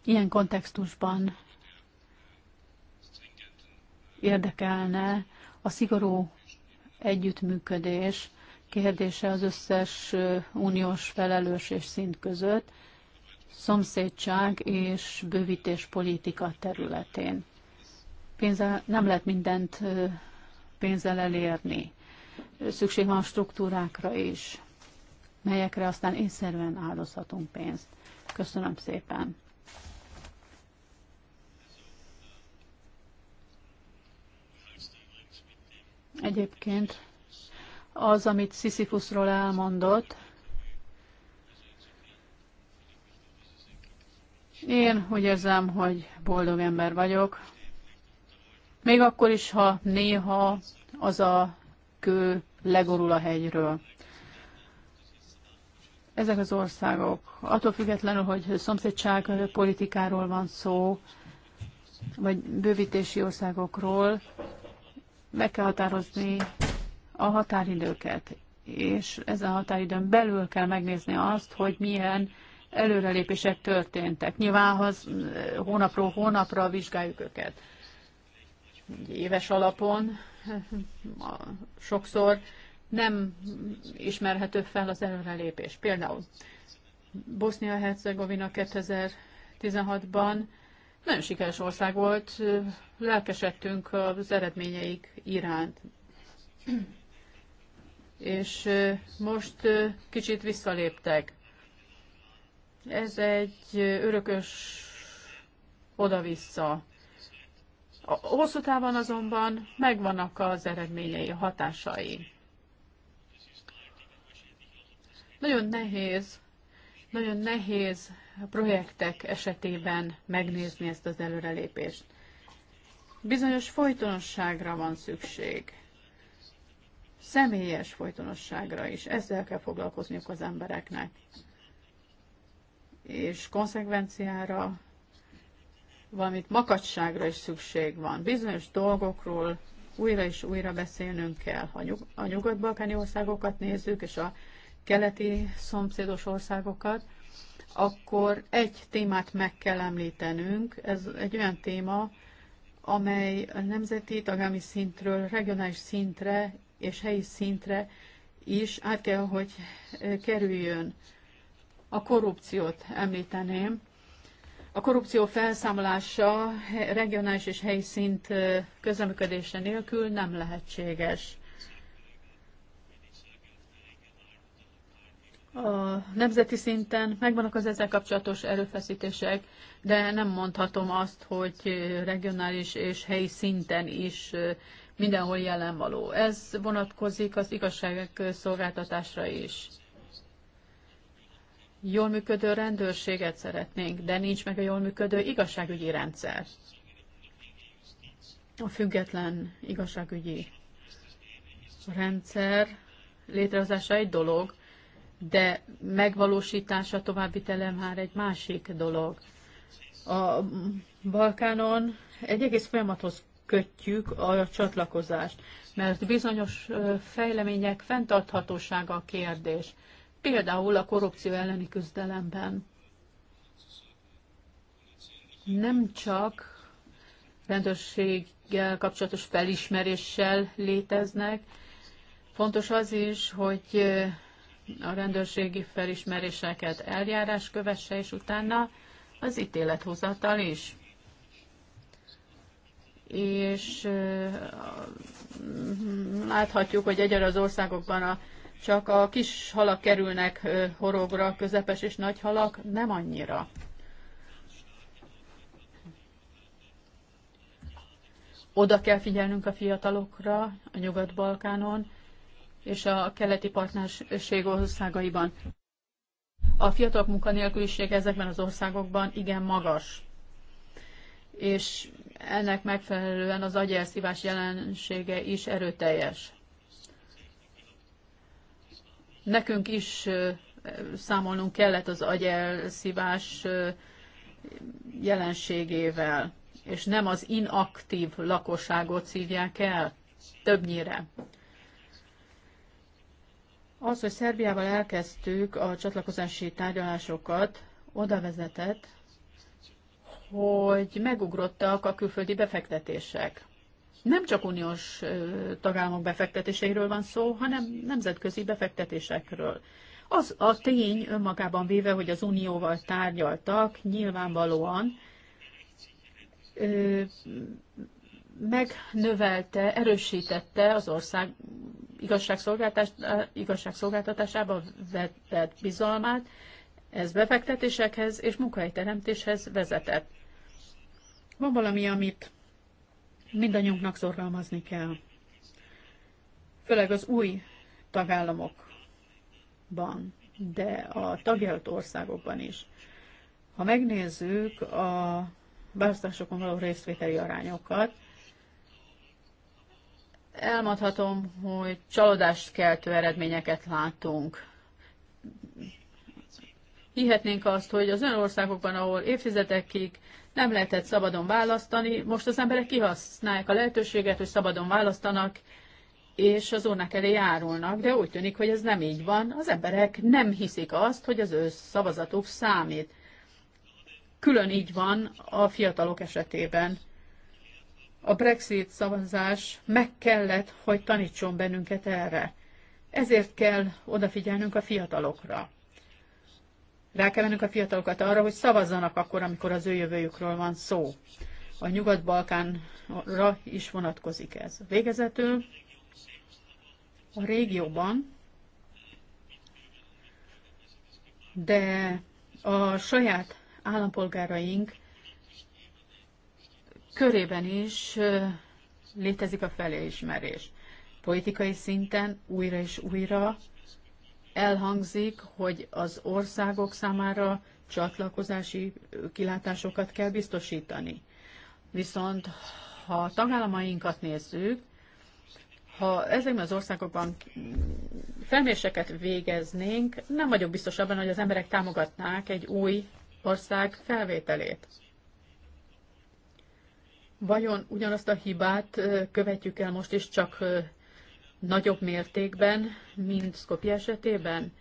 Ilyen kontextusban érdekelne a szigorú együttműködés kérdése az összes uniós felelős és szint között, szomszédság és bővítés politika területén. Pénzzel nem lehet mindent pénzzel elérni. Szükség van struktúrákra is melyekre aztán észszerűen áldozhatunk pénzt. Köszönöm szépen! Egyébként az, amit Sisyphusról elmondott, Én úgy érzem, hogy boldog ember vagyok. Még akkor is, ha néha az a kő legorul a hegyről ezek az országok, attól függetlenül, hogy szomszédság politikáról van szó, vagy bővítési országokról, meg kell határozni a határidőket, és ezen a határidőn belül kell megnézni azt, hogy milyen előrelépések történtek. Nyilván az eh, hónapról hónapra vizsgáljuk őket. Éves alapon sokszor nem ismerhető fel az előrelépés. Például Bosznia-Hercegovina 2016-ban nagyon sikeres ország volt, lelkesedtünk az eredményeik iránt. És most kicsit visszaléptek. Ez egy örökös oda-vissza. A hosszú távon azonban megvannak az eredményei, hatásai. Nagyon nehéz, nagyon nehéz projektek esetében megnézni ezt az előrelépést. Bizonyos folytonosságra van szükség. Személyes folytonosságra is. Ezzel kell foglalkozniuk az embereknek. És konszekvenciára, valamint makacságra is szükség van. Bizonyos dolgokról újra és újra beszélnünk kell. Ha a nyugat-balkáni országokat nézzük, és a keleti szomszédos országokat, akkor egy témát meg kell említenünk. Ez egy olyan téma, amely a nemzeti tagállami szintről, regionális szintre és helyi szintre is át kell, hogy eh, kerüljön. A korrupciót említeném. A korrupció felszámolása regionális és helyi szint eh, közleműködése nélkül nem lehetséges. a nemzeti szinten megvannak az ezzel kapcsolatos erőfeszítések, de nem mondhatom azt, hogy regionális és helyi szinten is mindenhol jelen való. Ez vonatkozik az igazságok szolgáltatásra is. Jól működő rendőrséget szeretnénk, de nincs meg a jól működő igazságügyi rendszer. A független igazságügyi rendszer létrehozása egy dolog, de megvalósítása, továbbvitele már egy másik dolog. A Balkánon egy egész folyamathoz kötjük a csatlakozást, mert bizonyos fejlemények fenntarthatósága a kérdés. Például a korrupció elleni küzdelemben. Nem csak rendőrséggel kapcsolatos felismeréssel léteznek, fontos az is, hogy a rendőrségi felismeréseket eljárás kövesse, és utána az ítélethozatal is. És láthatjuk, hogy egyre az országokban a, csak a kis halak kerülnek horogra, közepes és nagy halak nem annyira. Oda kell figyelnünk a fiatalokra a Nyugat-Balkánon, és a keleti partnerség országaiban. A fiatal munkanélküliség ezekben az országokban igen magas, és ennek megfelelően az agyelszívás jelensége is erőteljes. Nekünk is számolnunk kellett az agyelszívás jelenségével, és nem az inaktív lakosságot szívják el többnyire. Az, hogy Szerbiával elkezdtük a csatlakozási tárgyalásokat, oda vezetett, hogy megugrottak a külföldi befektetések. Nem csak uniós tagállamok befektetéseiről van szó, hanem nemzetközi befektetésekről. Az a tény önmagában véve, hogy az unióval tárgyaltak, nyilvánvalóan megnövelte, erősítette az ország igazságszolgáltatásába vetett bizalmát, ez befektetésekhez és munkahelyteremtéshez vezetett. Van valami, amit mindannyiunknak szorgalmazni kell, főleg az új tagállamokban, de a tagjelölt országokban is. Ha megnézzük a választásokon való részvételi arányokat, Elmondhatom, hogy csalódást keltő eredményeket látunk. Hihetnénk azt, hogy az olyan országokban, ahol évtizedekig nem lehetett szabadon választani, most az emberek kihasználják a lehetőséget, hogy szabadon választanak, és az urnak elé járulnak, de úgy tűnik, hogy ez nem így van. Az emberek nem hiszik azt, hogy az ő szavazatuk számít. Külön így van a fiatalok esetében. A Brexit szavazás meg kellett, hogy tanítson bennünket erre. Ezért kell odafigyelnünk a fiatalokra. Rá kell mennünk a fiatalokat arra, hogy szavazzanak akkor, amikor az ő jövőjükről van szó. A Nyugat-Balkánra is vonatkozik ez. Végezetül a régióban, de a saját állampolgáraink körében is létezik a felismerés. Politikai szinten újra és újra elhangzik, hogy az országok számára csatlakozási kilátásokat kell biztosítani. Viszont ha a tagállamainkat nézzük, ha ezekben az országokban felméréseket végeznénk, nem vagyok biztos abban, hogy az emberek támogatnák egy új ország felvételét. Vajon ugyanazt a hibát követjük el most is csak nagyobb mértékben, mint Skopje esetében?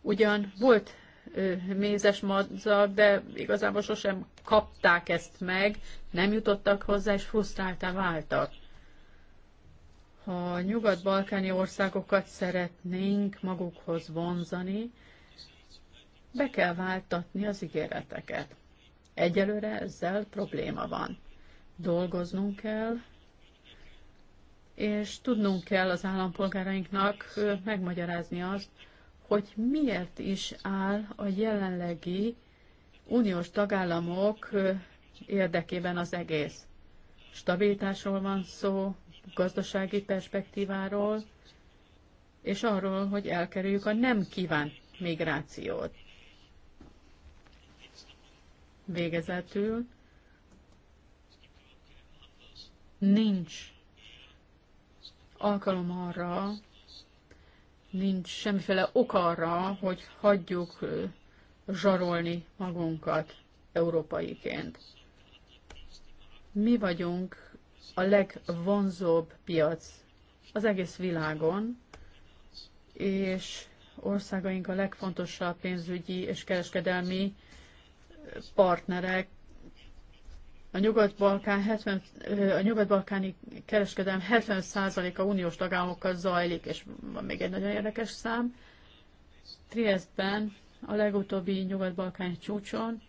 Ugyan volt mézes madza, de igazából sosem kapták ezt meg, nem jutottak hozzá, és frusztráltá váltak. Ha nyugat-balkáni országokat szeretnénk magukhoz vonzani, be kell váltatni az ígéreteket. Egyelőre ezzel probléma van. Dolgoznunk kell, és tudnunk kell az állampolgárainknak megmagyarázni azt, hogy miért is áll a jelenlegi uniós tagállamok érdekében az egész. Stabilitásról van szó, gazdasági perspektíváról, és arról, hogy elkerüljük a nem kívánt migrációt. Végezetül nincs alkalom arra, nincs semmiféle ok arra, hogy hagyjuk zsarolni magunkat európaiként. Mi vagyunk a legvonzóbb piac az egész világon, és országaink a legfontosabb pénzügyi és kereskedelmi partnerek. A, Nyugat-Balkán 70, a nyugat-balkáni kereskedelem 70%-a uniós tagállamokkal zajlik, és van még egy nagyon érdekes szám. Triestben a legutóbbi nyugat-balkáni csúcson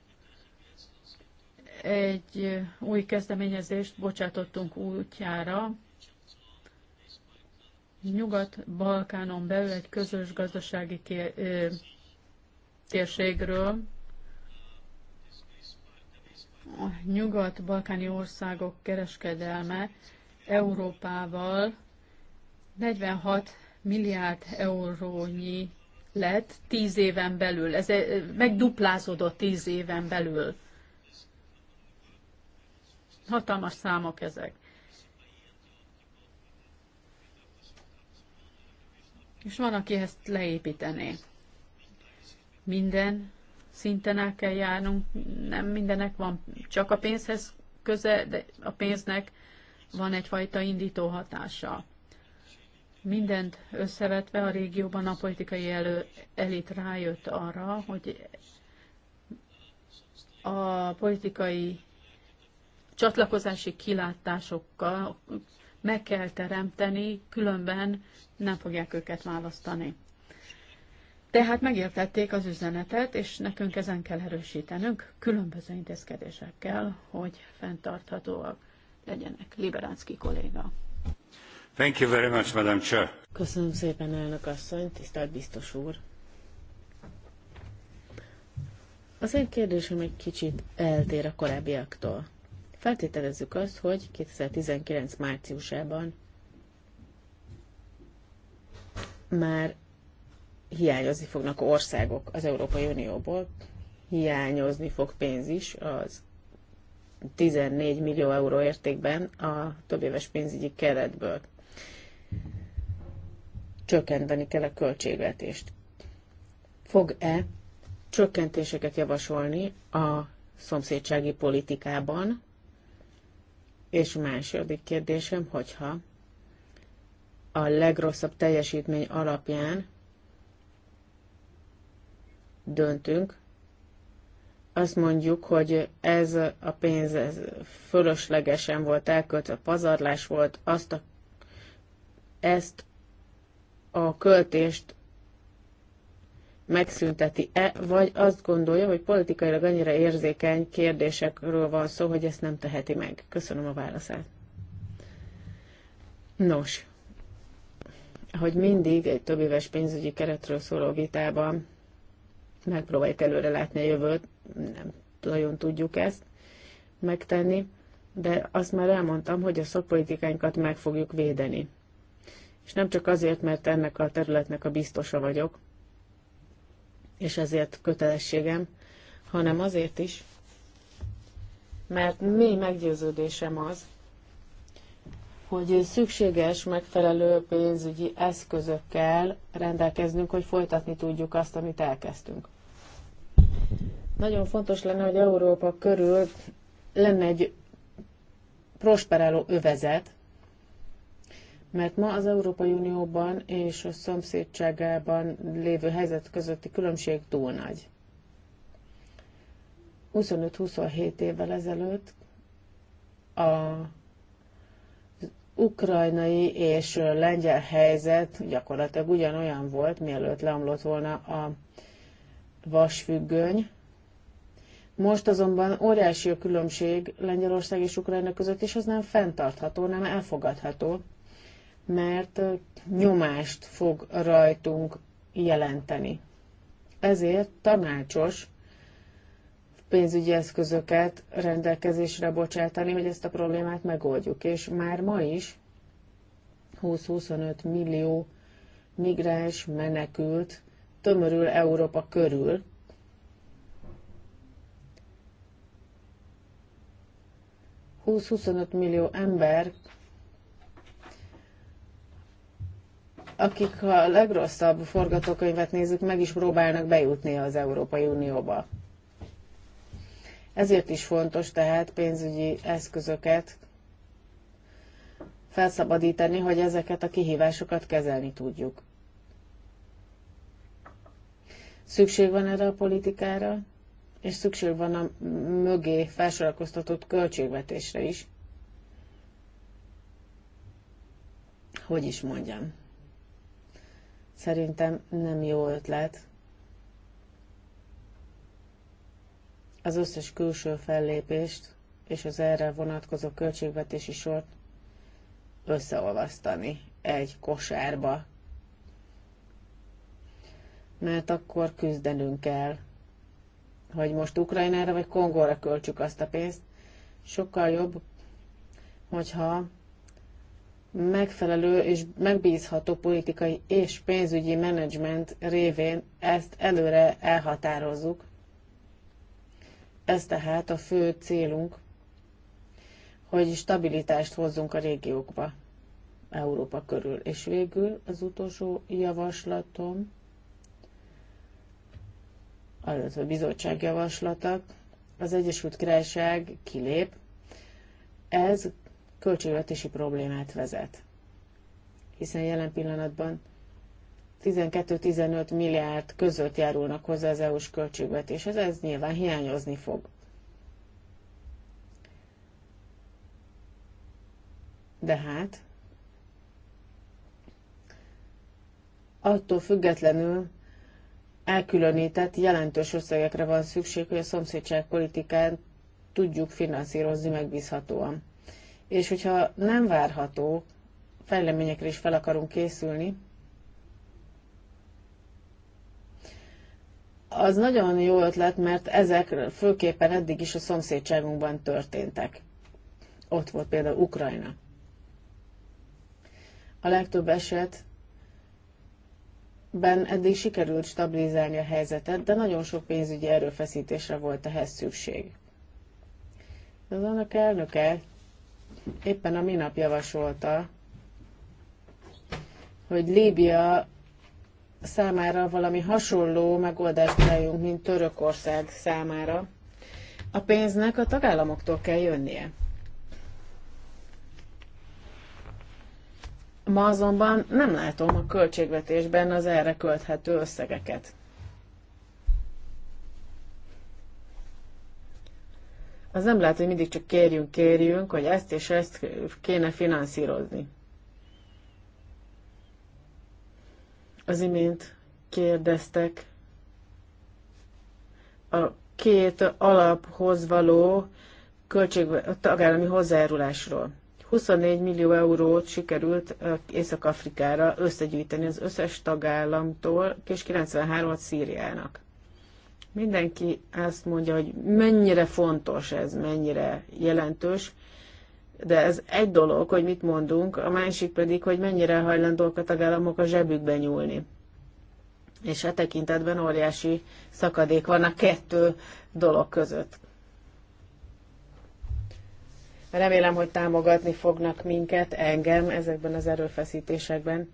egy új kezdeményezést bocsátottunk útjára. Nyugat-Balkánon belül egy közös gazdasági tér térségről, a nyugat-balkáni országok kereskedelme Európával 46 milliárd eurónyi lett 10 éven belül. Ez eh, megduplázódott 10 éven belül. Hatalmas számok ezek. És van, aki ezt leépítené. Minden szinten el kell járnunk, nem mindenek van csak a pénzhez köze, de a pénznek van egyfajta indító hatása. Mindent összevetve a régióban a politikai elő, elit rájött arra, hogy a politikai csatlakozási kilátásokkal meg kell teremteni, különben nem fogják őket választani. Tehát megértették az üzenetet, és nekünk ezen kell erősítenünk különböző intézkedésekkel, hogy fenntarthatóak legyenek. Liberánszki kolléga. Thank you very much, Madam Chair. Köszönöm szépen, elnök asszony, tisztelt biztos úr. Az én kérdésem egy kicsit eltér a korábbiaktól. Feltételezzük azt, hogy 2019 márciusában már hiányozni fognak országok az Európai Unióból, hiányozni fog pénz is az 14 millió euró értékben a többéves pénzügyi keretből. Csökkenteni kell a költségvetést. Fog-e csökkentéseket javasolni a szomszédsági politikában? És második kérdésem, hogyha a legrosszabb teljesítmény alapján döntünk, azt mondjuk, hogy ez a pénz ez fölöslegesen volt elköltve, pazarlás volt, azt a, ezt a költést megszünteti-e, vagy azt gondolja, hogy politikailag annyira érzékeny kérdésekről van szó, hogy ezt nem teheti meg. Köszönöm a válaszát. Nos, hogy mindig egy több éves pénzügyi keretről szóló vitában megpróbáljuk előre látni a jövőt, nem nagyon tudjuk ezt megtenni, de azt már elmondtam, hogy a szakpolitikánkat meg fogjuk védeni. És nem csak azért, mert ennek a területnek a biztosa vagyok, és ezért kötelességem, hanem azért is, mert mi meggyőződésem az, hogy szükséges megfelelő pénzügyi eszközökkel rendelkeznünk, hogy folytatni tudjuk azt, amit elkezdtünk. Nagyon fontos lenne, hogy Európa körül lenne egy prosperáló övezet, mert ma az Európai Unióban és a szomszédságában lévő helyzet közötti különbség túl nagy. 25-27 évvel ezelőtt a ukrajnai és lengyel helyzet gyakorlatilag ugyanolyan volt, mielőtt leomlott volna a vasfüggöny, most azonban óriási a különbség Lengyelország és Ukrajna között, és az nem fenntartható, nem elfogadható, mert nyomást fog rajtunk jelenteni. Ezért tanácsos pénzügyi eszközöket rendelkezésre bocsátani, hogy ezt a problémát megoldjuk. És már ma is 20-25 millió migráns menekült tömörül Európa körül, 20-25 millió ember, akik a legrosszabb forgatókönyvet nézzük, meg is próbálnak bejutni az Európai Unióba. Ezért is fontos tehát pénzügyi eszközöket felszabadítani, hogy ezeket a kihívásokat kezelni tudjuk. Szükség van erre a politikára? és szükség van a mögé felsorakoztatott költségvetésre is. Hogy is mondjam? Szerintem nem jó ötlet. Az összes külső fellépést és az erre vonatkozó költségvetési sort összeolvasztani egy kosárba, mert akkor küzdenünk kell hogy most Ukrajnára vagy Kongóra költsük azt a pénzt. Sokkal jobb, hogyha megfelelő és megbízható politikai és pénzügyi menedzsment révén ezt előre elhatározzuk. Ez tehát a fő célunk, hogy stabilitást hozzunk a régiókba, Európa körül. És végül az utolsó javaslatom illetve a bizottság javaslata, az Egyesült Királyság kilép, ez költségvetési problémát vezet. Hiszen jelen pillanatban 12-15 milliárd között járulnak hozzá az EU-s költségvetéshez, ez nyilván hiányozni fog. De hát, attól függetlenül elkülönített jelentős összegekre van szükség, hogy a szomszédság politikán tudjuk finanszírozni megbízhatóan. És hogyha nem várható fejleményekre is fel akarunk készülni, az nagyon jó ötlet, mert ezek főképpen eddig is a szomszédságunkban történtek. Ott volt például Ukrajna. A legtöbb eset ben eddig sikerült stabilizálni a helyzetet, de nagyon sok pénzügyi erőfeszítésre volt ehhez szükség. Az annak elnöke éppen a minap javasolta, hogy Líbia számára valami hasonló megoldást találjunk, mint Törökország számára. A pénznek a tagállamoktól kell jönnie. Ma azonban nem látom a költségvetésben az erre költhető összegeket. Az nem lehet, hogy mindig csak kérjünk, kérjünk, hogy ezt és ezt kéne finanszírozni. Az imént kérdeztek a két alaphoz való költség, a tagállami hozzájárulásról. 24 millió eurót sikerült Észak-Afrikára összegyűjteni az összes tagállamtól, és 93-at Szíriának. Mindenki azt mondja, hogy mennyire fontos ez, mennyire jelentős, de ez egy dolog, hogy mit mondunk, a másik pedig, hogy mennyire hajlandók a tagállamok a zsebükbe nyúlni. És e tekintetben óriási szakadék van a kettő dolog között. Remélem, hogy támogatni fognak minket, engem ezekben az erőfeszítésekben,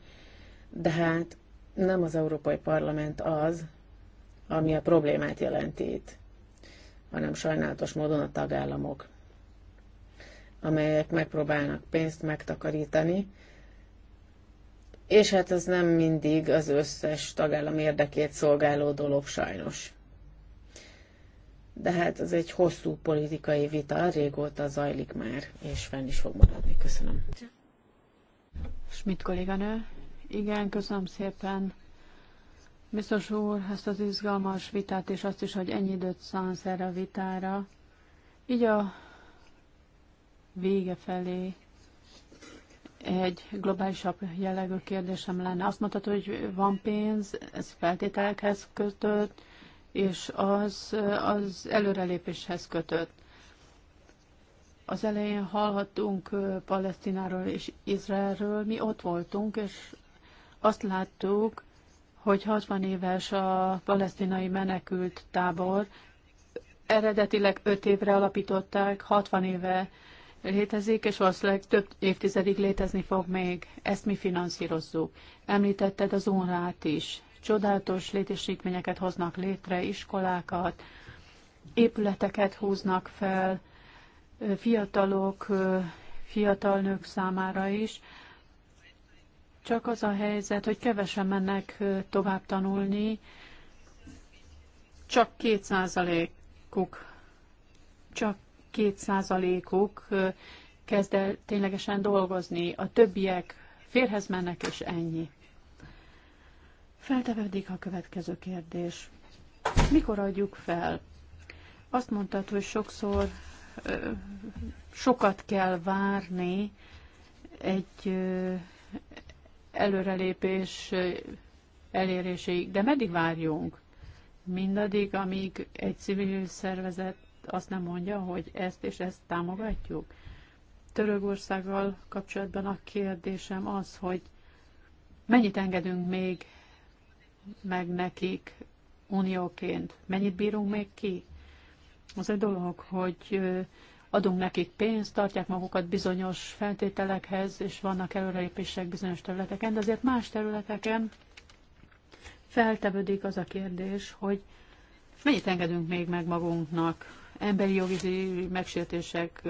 de hát nem az Európai Parlament az, ami a problémát jelenti itt, hanem sajnálatos módon a tagállamok, amelyek megpróbálnak pénzt megtakarítani, és hát ez nem mindig az összes tagállam érdekét szolgáló dolog sajnos de hát ez egy hosszú politikai vita, régóta zajlik már, és fenn is fog maradni. Köszönöm. Schmidt kolléganő, igen, köszönöm szépen. Biztos úr, ezt az izgalmas vitát, és azt is, hogy ennyi időt szánsz erre a vitára. Így a vége felé egy globálisabb jellegű kérdésem lenne. Azt mondtad, hogy van pénz, ez feltételekhez kötött, és az, az előrelépéshez kötött. Az elején hallhattunk Palesztináról és Izraelről, mi ott voltunk, és azt láttuk, hogy 60 éves a palesztinai menekült tábor, eredetileg 5 évre alapították, 60 éve létezik, és valószínűleg több évtizedig létezni fog még. Ezt mi finanszírozzuk. Említetted az unrát is csodálatos létesítményeket hoznak létre, iskolákat, épületeket húznak fel, fiatalok, fiatal nők számára is. Csak az a helyzet, hogy kevesen mennek tovább tanulni, csak kétszázalékuk, csak kétszázalékuk kezd el ténylegesen dolgozni, a többiek férhez mennek, és ennyi. Feltevődik a következő kérdés. Mikor adjuk fel? Azt mondtad, hogy sokszor ö, sokat kell várni egy ö, előrelépés eléréséig, de meddig várjunk? Mindaddig, amíg egy civil szervezet azt nem mondja, hogy ezt és ezt támogatjuk. Törögországgal kapcsolatban a kérdésem az, hogy mennyit engedünk még meg nekik unióként. Mennyit bírunk még ki? Az egy dolog, hogy adunk nekik pénzt, tartják magukat bizonyos feltételekhez, és vannak előrelépések bizonyos területeken, de azért más területeken feltevődik az a kérdés, hogy mennyit engedünk még meg magunknak emberi jogi megsértések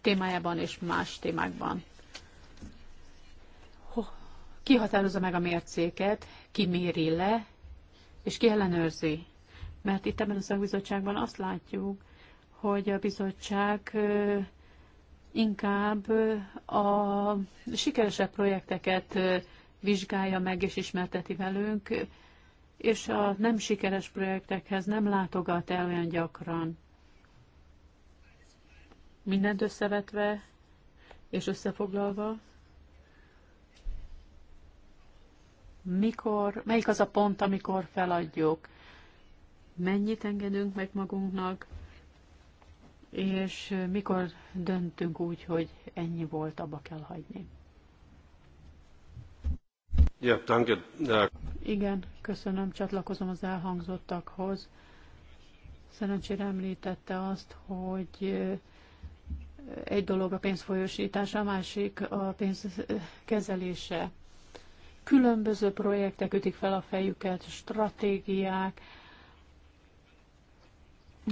témájában és más témákban. Ki határozza meg a mércéket, ki méri le, és ki ellenőrzi. Mert itt ebben a szakbizottságban azt látjuk, hogy a bizottság inkább a sikeresebb projekteket vizsgálja meg és ismerteti velünk, és a nem sikeres projektekhez nem látogat el olyan gyakran. Mindent összevetve és összefoglalva, mikor, melyik az a pont, amikor feladjuk, mennyit engedünk meg magunknak, és mikor döntünk úgy, hogy ennyi volt, abba kell hagyni. Igen, köszönöm, csatlakozom az elhangzottakhoz. Szerencsére említette azt, hogy egy dolog a pénz a másik a pénz kezelése különböző projektek ütik fel a fejüket, stratégiák.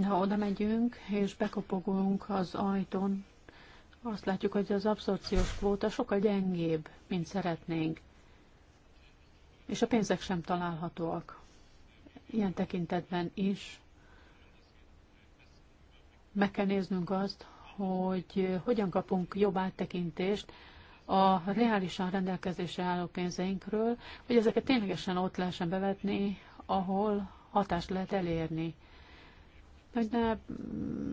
Ha oda megyünk és bekopogunk az ajtón, azt látjuk, hogy az abszorciós kvóta sokkal gyengébb, mint szeretnénk. És a pénzek sem találhatóak. Ilyen tekintetben is meg kell néznünk azt, hogy hogyan kapunk jobb áttekintést a reálisan rendelkezésre álló pénzeinkről, hogy ezeket ténylegesen ott lehessen bevetni, ahol hatást lehet elérni. Hogy ne mm,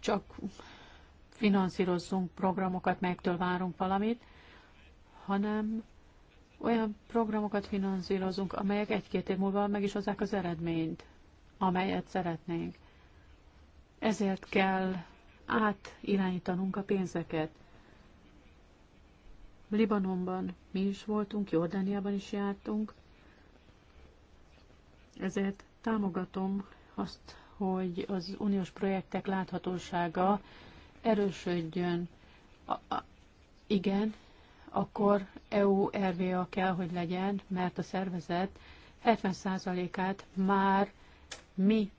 csak finanszírozzunk programokat, melyektől várunk valamit, hanem olyan programokat finanszírozunk, amelyek egy-két év múlva meg is hozzák az eredményt, amelyet szeretnénk. Ezért kell átirányítanunk a pénzeket. Libanonban mi is voltunk, Jordániában is jártunk, ezért támogatom azt, hogy az uniós projektek láthatósága erősödjön. A, a, igen, akkor EU-RVA kell, hogy legyen, mert a szervezet 70%-át már mi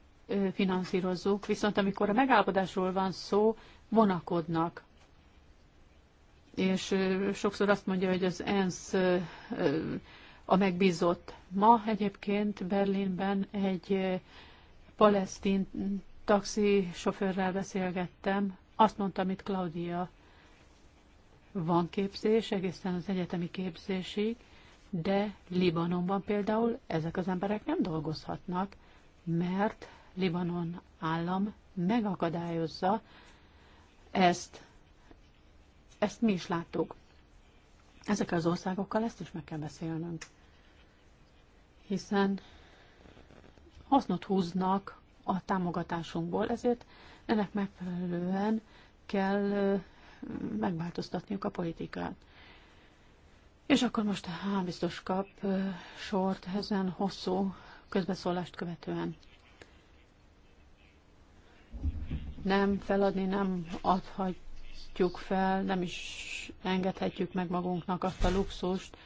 finanszírozzuk, viszont amikor a megállapodásról van szó, vonakodnak és sokszor azt mondja, hogy az ENSZ a megbízott. Ma egyébként Berlinben egy palesztin taxi sofőrrel beszélgettem, azt mondta, amit Claudia. Van képzés, egészen az egyetemi képzésig, de Libanonban például ezek az emberek nem dolgozhatnak, mert Libanon állam megakadályozza ezt ezt mi is láttuk. Ezekkel az országokkal ezt is meg kell beszélnünk. Hiszen hasznot húznak a támogatásunkból, ezért ennek megfelelően kell megváltoztatniuk a politikát. És akkor most a biztos kap sort ezen hosszú közbeszólást követően. Nem feladni nem adhat adhatjuk fel, nem is engedhetjük meg magunknak azt a luxust,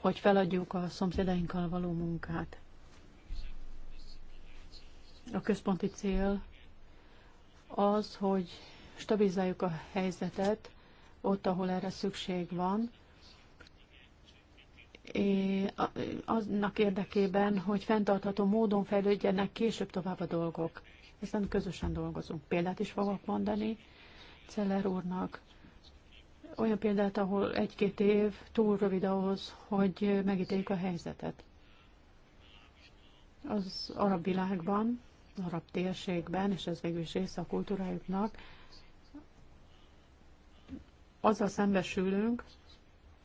hogy feladjuk a szomszédainkkal való munkát. A központi cél az, hogy stabilizáljuk a helyzetet ott, ahol erre szükség van, annak érdekében, hogy fenntartható módon fejlődjenek később tovább a dolgok. Hiszen közösen dolgozunk. Példát is fogok mondani. Celler úrnak. Olyan példát, ahol egy-két év túl rövid ahhoz, hogy megítéljük a helyzetet. Az arab világban, arab térségben, és ez végül is része a kultúrájuknak, azzal szembesülünk,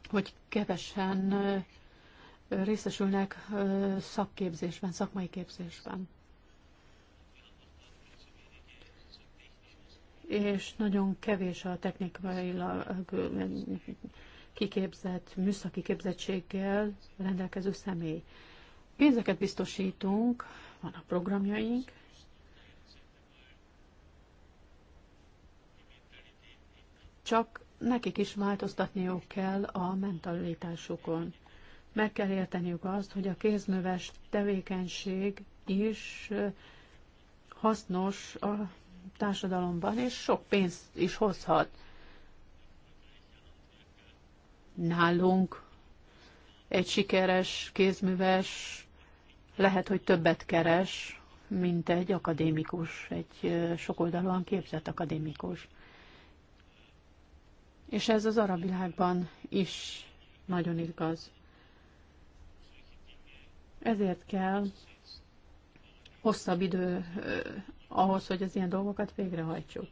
hogy kevesen részesülnek szakképzésben, szakmai képzésben. és nagyon kevés a technikailag eh, kiképzett, műszaki képzettséggel rendelkező személy. Pénzeket biztosítunk, van a programjaink, csak nekik is változtatniuk kell a mentalitásukon. Meg kell érteniük azt, hogy a kézműves tevékenység is eh, hasznos a társadalomban, és sok pénzt is hozhat. Nálunk egy sikeres kézműves lehet, hogy többet keres, mint egy akadémikus, egy sokoldalúan képzett akadémikus. És ez az arab világban is nagyon igaz. Ezért kell hosszabb idő ahhoz, hogy az ilyen dolgokat végrehajtsuk.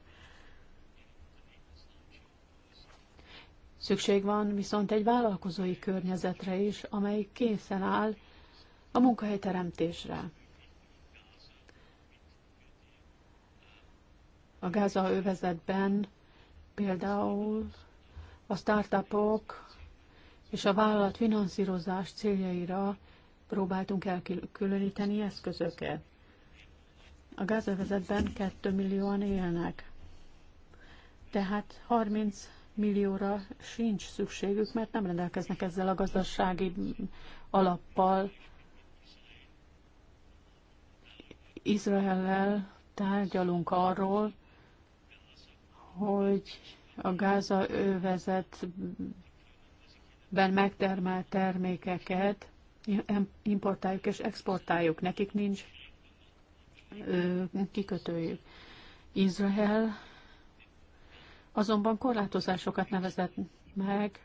Szükség van viszont egy vállalkozói környezetre is, amely készen áll a munkahelyteremtésre. A Gáza övezetben például a startupok és a vállalat finanszírozás céljaira próbáltunk elkülöníteni eszközöket. A gázövezetben 2 millióan élnek, tehát 30 millióra sincs szükségük, mert nem rendelkeznek ezzel a gazdasági alappal. Izraellel tárgyalunk arról, hogy a Gáza övezetben megtermelt termékeket importáljuk és exportáljuk. Nekik nincs kikötőjük. Izrael azonban korlátozásokat nevezett meg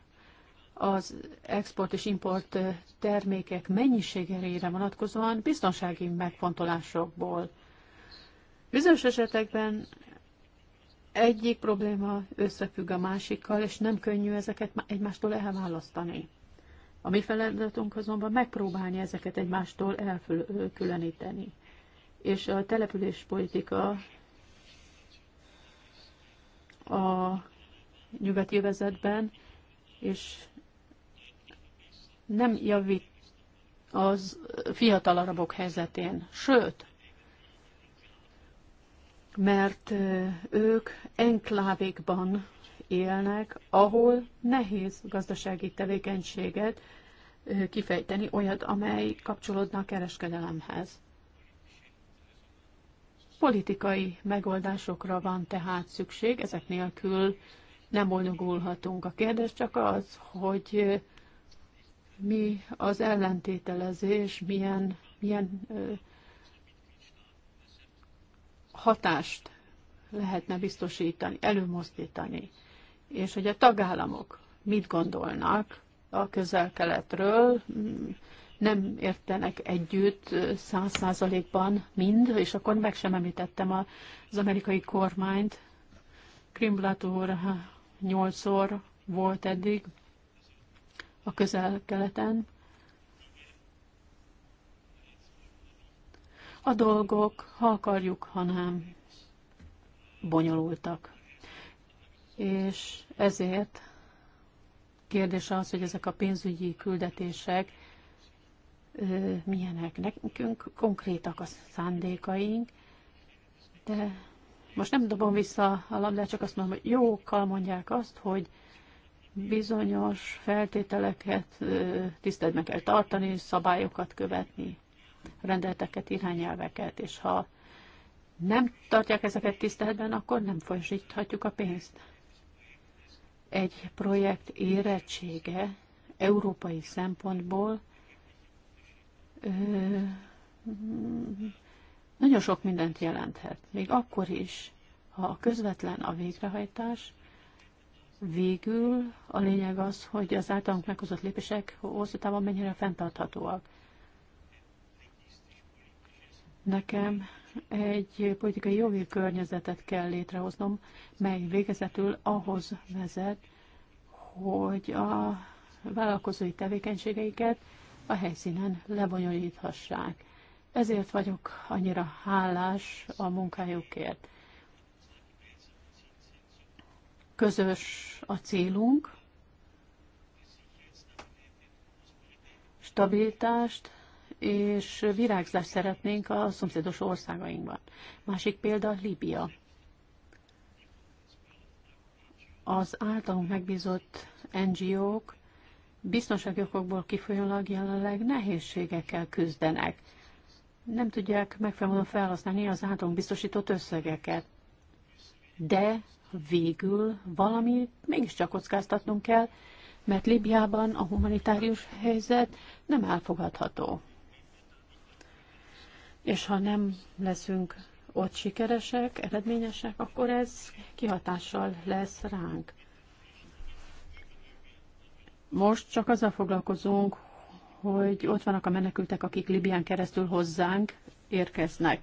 az export és import termékek mennyiségerére vonatkozóan biztonsági megfontolásokból. Bizonyos esetekben egyik probléma összefügg a másikkal, és nem könnyű ezeket egymástól elválasztani. A mi feladatunk azonban megpróbálni ezeket egymástól elkülöníteni és a településpolitika a nyugati övezetben, és nem javít az fiatal arabok helyzetén, sőt, mert ők enklávékban élnek, ahol nehéz gazdasági tevékenységet kifejteni, olyat, amely kapcsolódna a kereskedelemhez. Politikai megoldásokra van tehát szükség, ezek nélkül nem bonyolulhatunk. A kérdés csak az, hogy mi az ellentételezés, milyen, milyen hatást lehetne biztosítani, előmozdítani, és hogy a tagállamok mit gondolnak a közel-keletről, nem értenek együtt száz százalékban mind, és akkor meg sem említettem az amerikai kormányt. Krimblat úr nyolcszor volt eddig a közel-keleten. A dolgok, ha akarjuk, ha nem, bonyolultak. És ezért kérdés az, hogy ezek a pénzügyi küldetések milyenek. Nekünk konkrétak a szándékaink, de most nem dobom vissza a labdát, csak azt mondom, hogy jókkal mondják azt, hogy bizonyos feltételeket meg kell tartani, szabályokat követni, rendeleteket, irányelveket, és ha nem tartják ezeket tiszteletben, akkor nem folyosíthatjuk a pénzt. Egy projekt érettsége európai szempontból nagyon sok mindent jelenthet. Még akkor is, ha a közvetlen a végrehajtás, végül a lényeg az, hogy az általunk meghozott lépések hosszú távon mennyire fenntarthatóak. Nekem egy politikai jogi környezetet kell létrehoznom, mely végezetül ahhoz vezet, hogy a vállalkozói tevékenységeiket a helyszínen lebonyolíthassák. Ezért vagyok annyira hálás a munkájukért. Közös a célunk, stabilitást és virágzást szeretnénk a szomszédos országainkban. Másik példa Líbia. Az általunk megbízott NGO-k biztonsági okokból kifolyólag jelenleg nehézségekkel küzdenek. Nem tudják megfelelően felhasználni az által biztosított összegeket. De végül valami mégiscsak kockáztatnunk kell, mert Libyában a humanitárius helyzet nem elfogadható. És ha nem leszünk ott sikeresek, eredményesek, akkor ez kihatással lesz ránk. Most csak azzal foglalkozunk, hogy ott vannak a menekültek, akik Libyán keresztül hozzánk érkeznek.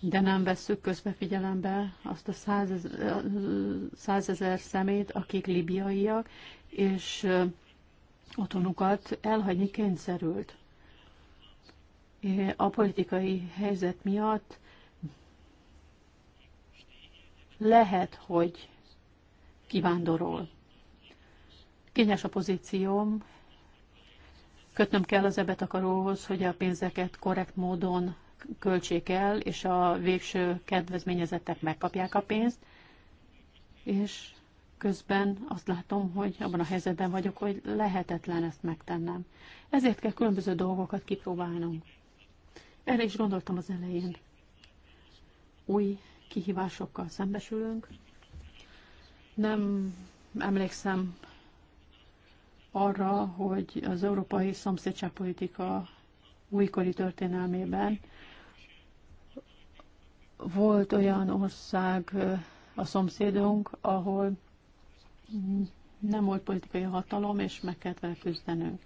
De nem vesszük közbe figyelembe azt a százezer, százezer szemét, akik libiaiak, és otthonukat elhagyni kényszerült. A politikai helyzet miatt lehet, hogy kivándorol. Kényes a pozícióm, kötnöm kell az ebetakaróhoz, hogy a pénzeket korrekt módon költsék el, és a végső kedvezményezettek megkapják a pénzt, és közben azt látom, hogy abban a helyzetben vagyok, hogy lehetetlen ezt megtennem. Ezért kell különböző dolgokat kipróbálnom. Erre is gondoltam az elején. Új kihívásokkal szembesülünk. Nem emlékszem arra, hogy az európai szomszédságpolitika újkori történelmében volt olyan ország a szomszédunk, ahol nem volt politikai hatalom, és meg kellett vele küzdenünk.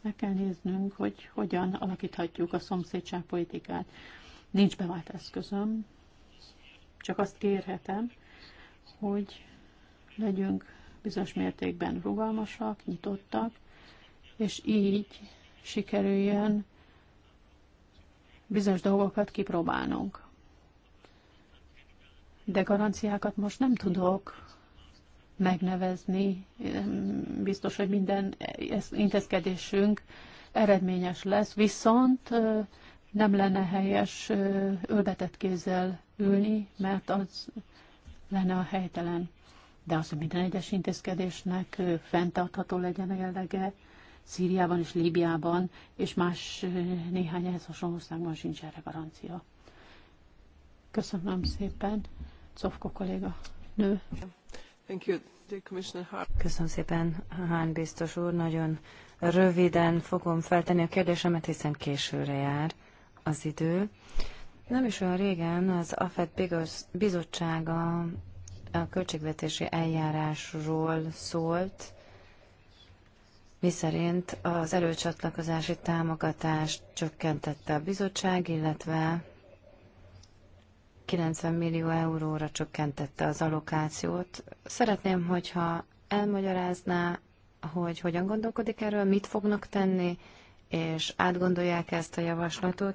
Meg kell néznünk, hogy hogyan alakíthatjuk a szomszédságpolitikát. Nincs bevált eszközöm, csak azt kérhetem, hogy legyünk bizonyos mértékben rugalmasak, nyitottak, és így sikerüljön bizonyos dolgokat kipróbálnunk. De garanciákat most nem tudok megnevezni, biztos, hogy minden intézkedésünk eredményes lesz, viszont nem lenne helyes ölbetett kézzel ülni, mert az lenne a helytelen de az, hogy minden egyes intézkedésnek fenntartható legyen a jellege, Szíriában és Líbiában, és más néhány ehhez hasonló országban sincs erre garancia. Köszönöm szépen, Cofko kolléga nő. Thank you. Köszönöm szépen, Hán biztos úr. Nagyon röviden fogom feltenni a kérdésemet, hiszen későre jár az idő. Nem is olyan régen az AFED bizottsága a költségvetési eljárásról szólt, miszerint az előcsatlakozási támogatást csökkentette a bizottság, illetve 90 millió euróra csökkentette az allokációt. Szeretném, hogyha elmagyarázná, hogy hogyan gondolkodik erről, mit fognak tenni, és átgondolják ezt a javaslatot,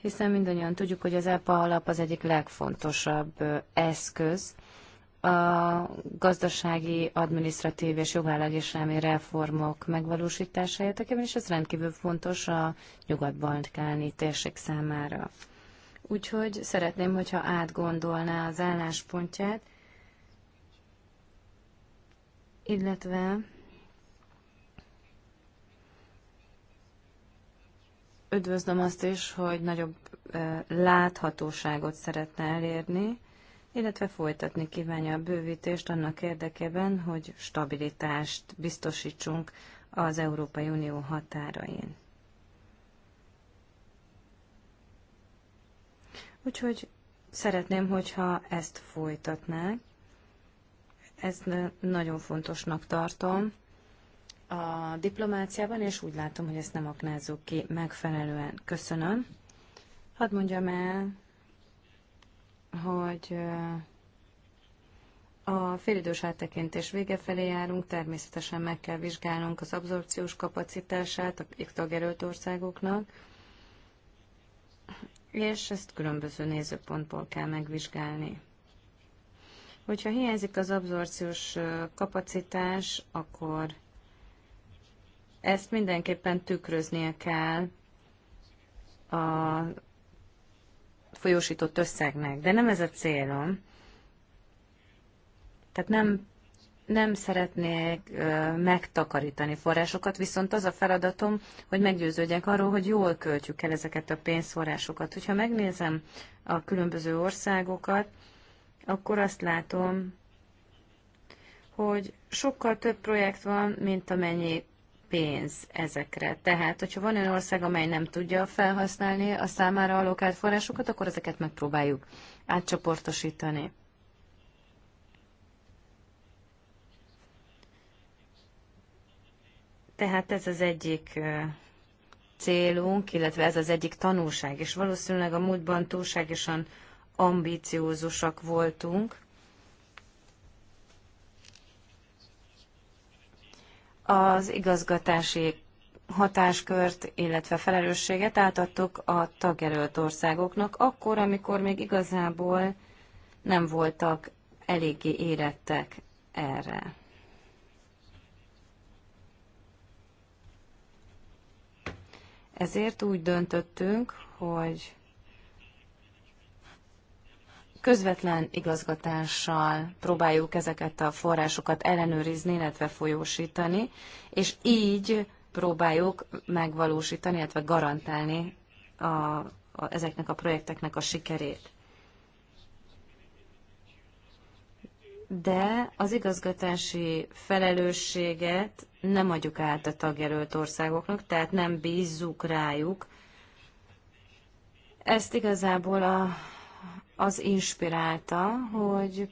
hiszen mindannyian tudjuk, hogy az EPA alap az egyik legfontosabb eszköz, a gazdasági, adminisztratív és jogállagisámi reformok megvalósítása érdekében, és ez rendkívül fontos a nyugat-balkáni térség számára. Úgyhogy szeretném, hogyha átgondolná az álláspontját, illetve üdvözlöm azt is, hogy nagyobb eh, láthatóságot szeretne elérni, illetve folytatni kívánja a bővítést annak érdekében, hogy stabilitást biztosítsunk az Európai Unió határain. Úgyhogy szeretném, hogyha ezt folytatnák. Ezt nagyon fontosnak tartom a diplomáciában, és úgy látom, hogy ezt nem aknázzuk ki megfelelően. Köszönöm. Hadd mondjam el, hogy a félidős áttekintés vége felé járunk, természetesen meg kell vizsgálnunk az abszorpciós kapacitását a tagjelölt országoknak, és ezt különböző nézőpontból kell megvizsgálni. Hogyha hiányzik az abszorpciós kapacitás, akkor ezt mindenképpen tükröznie kell a folyósított összegnek, de nem ez a célom. Tehát nem, nem szeretnék megtakarítani forrásokat, viszont az a feladatom, hogy meggyőződjek arról, hogy jól költjük el ezeket a pénzforrásokat. Hogyha megnézem a különböző országokat, akkor azt látom, hogy sokkal több projekt van, mint amennyi pénz ezekre. Tehát, hogyha van olyan ország, amely nem tudja felhasználni a számára allokált forrásokat, akkor ezeket megpróbáljuk átcsoportosítani. Tehát ez az egyik célunk, illetve ez az egyik tanulság, és valószínűleg a múltban túlságosan ambiciózusak voltunk, az igazgatási hatáskört, illetve felelősséget átadtuk a tagjelölt országoknak, akkor, amikor még igazából nem voltak eléggé érettek erre. Ezért úgy döntöttünk, hogy közvetlen igazgatással próbáljuk ezeket a forrásokat ellenőrizni, illetve folyósítani, és így próbáljuk megvalósítani, illetve garantálni a, a, ezeknek a projekteknek a sikerét. De az igazgatási felelősséget nem adjuk át a tagjelölt országoknak, tehát nem bízzuk rájuk. Ezt igazából a, az inspirálta, hogy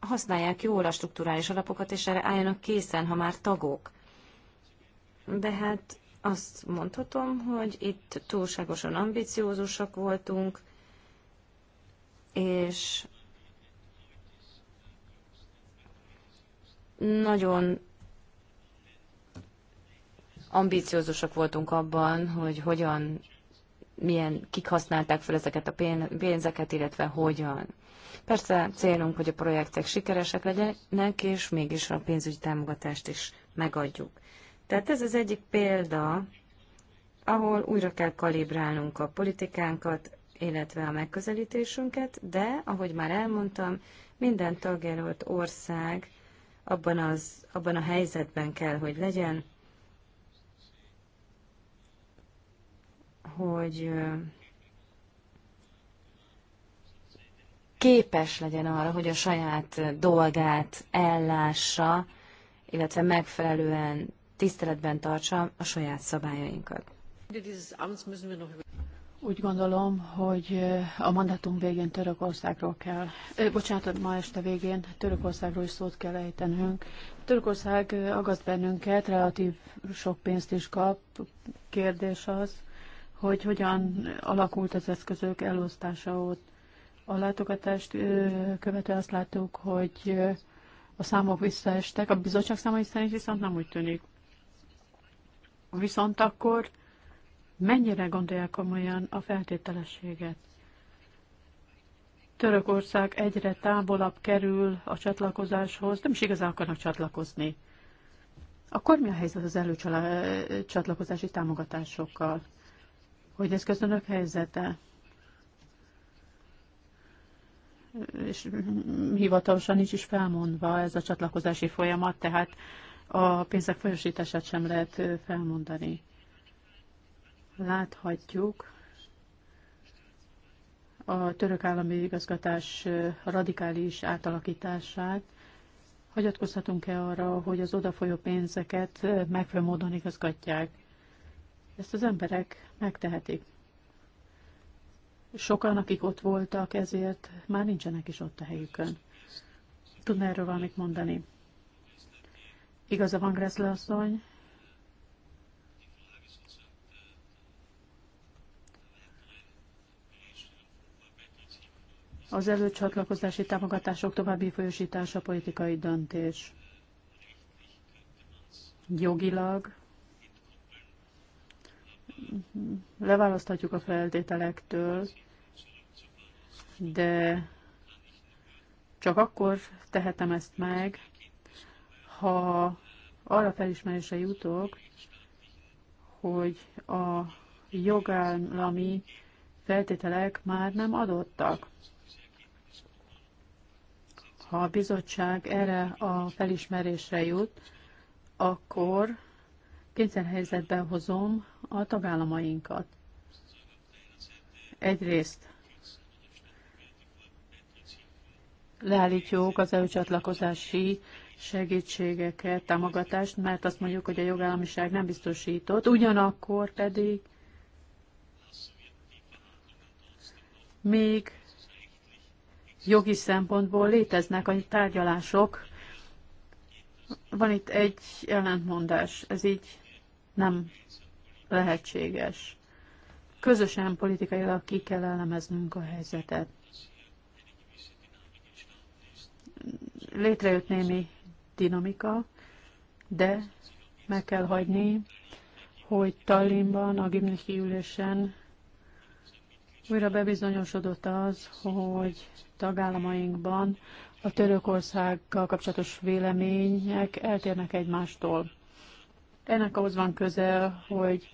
használják jól a strukturális alapokat, és erre álljanak készen, ha már tagok. De hát azt mondhatom, hogy itt túlságosan ambiciózusak voltunk, és nagyon ambiciózusak voltunk abban, hogy hogyan milyen, kik használták fel ezeket a pénzeket, illetve hogyan. Persze célunk, hogy a projektek sikeresek legyenek, és mégis a pénzügyi támogatást is megadjuk. Tehát ez az egyik példa, ahol újra kell kalibrálnunk a politikánkat, illetve a megközelítésünket, de, ahogy már elmondtam, minden tagjelölt ország abban, az, abban a helyzetben kell, hogy legyen, hogy képes legyen arra, hogy a saját dolgát ellássa, illetve megfelelően tiszteletben tartsa a saját szabályainkat. Úgy gondolom, hogy a mandátum végén Törökországról kell, ö, bocsánat, ma este végén Törökországról is szót kell ejtenünk. Törökország agaszt bennünket, relatív sok pénzt is kap. Kérdés az, hogy hogyan alakult az eszközök elosztása ott. A látogatást követően azt láttuk, hogy a számok visszaestek, a bizottság számai szerint viszont nem úgy tűnik. Viszont akkor mennyire gondolják komolyan a feltételességet? Törökország egyre távolabb kerül a csatlakozáshoz, nem is igazán akarnak csatlakozni. Akkor mi a helyzet az előcsatlakozási támogatásokkal? Hogy néz ki az önök helyzete? És hivatalosan nincs is felmondva ez a csatlakozási folyamat, tehát a pénzek folyosítását sem lehet felmondani. Láthatjuk, a török állami igazgatás radikális átalakítását. Hagyatkozhatunk-e arra, hogy az odafolyó pénzeket megfelelő módon igazgatják? Ezt az emberek megtehetik. Sokan, akik ott voltak, ezért már nincsenek is ott a helyükön. Tudna erről valamit mondani? Igaza van Gressle asszony? Az csatlakozási támogatások további folyosítása politikai döntés. Jogilag leválaszthatjuk a feltételektől, de csak akkor tehetem ezt meg, ha arra felismerésre jutok, hogy a jogállami feltételek már nem adottak. Ha a bizottság erre a felismerésre jut, akkor kényszerhelyzetben hozom a tagállamainkat. Egyrészt leállítjuk az előcsatlakozási segítségeket, támogatást, mert azt mondjuk, hogy a jogállamiság nem biztosított, ugyanakkor pedig még jogi szempontból léteznek a tárgyalások. Van itt egy ellentmondás, ez így nem lehetséges. Közösen politikailag ki kell elemeznünk a helyzetet. Létrejött némi dinamika, de meg kell hagyni, hogy Tallinnban, a gimnéki ülésen újra bebizonyosodott az, hogy tagállamainkban a Törökországgal kapcsolatos vélemények eltérnek egymástól. Ennek ahhoz van közel, hogy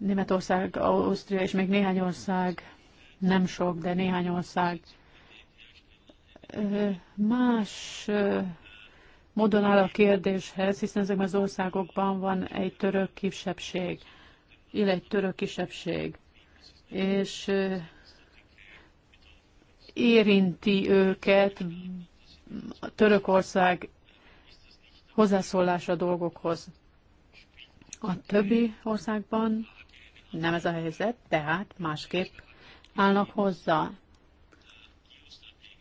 Németország, Ausztria és még néhány ország, nem sok, de néhány ország más módon áll a kérdéshez, hiszen ezekben az országokban van egy török kisebbség, illetve egy török kisebbség, és érinti őket a Törökország hozzászólása dolgokhoz. A többi országban nem ez a helyzet, tehát másképp állnak hozzá.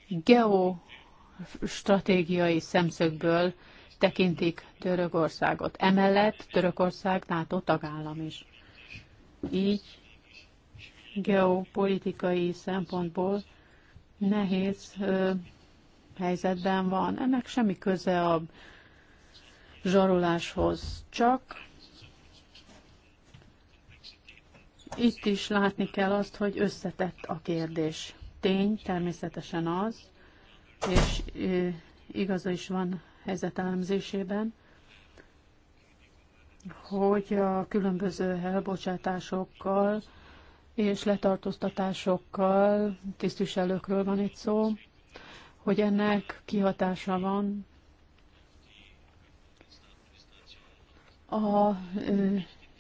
Geostratégiai szemszögből tekintik Törökországot. Emellett Törökország NATO tagállam is. Így geopolitikai szempontból nehéz ö, helyzetben van. Ennek semmi köze a zsaroláshoz, csak Itt is látni kell azt, hogy összetett a kérdés. Tény természetesen az, és igaza is van helyzetelemzésében, hogy a különböző elbocsátásokkal és letartóztatásokkal, tisztviselőkről van itt szó, hogy ennek kihatása van a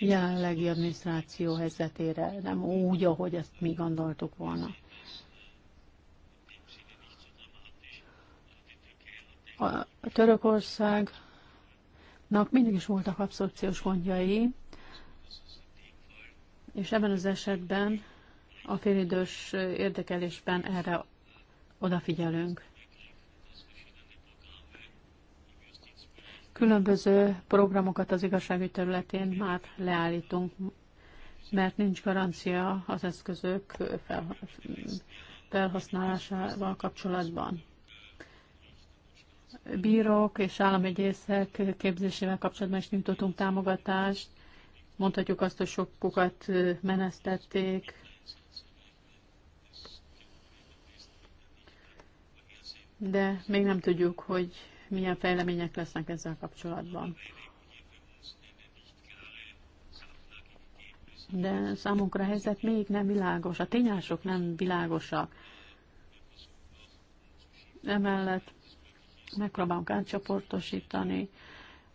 jelenlegi adminisztráció helyzetére, nem úgy, ahogy ezt mi gondoltuk volna. A Törökországnak mindig is voltak abszorpciós gondjai, és ebben az esetben a félidős érdekelésben erre odafigyelünk. Különböző programokat az igazságügy területén már leállítunk, mert nincs garancia az eszközök felhasználásával kapcsolatban. Bírók és államegyészek képzésével kapcsolatban is nyújtottunk támogatást. Mondhatjuk azt, hogy sokukat menesztették, de még nem tudjuk, hogy milyen fejlemények lesznek ezzel kapcsolatban. De számunkra a helyzet még nem világos, a tényások nem világosak. Emellett megpróbálunk átcsoportosítani,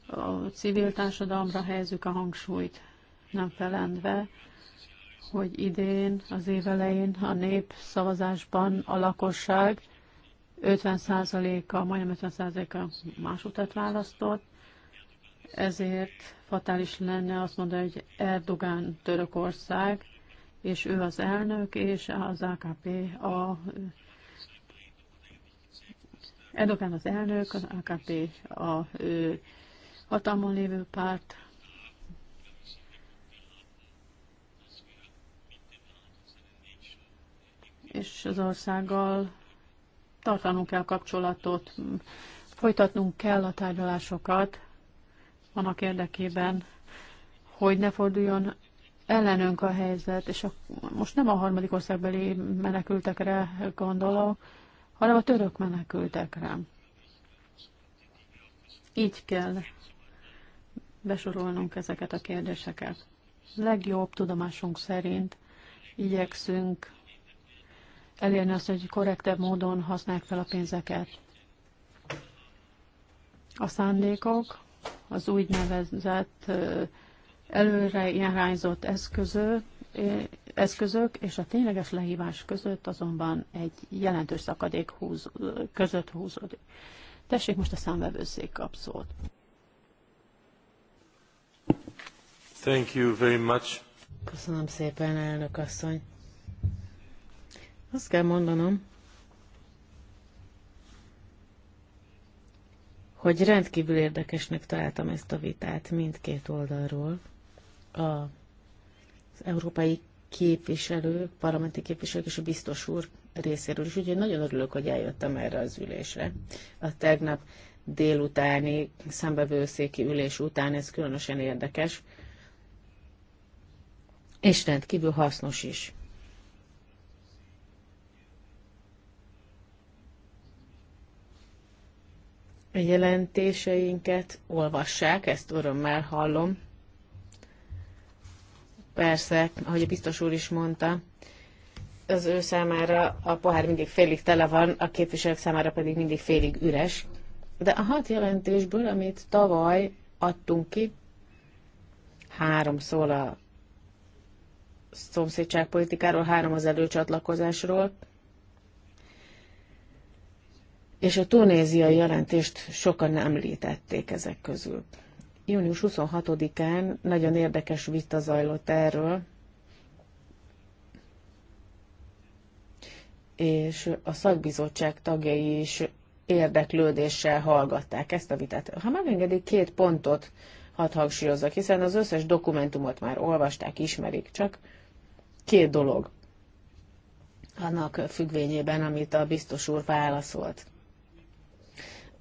a civil társadalomra helyezzük a hangsúlyt, nem felendve, hogy idén, az év elején a nép szavazásban a lakosság 50%-a, majdnem 50%-a más utat választott, ezért fatális lenne azt mondani, hogy Erdogán Törökország, és ő az elnök, és az AKP a Erdogán az elnök, az AKP a ő, hatalmon lévő párt. És az országgal tartanunk kell kapcsolatot, folytatnunk kell a tárgyalásokat annak érdekében, hogy ne forduljon ellenünk a helyzet, és a, most nem a harmadik országbeli menekültekre gondolok, hanem a török menekültekre. Így kell besorolnunk ezeket a kérdéseket. Legjobb tudomásunk szerint igyekszünk elérni azt, hogy korrektebb módon használják fel a pénzeket. A szándékok, az úgynevezett előre irányzott eszközök, eszközök és a tényleges lehívás között azonban egy jelentős szakadék húz, között húzódik. Tessék most a számvevőszék kapszót. Thank you very much. Köszönöm szépen, elnök asszony. Azt kell mondanom, hogy rendkívül érdekesnek találtam ezt a vitát mindkét oldalról. A, az európai képviselők, parlamenti képviselők és a biztos úr részéről is, úgyhogy nagyon örülök, hogy eljöttem erre az ülésre. A tegnap délutáni szembevőszéki ülés után ez különösen érdekes, és rendkívül hasznos is. a jelentéseinket olvassák, ezt örömmel hallom. Persze, ahogy a biztos úr is mondta, az ő számára a pohár mindig félig tele van, a képviselők számára pedig mindig félig üres. De a hat jelentésből, amit tavaly adtunk ki, három szól a szomszédságpolitikáról, három az előcsatlakozásról, és a tunéziai jelentést sokan említették ezek közül. Június 26-án nagyon érdekes vita zajlott erről, és a szakbizottság tagjai is érdeklődéssel hallgatták ezt a vitát. Ha megengedik, két pontot hadd hangsúlyozzak, hiszen az összes dokumentumot már olvasták, ismerik, csak két dolog annak függvényében, amit a biztos úr válaszolt.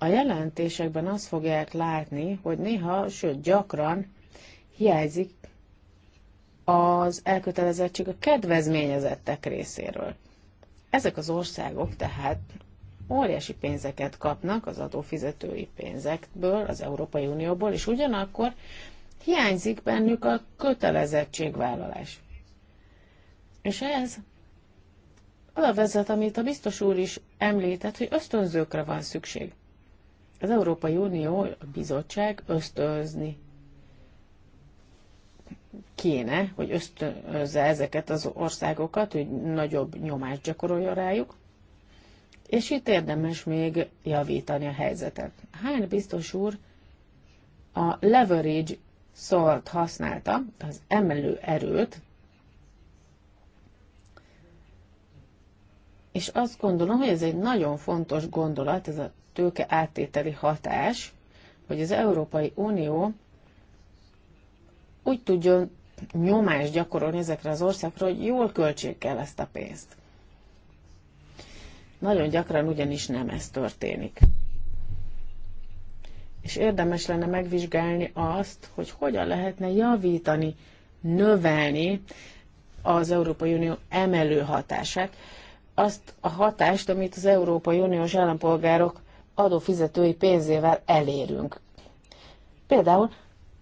A jelentésekben azt fogják látni, hogy néha, sőt gyakran hiányzik az elkötelezettség a kedvezményezettek részéről. Ezek az országok tehát óriási pénzeket kapnak az adófizetői pénzekből, az Európai Unióból, és ugyanakkor hiányzik bennük a kötelezettségvállalás. És ez oda vezet, amit a biztos úr is említett, hogy ösztönzőkre van szükség. Az Európai Unió, a bizottság ösztönzni kéne, hogy ösztönözze ezeket az országokat, hogy nagyobb nyomást gyakorolja rájuk, és itt érdemes még javítani a helyzetet. Hány biztos úr a leverage szót használta, az emelő erőt, és azt gondolom, hogy ez egy nagyon fontos gondolat, ez a tőke áttételi hatás, hogy az Európai Unió úgy tudjon nyomást gyakorolni ezekre az országokra, hogy jól költsék el ezt a pénzt. Nagyon gyakran ugyanis nem ez történik. És érdemes lenne megvizsgálni azt, hogy hogyan lehetne javítani, növelni az Európai Unió emelő hatását, azt a hatást, amit az Európai Uniós állampolgárok adófizetői pénzével elérünk. Például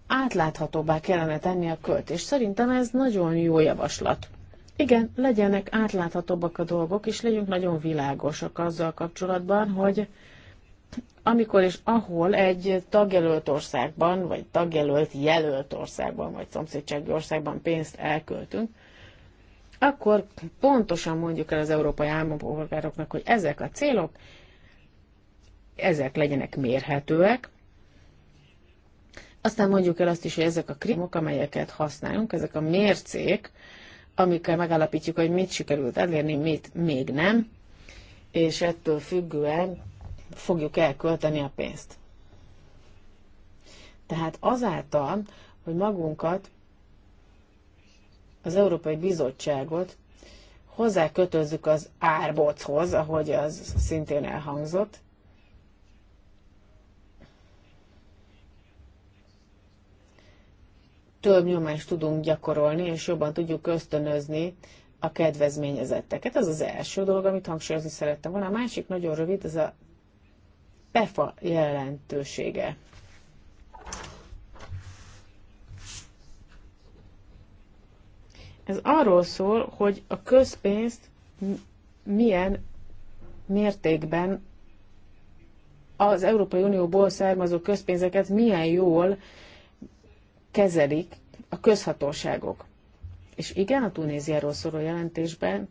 átláthatóbbá kellene tenni a költést. Szerintem ez nagyon jó javaslat. Igen, legyenek átláthatóbbak a dolgok, és legyünk nagyon világosak azzal kapcsolatban, hogy amikor és ahol egy tagjelölt országban, vagy tagjelölt jelölt országban, vagy szomszédsági országban pénzt elköltünk, akkor pontosan mondjuk el az európai állampolgároknak, hogy ezek a célok, ezek legyenek mérhetőek. Aztán mondjuk el azt is, hogy ezek a krimok, amelyeket használunk, ezek a mércék, amikkel megállapítjuk, hogy mit sikerült elérni, mit még nem, és ettől függően fogjuk elkölteni a pénzt. Tehát azáltal, hogy magunkat, az Európai Bizottságot hozzá kötözzük az árbochoz, ahogy az szintén elhangzott, több nyomást tudunk gyakorolni, és jobban tudjuk ösztönözni a kedvezményezetteket. Ez az első dolog, amit hangsúlyozni szerettem volna. A másik nagyon rövid, ez a PEFA jelentősége. Ez arról szól, hogy a közpénzt milyen mértékben az Európai Unióból származó közpénzeket milyen jól kezelik a közhatóságok. És igen, a Tunéziáról szóló jelentésben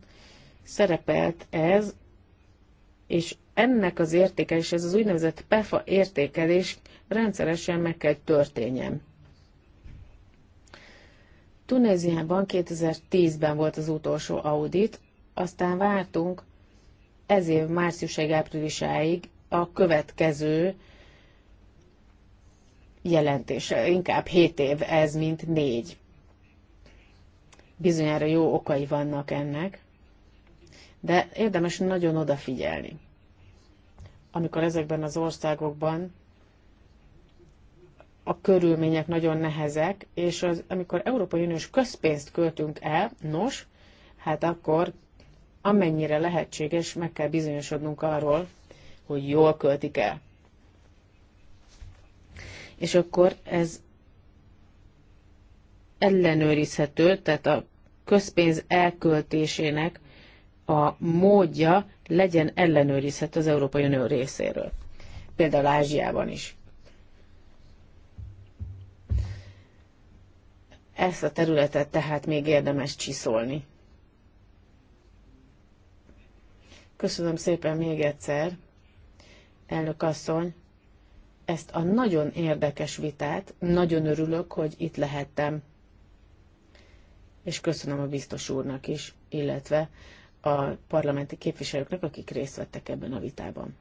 szerepelt ez, és ennek az értékelés, ez az úgynevezett PEFA értékelés rendszeresen meg kell történjen. Tunéziában 2010-ben volt az utolsó audit, aztán vártunk ez év márciusáig áprilisáig a következő jelentése. Inkább 7 év ez, mint 4. Bizonyára jó okai vannak ennek, de érdemes nagyon odafigyelni. Amikor ezekben az országokban a körülmények nagyon nehezek, és az, amikor Európai Uniós közpénzt költünk el, nos, hát akkor amennyire lehetséges, meg kell bizonyosodnunk arról, hogy jól költik el és akkor ez ellenőrizhető, tehát a közpénz elköltésének a módja legyen ellenőrizhető az Európai Unió részéről. Például Ázsiában is. Ezt a területet tehát még érdemes csiszolni. Köszönöm szépen még egyszer, elnök asszony, ezt a nagyon érdekes vitát. Nagyon örülök, hogy itt lehettem. És köszönöm a biztos úrnak is, illetve a parlamenti képviselőknek, akik részt vettek ebben a vitában.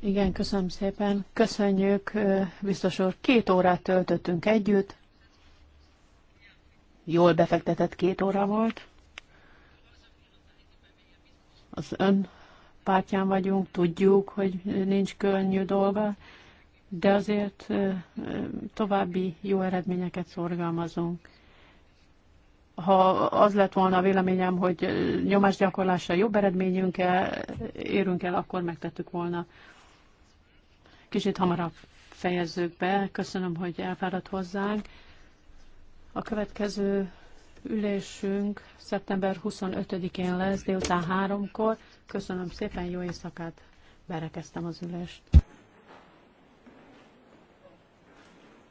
Igen, köszönöm szépen. Köszönjük, biztos úr. Két órát töltöttünk együtt. Jól befektetett két óra volt. Az ön pártján vagyunk, tudjuk, hogy nincs könnyű dolga, de azért további jó eredményeket szorgalmazunk. Ha az lett volna a véleményem, hogy nyomásgyakorlással jobb eredményünkkel érünk el, akkor megtettük volna. Kicsit hamarabb fejezzük be. Köszönöm, hogy elfáradt hozzánk. A következő ülésünk szeptember 25-én lesz, délután háromkor. Köszönöm szépen, jó éjszakát, berekeztem az ülést.